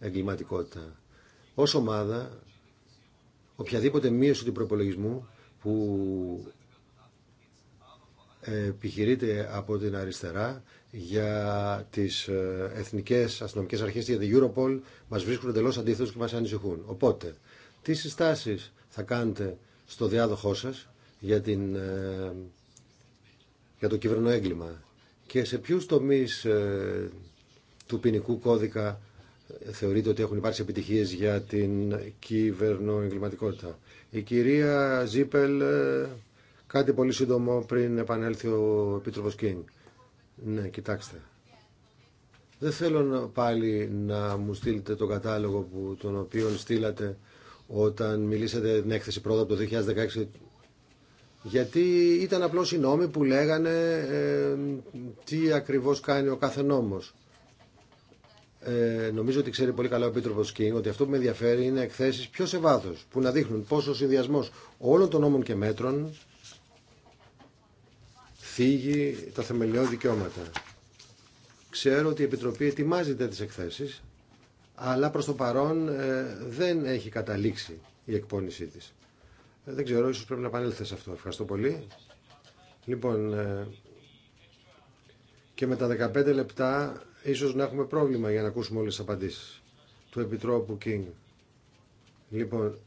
εγκληματικότητα. ω ομάδα, οποιαδήποτε μείωση του προπολογισμού που ε, επιχειρείται από την αριστερά για τις ε, εθνικές αστυνομικέ αρχές για την Europol μας βρίσκουν εντελώ αντίθετους και μας ανησυχούν. Οπότε, τι συστάσεις θα κάνετε στο διάδοχό σας για, ε, για το κυβερνό έγκλημα και σε ποιους τομείς του ποινικού κώδικα θεωρείτε ότι έχουν υπάρξει επιτυχίες για την κυβερνοεγκληματικότητα. Η κυρία Ζίπελ, ε, κάτι πολύ σύντομο πριν επανέλθει ο Επίτροπος Κίνγκ. Ναι, κοιτάξτε. Δεν θέλω πάλι να μου στείλετε τον κατάλογο που, τον οποίο στείλατε όταν μιλήσατε την έκθεση πρώτα από το 2016 γιατί ήταν απλώς οι νόμοι που λέγανε ε, τι ακριβώς κάνει ο κάθε νόμος. Ε, νομίζω ότι ξέρει πολύ καλά ο Επίτροπο Κίνγκ ότι αυτό που με ενδιαφέρει είναι εκθέσει πιο σε βάθο που να δείχνουν πόσο ο συνδυασμό όλων των νόμων και μέτρων θίγει τα θεμελιώδη δικαιώματα. Ξέρω ότι η Επιτροπή ετοιμάζεται τέτοιε εκθέσει, αλλά προ το παρόν ε, δεν έχει καταλήξει η εκπόνησή τη. Ε, δεν ξέρω, ίσω πρέπει να επανέλθετε σε αυτό. Ευχαριστώ πολύ. Λοιπόν, ε, και με τα 15 λεπτά Ίσως να έχουμε πρόβλημα για να ακούσουμε όλες τις απαντήσεις του Επιτρόπου Κίνγκ. Λοιπόν,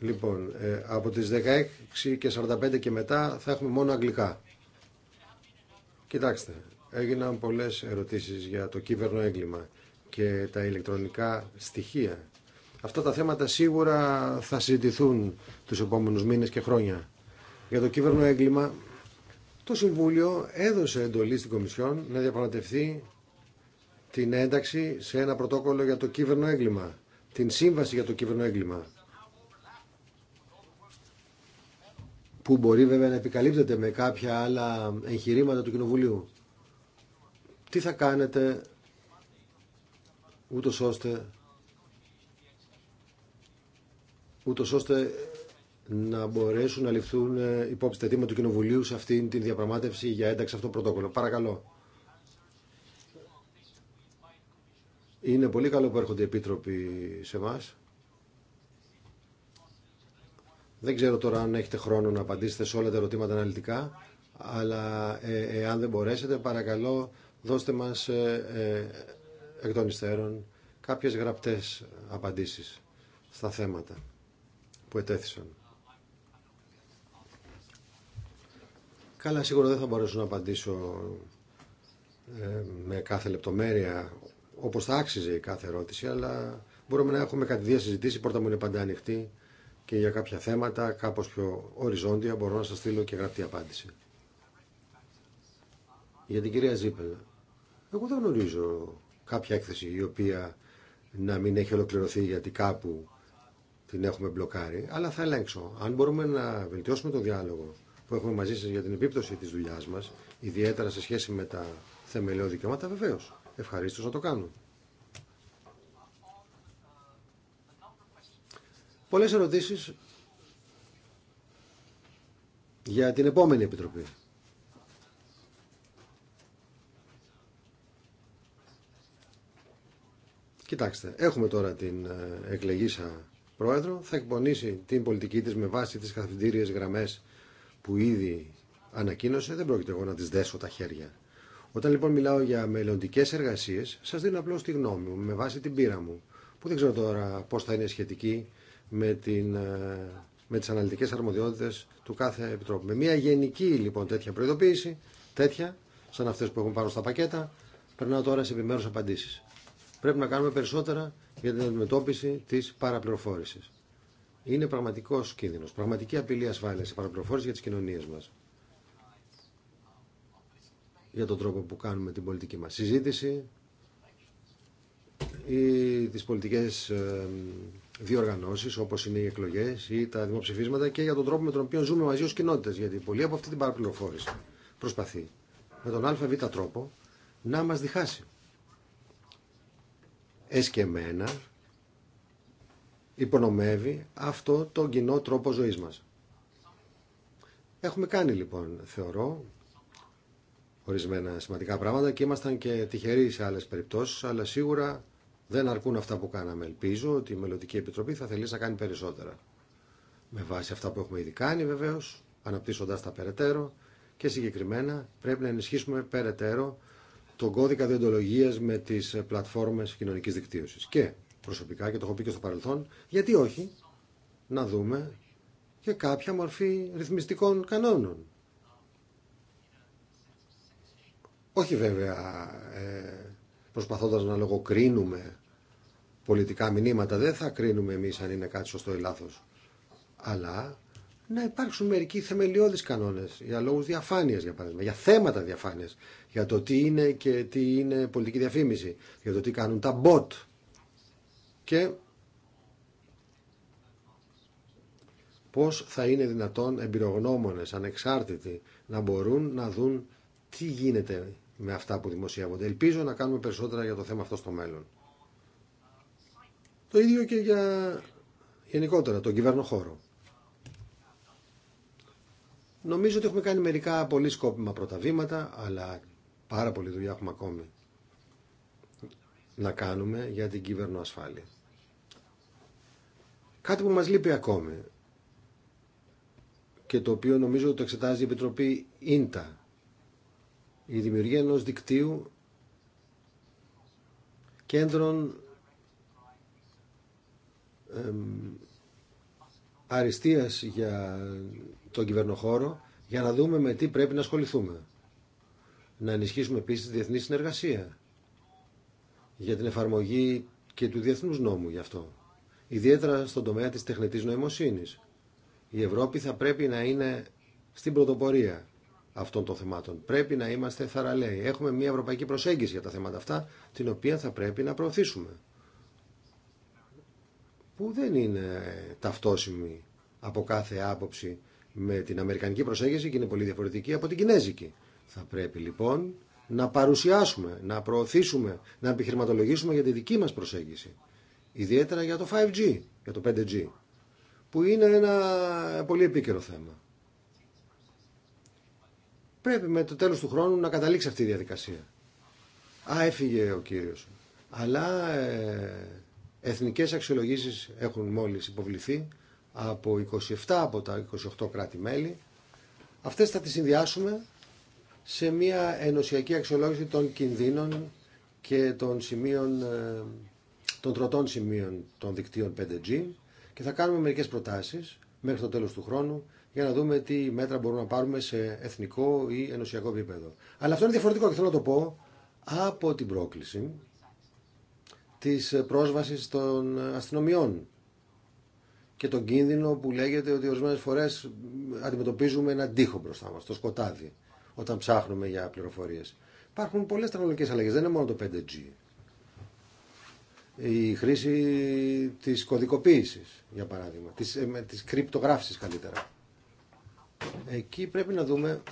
λοιπόν ε, από τις 16 και 45 και μετά θα έχουμε μόνο αγγλικά. Κοιτάξτε, έγιναν πολλές ερωτήσεις για το κύβερνο έγκλημα και τα ηλεκτρονικά στοιχεία. Αυτά τα θέματα σίγουρα θα συζητηθούν τους επόμενους μήνες και χρόνια. Για το κύβερνο έγκλημα το Συμβούλιο έδωσε εντολή στην Κομισιόν να διαπραγματευτεί την ένταξη σε ένα πρωτόκολλο για το κύβερνο έγκλημα, την σύμβαση για το κύβερνο έγκλημα, που μπορεί βέβαια να επικαλύπτεται με κάποια άλλα εγχειρήματα του Κοινοβουλίου. Τι θα κάνετε ούτως ώστε, ούτως ώστε να μπορέσουν να ληφθούν ε, υπόψη τα αιτήματα του Κοινοβουλίου σε αυτήν την διαπραγμάτευση για ένταξη αυτό το πρωτόκολλο. Παρακαλώ. Είναι πολύ καλό που έρχονται οι επίτροποι σε εμά. Δεν ξέρω τώρα αν έχετε χρόνο να απαντήσετε σε όλα τα ερωτήματα αναλυτικά, αλλά ε, εάν δεν μπορέσετε, παρακαλώ δώστε μας ε, ε εκ των υστέρων κάποιες γραπτές απαντήσεις στα θέματα που ετέθησαν. Καλά, σίγουρα δεν θα μπορέσω να απαντήσω ε, με κάθε λεπτομέρεια όπως θα άξιζε η κάθε ερώτηση, αλλά μπορούμε να έχουμε κάτι δύο συζητήσει. Η πόρτα μου είναι πάντα ανοιχτή και για κάποια θέματα, κάπως πιο οριζόντια, μπορώ να σας στείλω και γραπτή απάντηση. Για την κυρία Ζήπελα, εγώ δεν γνωρίζω κάποια έκθεση η οποία να μην έχει ολοκληρωθεί γιατί κάπου την έχουμε μπλοκάρει, αλλά θα ελέγξω. Αν μπορούμε να βελτιώσουμε το διάλογο που έχουμε μαζί σας για την επίπτωση της δουλειά μας, ιδιαίτερα σε σχέση με τα θεμελιώδη δικαιώματα, βεβαίω. Ευχαρίστω να το κάνουν. Πολλέ ερωτήσεις για την επόμενη Επιτροπή. Κοιτάξτε, έχουμε τώρα την ε, εκλεγήσα πρόεδρο, θα εκπονήσει την πολιτική της με βάση τις καθημερινές γραμμές που ήδη ανακοίνωσε, δεν πρόκειται εγώ να τις δέσω τα χέρια. Όταν λοιπόν μιλάω για μελλοντικέ εργασίε, σα δίνω απλώ τη γνώμη μου με βάση την πείρα μου, που δεν ξέρω τώρα πώ θα είναι σχετική με, την, ε, με τι αναλυτικέ αρμοδιότητε του κάθε επιτρόπου. Με μια γενική λοιπόν τέτοια προειδοποίηση, τέτοια, σαν αυτέ που έχουν πάνω στα πακέτα, περνάω τώρα σε επιμέρου απαντήσει. Πρέπει να κάνουμε περισσότερα για την αντιμετώπιση τη παραπληροφόρηση είναι πραγματικό κίνδυνο, πραγματική απειλή ασφάλεια, σε παραπληροφόρηση για τι κοινωνίε μα. Για τον τρόπο που κάνουμε την πολιτική μα συζήτηση ή τι πολιτικέ διοργανώσει όπω είναι οι εκλογέ ή τα δημοψηφίσματα και για τον τρόπο με τον οποίο ζούμε μαζί ω κοινότητε. Γιατί πολλοί από αυτή την παραπληροφόρηση προσπαθεί με τον ΑΒ τρόπο να μα διχάσει. Εσ εμένα υπονομεύει αυτό το κοινό τρόπο ζωής μας. Έχουμε κάνει λοιπόν, θεωρώ, ορισμένα σημαντικά πράγματα και ήμασταν και τυχεροί σε άλλες περιπτώσεις, αλλά σίγουρα δεν αρκούν αυτά που κάναμε. Ελπίζω ότι η Μελλοντική Επιτροπή θα θελήσει να κάνει περισσότερα. Με βάση αυτά που έχουμε ήδη κάνει βεβαίως, αναπτύσσοντας τα περαιτέρω και συγκεκριμένα πρέπει να ενισχύσουμε περαιτέρω τον κώδικα διοντολογίας με τις πλατφόρμες κοινωνικής δικτύωσης προσωπικά και το έχω πει και στο παρελθόν, γιατί όχι να δούμε και κάποια μορφή ρυθμιστικών κανόνων. Όχι βέβαια ε, προσπαθώντας να λογοκρίνουμε πολιτικά μηνύματα, δεν θα κρίνουμε εμείς αν είναι κάτι σωστό ή λάθος, αλλά να υπάρξουν μερικοί θεμελιώδεις κανόνες για λόγους διαφάνειας, για παράδειγμα, για θέματα διαφάνειας, για το τι είναι και τι είναι πολιτική διαφήμιση, για το τι κάνουν τα bot, και πώς θα είναι δυνατόν εμπειρογνώμονες, ανεξάρτητοι, να μπορούν να δουν τι γίνεται με αυτά που δημοσιεύονται. Ελπίζω να κάνουμε περισσότερα για το θέμα αυτό στο μέλλον. Το ίδιο και για γενικότερα τον κυβερνοχώρο. Νομίζω ότι έχουμε κάνει μερικά πολύ σκόπιμα πρώτα αλλά πάρα πολλή δουλειά έχουμε ακόμη να κάνουμε για την κυβερνοασφάλεια. Κάτι που μας λείπει ακόμη και το οποίο νομίζω το εξετάζει η Επιτροπή ΙΝΤΑ. Η δημιουργία ενός δικτύου κέντρων εμ, αριστείας για τον κυβερνοχώρο για να δούμε με τι πρέπει να ασχοληθούμε. Να ενισχύσουμε επίσης τη διεθνή συνεργασία για την εφαρμογή και του διεθνούς νόμου γι' αυτό ιδιαίτερα στον τομέα της τεχνητής νοημοσύνης. Η Ευρώπη θα πρέπει να είναι στην πρωτοπορία αυτών των θεμάτων. Πρέπει να είμαστε θαραλέοι. Έχουμε μια ευρωπαϊκή προσέγγιση για τα θέματα αυτά, την οποία θα πρέπει να προωθήσουμε. Που δεν είναι ταυτόσιμη από κάθε άποψη με την αμερικανική προσέγγιση και είναι πολύ διαφορετική από την κινέζικη. Θα πρέπει λοιπόν να παρουσιάσουμε, να προωθήσουμε, να επιχειρηματολογήσουμε για τη δική μας προσέγγιση. Ιδιαίτερα για το 5G, για το 5G, που είναι ένα πολύ επίκαιρο θέμα. Πρέπει με το τέλος του χρόνου να καταλήξει αυτή η διαδικασία. Α, έφυγε ο κύριος. Αλλά ε, εθνικές αξιολογήσεις έχουν μόλις υποβληθεί από 27 από τα 28 κράτη-μέλη. Αυτές θα τις συνδυάσουμε σε μια ενωσιακή αξιολόγηση των κινδύνων και των σημείων ε, των τροτών σημείων των δικτύων 5G και θα κάνουμε μερικές προτάσεις μέχρι το τέλος του χρόνου για να δούμε τι μέτρα μπορούμε να πάρουμε σε εθνικό ή ενωσιακό επίπεδο. Αλλά αυτό είναι διαφορετικό και θέλω να το πω από την πρόκληση της πρόσβασης των αστυνομιών και τον κίνδυνο που λέγεται ότι ορισμένε φορές αντιμετωπίζουμε έναν τοίχο μπροστά μας, το σκοτάδι, όταν ψάχνουμε για πληροφορίες. Υπάρχουν πολλές τεχνολογικές αλλαγές, δεν είναι μόνο το 5G η χρήση της κωδικοποίησης, για παράδειγμα, της, κρυπτογράφηση ε, κρυπτογράφησης καλύτερα. Εκεί πρέπει να δούμε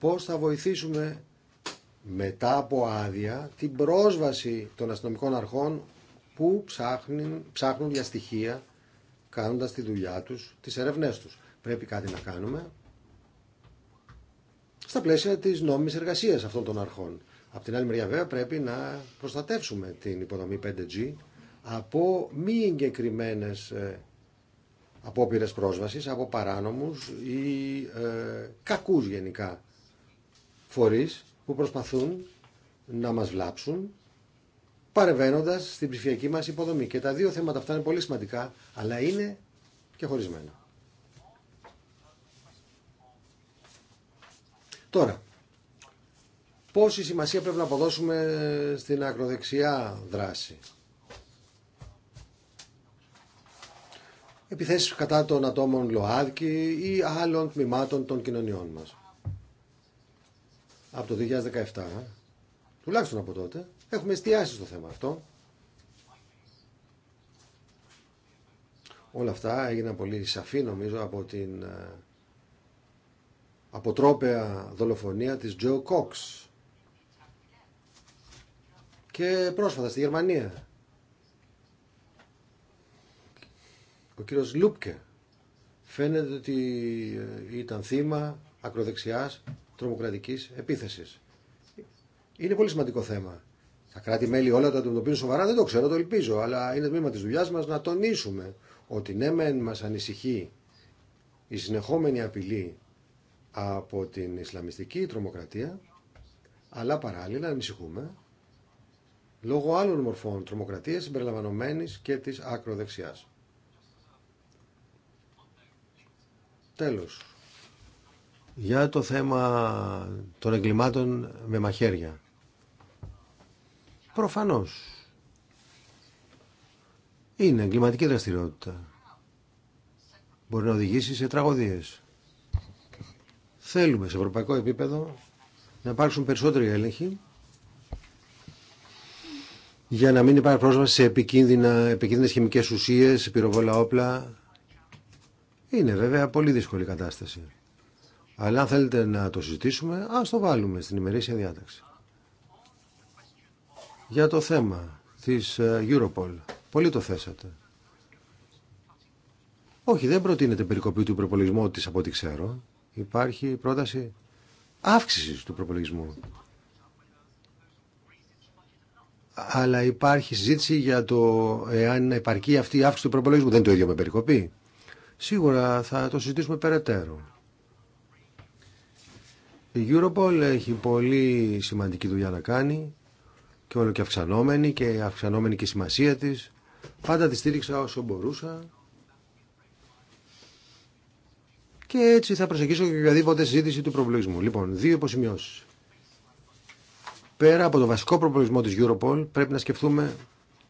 πώς θα βοηθήσουμε μετά από άδεια την πρόσβαση των αστυνομικών αρχών που ψάχνουν, ψάχνουν για στοιχεία κάνοντας τη δουλειά τους, τις ερευνές τους. Πρέπει κάτι να κάνουμε στα πλαίσια της νόμιμης εργασίας αυτών των αρχών. Από την άλλη μεριά βέβαια πρέπει να προστατεύσουμε την υποδομή 5G από μη εγκεκριμένε ε, απόπειρε πρόσβασης, από παράνομους ή ε, κακούς γενικά φορείς που προσπαθούν να μας βλάψουν παρεβαίνοντας στην ψηφιακή μας υποδομή. Και τα δύο θέματα αυτά είναι πολύ σημαντικά, αλλά είναι και χωρισμένα. Τώρα, πόση σημασία πρέπει να αποδώσουμε στην ακροδεξιά δράση. Επιθέσεις κατά των ατόμων ΛΟΑΔΚΙ ή άλλων τμήματων των κοινωνιών μας. Από το 2017, ε, τουλάχιστον από τότε, έχουμε εστιάσει στο θέμα αυτό. Όλα αυτά έγιναν πολύ σαφή νομίζω από την ε, αποτρόπαια δολοφονία της Τζο Κόξ και πρόσφατα στη Γερμανία. Ο κύριος Λούπκε φαίνεται ότι ε, ήταν θύμα ακροδεξιάς τρομοκρατικής επίθεσης. Είναι πολύ σημαντικό θέμα. Τα κράτη-μέλη όλα τα αντιμετωπίζουν σοβαρά, δεν το ξέρω, το ελπίζω, αλλά είναι τμήμα της δουλειάς μας να τονίσουμε ότι ναι μεν μας ανησυχεί η συνεχόμενη απειλή από την Ισλαμιστική τρομοκρατία, αλλά παράλληλα ανησυχούμε λόγω άλλων μορφών τρομοκρατίας συμπεριλαμβάνωμένη και της ακροδεξιάς. Τέλος. Για το θέμα των εγκλημάτων με μαχαίρια. Προφανώς. Είναι εγκληματική δραστηριότητα. Μπορεί να οδηγήσει σε τραγωδίες. Θέλουμε σε ευρωπαϊκό επίπεδο να υπάρξουν περισσότεροι έλεγχοι για να μην υπάρχει πρόσβαση σε επικίνδυνες χημικές ουσίες, πυροβόλα όπλα. Είναι βέβαια πολύ δύσκολη κατάσταση. Αλλά αν θέλετε να το συζητήσουμε, ας το βάλουμε στην ημερήσια διάταξη. Για το θέμα της ε, Europol. Πολύ το θέσατε. Όχι, δεν προτείνεται περικοπή του προπολογισμού της από ό,τι ξέρω. Υπάρχει πρόταση αύξησης του προπολογισμού αλλά υπάρχει συζήτηση για το εάν επαρκεί αυτή η αύξηση του προπολογισμού. Δεν το ίδιο με περικοπή. Σίγουρα θα το συζητήσουμε περαιτέρω. Η Europol έχει πολύ σημαντική δουλειά να κάνει και όλο και αυξανόμενη και αυξανόμενη και η σημασία της. Πάντα τη στήριξα όσο μπορούσα. Και έτσι θα προσεγγίσω και οποιαδήποτε συζήτηση του προβλήσμου. Λοιπόν, δύο υποσημειώσει πέρα από το βασικό προπολογισμό της Europol πρέπει να σκεφτούμε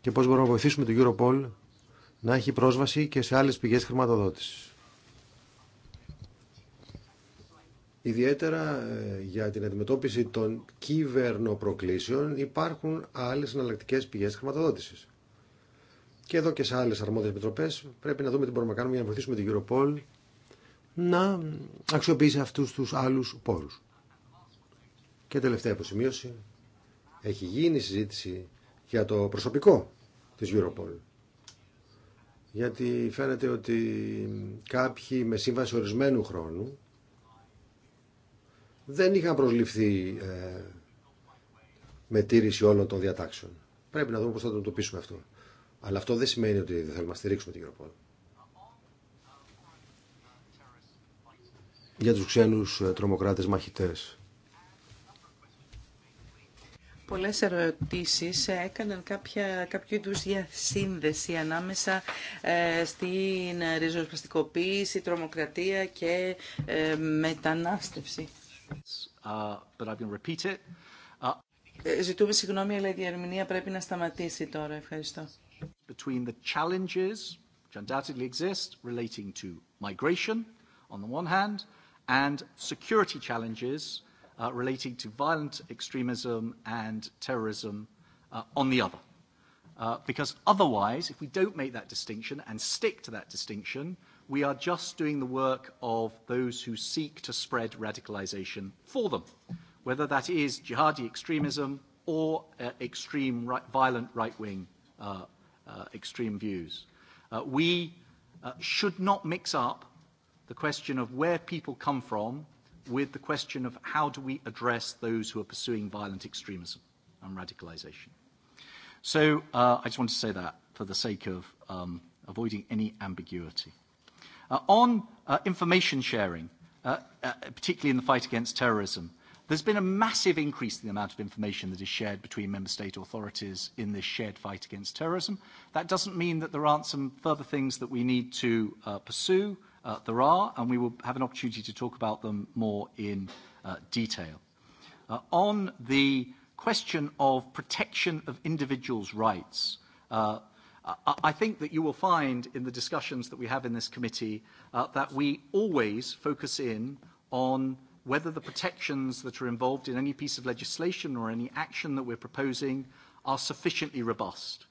και πώς μπορούμε να βοηθήσουμε την Europol να έχει πρόσβαση και σε άλλες πηγές χρηματοδότησης. Ιδιαίτερα ε, για την αντιμετώπιση των κυβερνοπροκλήσεων υπάρχουν άλλες εναλλακτικέ πηγές χρηματοδότησης. Και εδώ και σε άλλες αρμόδιες επιτροπές πρέπει να δούμε τι μπορούμε να κάνουμε για να βοηθήσουμε την Europol να αξιοποιήσει αυτούς τους άλλους πόρους. Και τελευταία υποσημείωση. Έχει γίνει συζήτηση για το προσωπικό της Europol. Γιατί φαίνεται ότι κάποιοι με σύμβαση ορισμένου χρόνου δεν είχαν προσληφθεί ε, με τήρηση όλων των διατάξεων. Πρέπει να δούμε πώς θα το εντοπίσουμε αυτό. Αλλά αυτό δεν σημαίνει ότι δεν θέλουμε να στηρίξουμε την Europol. Για τους ξένους ε, τρομοκράτες μαχητές πολλές ερωτήσεις έκαναν κάποια, κάποιο είδου διασύνδεση ανάμεσα ε, στην ριζοσπαστικοποίηση, τρομοκρατία και ε, μετανάστευση. Uh, but I it. Uh... Ε, ζητούμε συγγνώμη, αλλά η διαρμηνία πρέπει να σταματήσει τώρα. Ευχαριστώ. Between the challenges which undoubtedly exist relating to migration on the one hand and security challenges relating to violent extremism and terrorism on the other. Because otherwise, if we don't make that distinction and stick to that distinction, we are just doing the work of those who seek to spread radicalization for them, whether that is jihadi extremism or extreme violent right-wing extreme views. We should not mix up the question of where people come from with the question of how do we address those who are pursuing violent extremism and radicalization. So I just want to say that for the sake of avoiding any ambiguity. On information sharing, particularly in the fight against terrorism, there's been a massive increase in the amount of information that is shared between member state authorities in this shared fight against terrorism. That doesn't mean that there aren't some further things that we need to pursue there are, and we will have an opportunity to talk about them more in detail. On the question of protection of individuals' rights, I think that you will find in the discussions that we have in this committee that we always focus in on whether the protections that are involved in any piece of legislation or any action that we're proposing are sufficiently robust,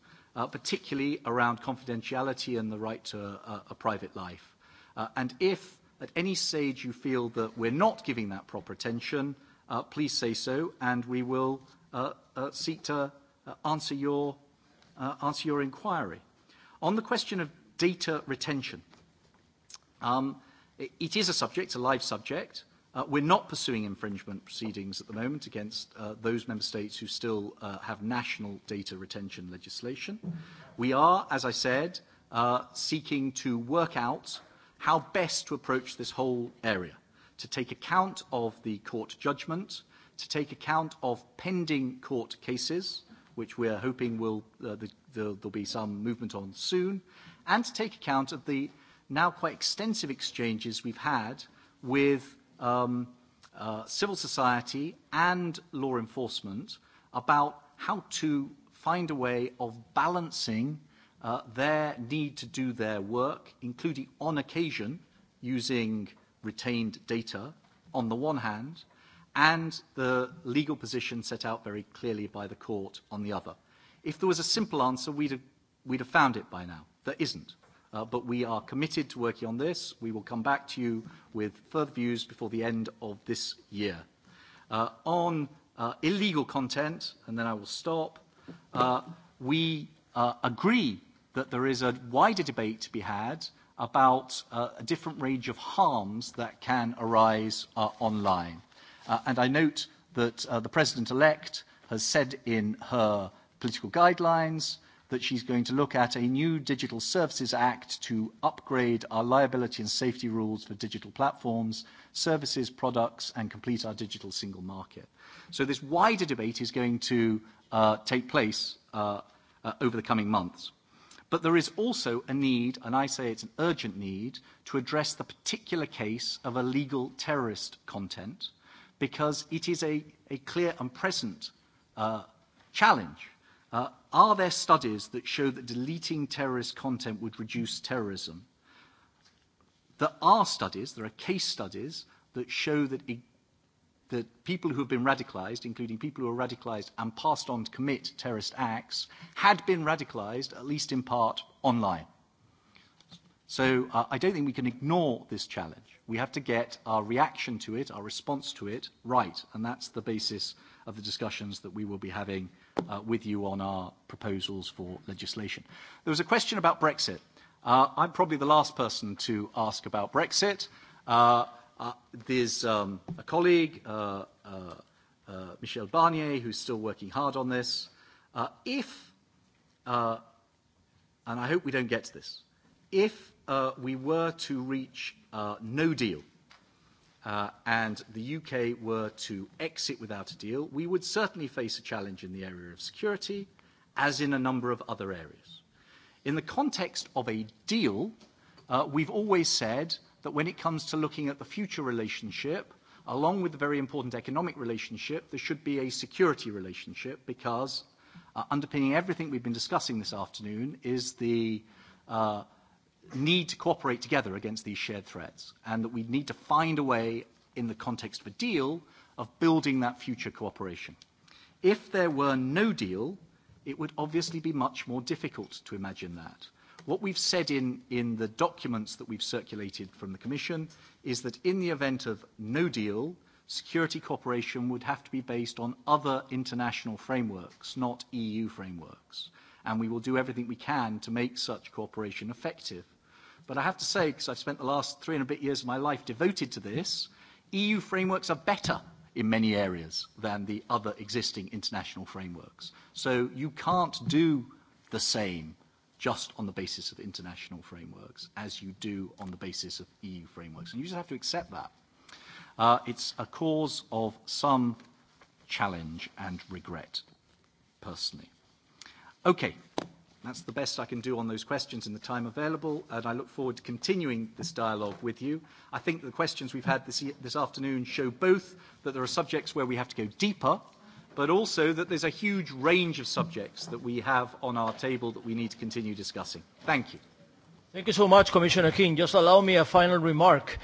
particularly around confidentiality and the right to a private life. And if at any stage you feel that we're not giving that proper attention, please say so, and we will seek to answer your answer your inquiry. On the question of data retention, it is a subject, a live subject. We're not pursuing infringement proceedings at the moment against those member states who still have national data retention legislation. We are, as I said, seeking to work out how best to approach this whole area, to take account of the court judgment, to take account of pending court cases, which we are hoping will there'll be some movement on soon, and to take account of the now quite extensive exchanges we've had with civil society and law enforcement about how to find a way of balancing their need to do their work, including on occasion using retained data on the one hand, and the legal position set out very clearly by the court on the other. If there was a simple answer, we'd have, found it by now. There isn't. but we are committed to working on this. We will come back to you with further views before the end of this year. on illegal content, and then I will stop, we agree that there is a wider debate to be had about a different range of harms that can arise online. And I note that the President-elect has said in her political guidelines that she's going to look at a new Digital Services Act to upgrade our liability and safety rules for digital platforms, services, products, and complete our digital single market. So this wider debate is going to take place over the coming months. But there is also a need, and I say it's an urgent need, to address the particular case of illegal terrorist content, because it is a clear and present challenge. Are there studies that show that deleting terrorist content would reduce terrorism? There are studies, there are case studies that show that that people who have been radicalized, including people who are radicalized and passed on to commit terrorist acts, had been radicalized, at least in part, online. So I don't think we can ignore this challenge. We have to get our reaction to it, our response to it, right. And that's the basis of the discussions that we will be having with you on our proposals for legislation. There was a question about Brexit. I'm probably the last person to ask about Brexit. There's a colleague, Michel Barnier, who's still working hard on this. If, and I hope we don't get to this, if we were to reach no deal and the UK were to exit without a deal, we would certainly face a challenge in the area of security, as in a number of other areas. In the context of a deal, we've always said that when it comes to looking at the future relationship, along with the very important economic relationship, there should be a security relationship because underpinning everything we've been discussing this afternoon is the need to cooperate together against these shared threats and that we need to find a way in the context of a deal of building that future cooperation. If there were no deal, it would obviously be much more difficult to imagine that. What we've said in the documents that we've circulated from the Commission is that in the event of no deal, security cooperation would have to be based on other international frameworks, not EU frameworks. And we will do everything we can to make such cooperation effective. But I have to say, because I've spent the last three and a bit years of my life devoted to this, EU frameworks are better in many areas than the other existing international frameworks. So you can't do the same just on the basis of international frameworks, as you do on the basis of EU frameworks. And you just have to accept that. Uh, it's a cause of some challenge and regret, personally. Okay, that's the best I can do on those questions in the time available, and I look forward to continuing this dialogue with you. I think the questions we've had this, this afternoon show both that there are subjects where we have to go deeper, but also that there's a huge range of subjects that we have on our table that we need to continue discussing. Thank you. Thank you so much, Commissioner King. Just allow me a final remark.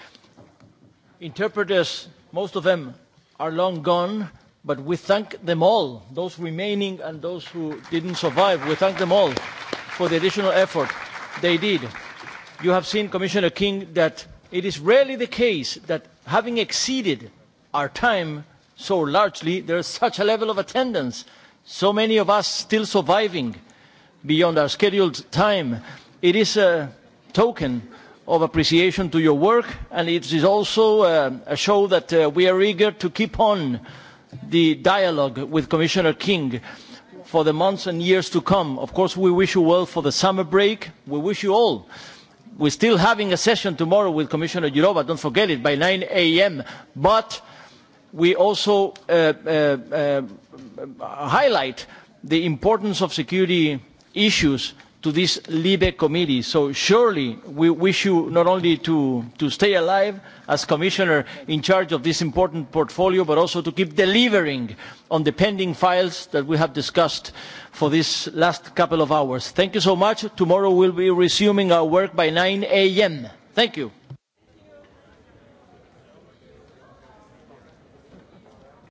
Interpreters, most of them are long gone, but we thank them all, those remaining and those who didn't survive. We thank them all for the additional effort they did. You have seen, Commissioner King, that it is rarely the case that having exceeded our time, so largely, there is such a level of attendance, so many of us still surviving beyond our scheduled time. It is a token of appreciation to your work, and it is also a show that we are eager to keep on the dialogue with Commissioner King for the months and years to come. Of course, we wish you well for the summer break. We wish you all. We're still having a session tomorrow with Commissioner Jourova, don't forget it, by 9 a.m. But we also highlight the importance of security issues to this libe committee so surely we wish you not only to stay alive as commissioner in charge of this important portfolio but also to keep delivering on the pending files that we have discussed for this last couple of hours. thank you so much. tomorrow we will be resuming our work by 9 a.m. thank you.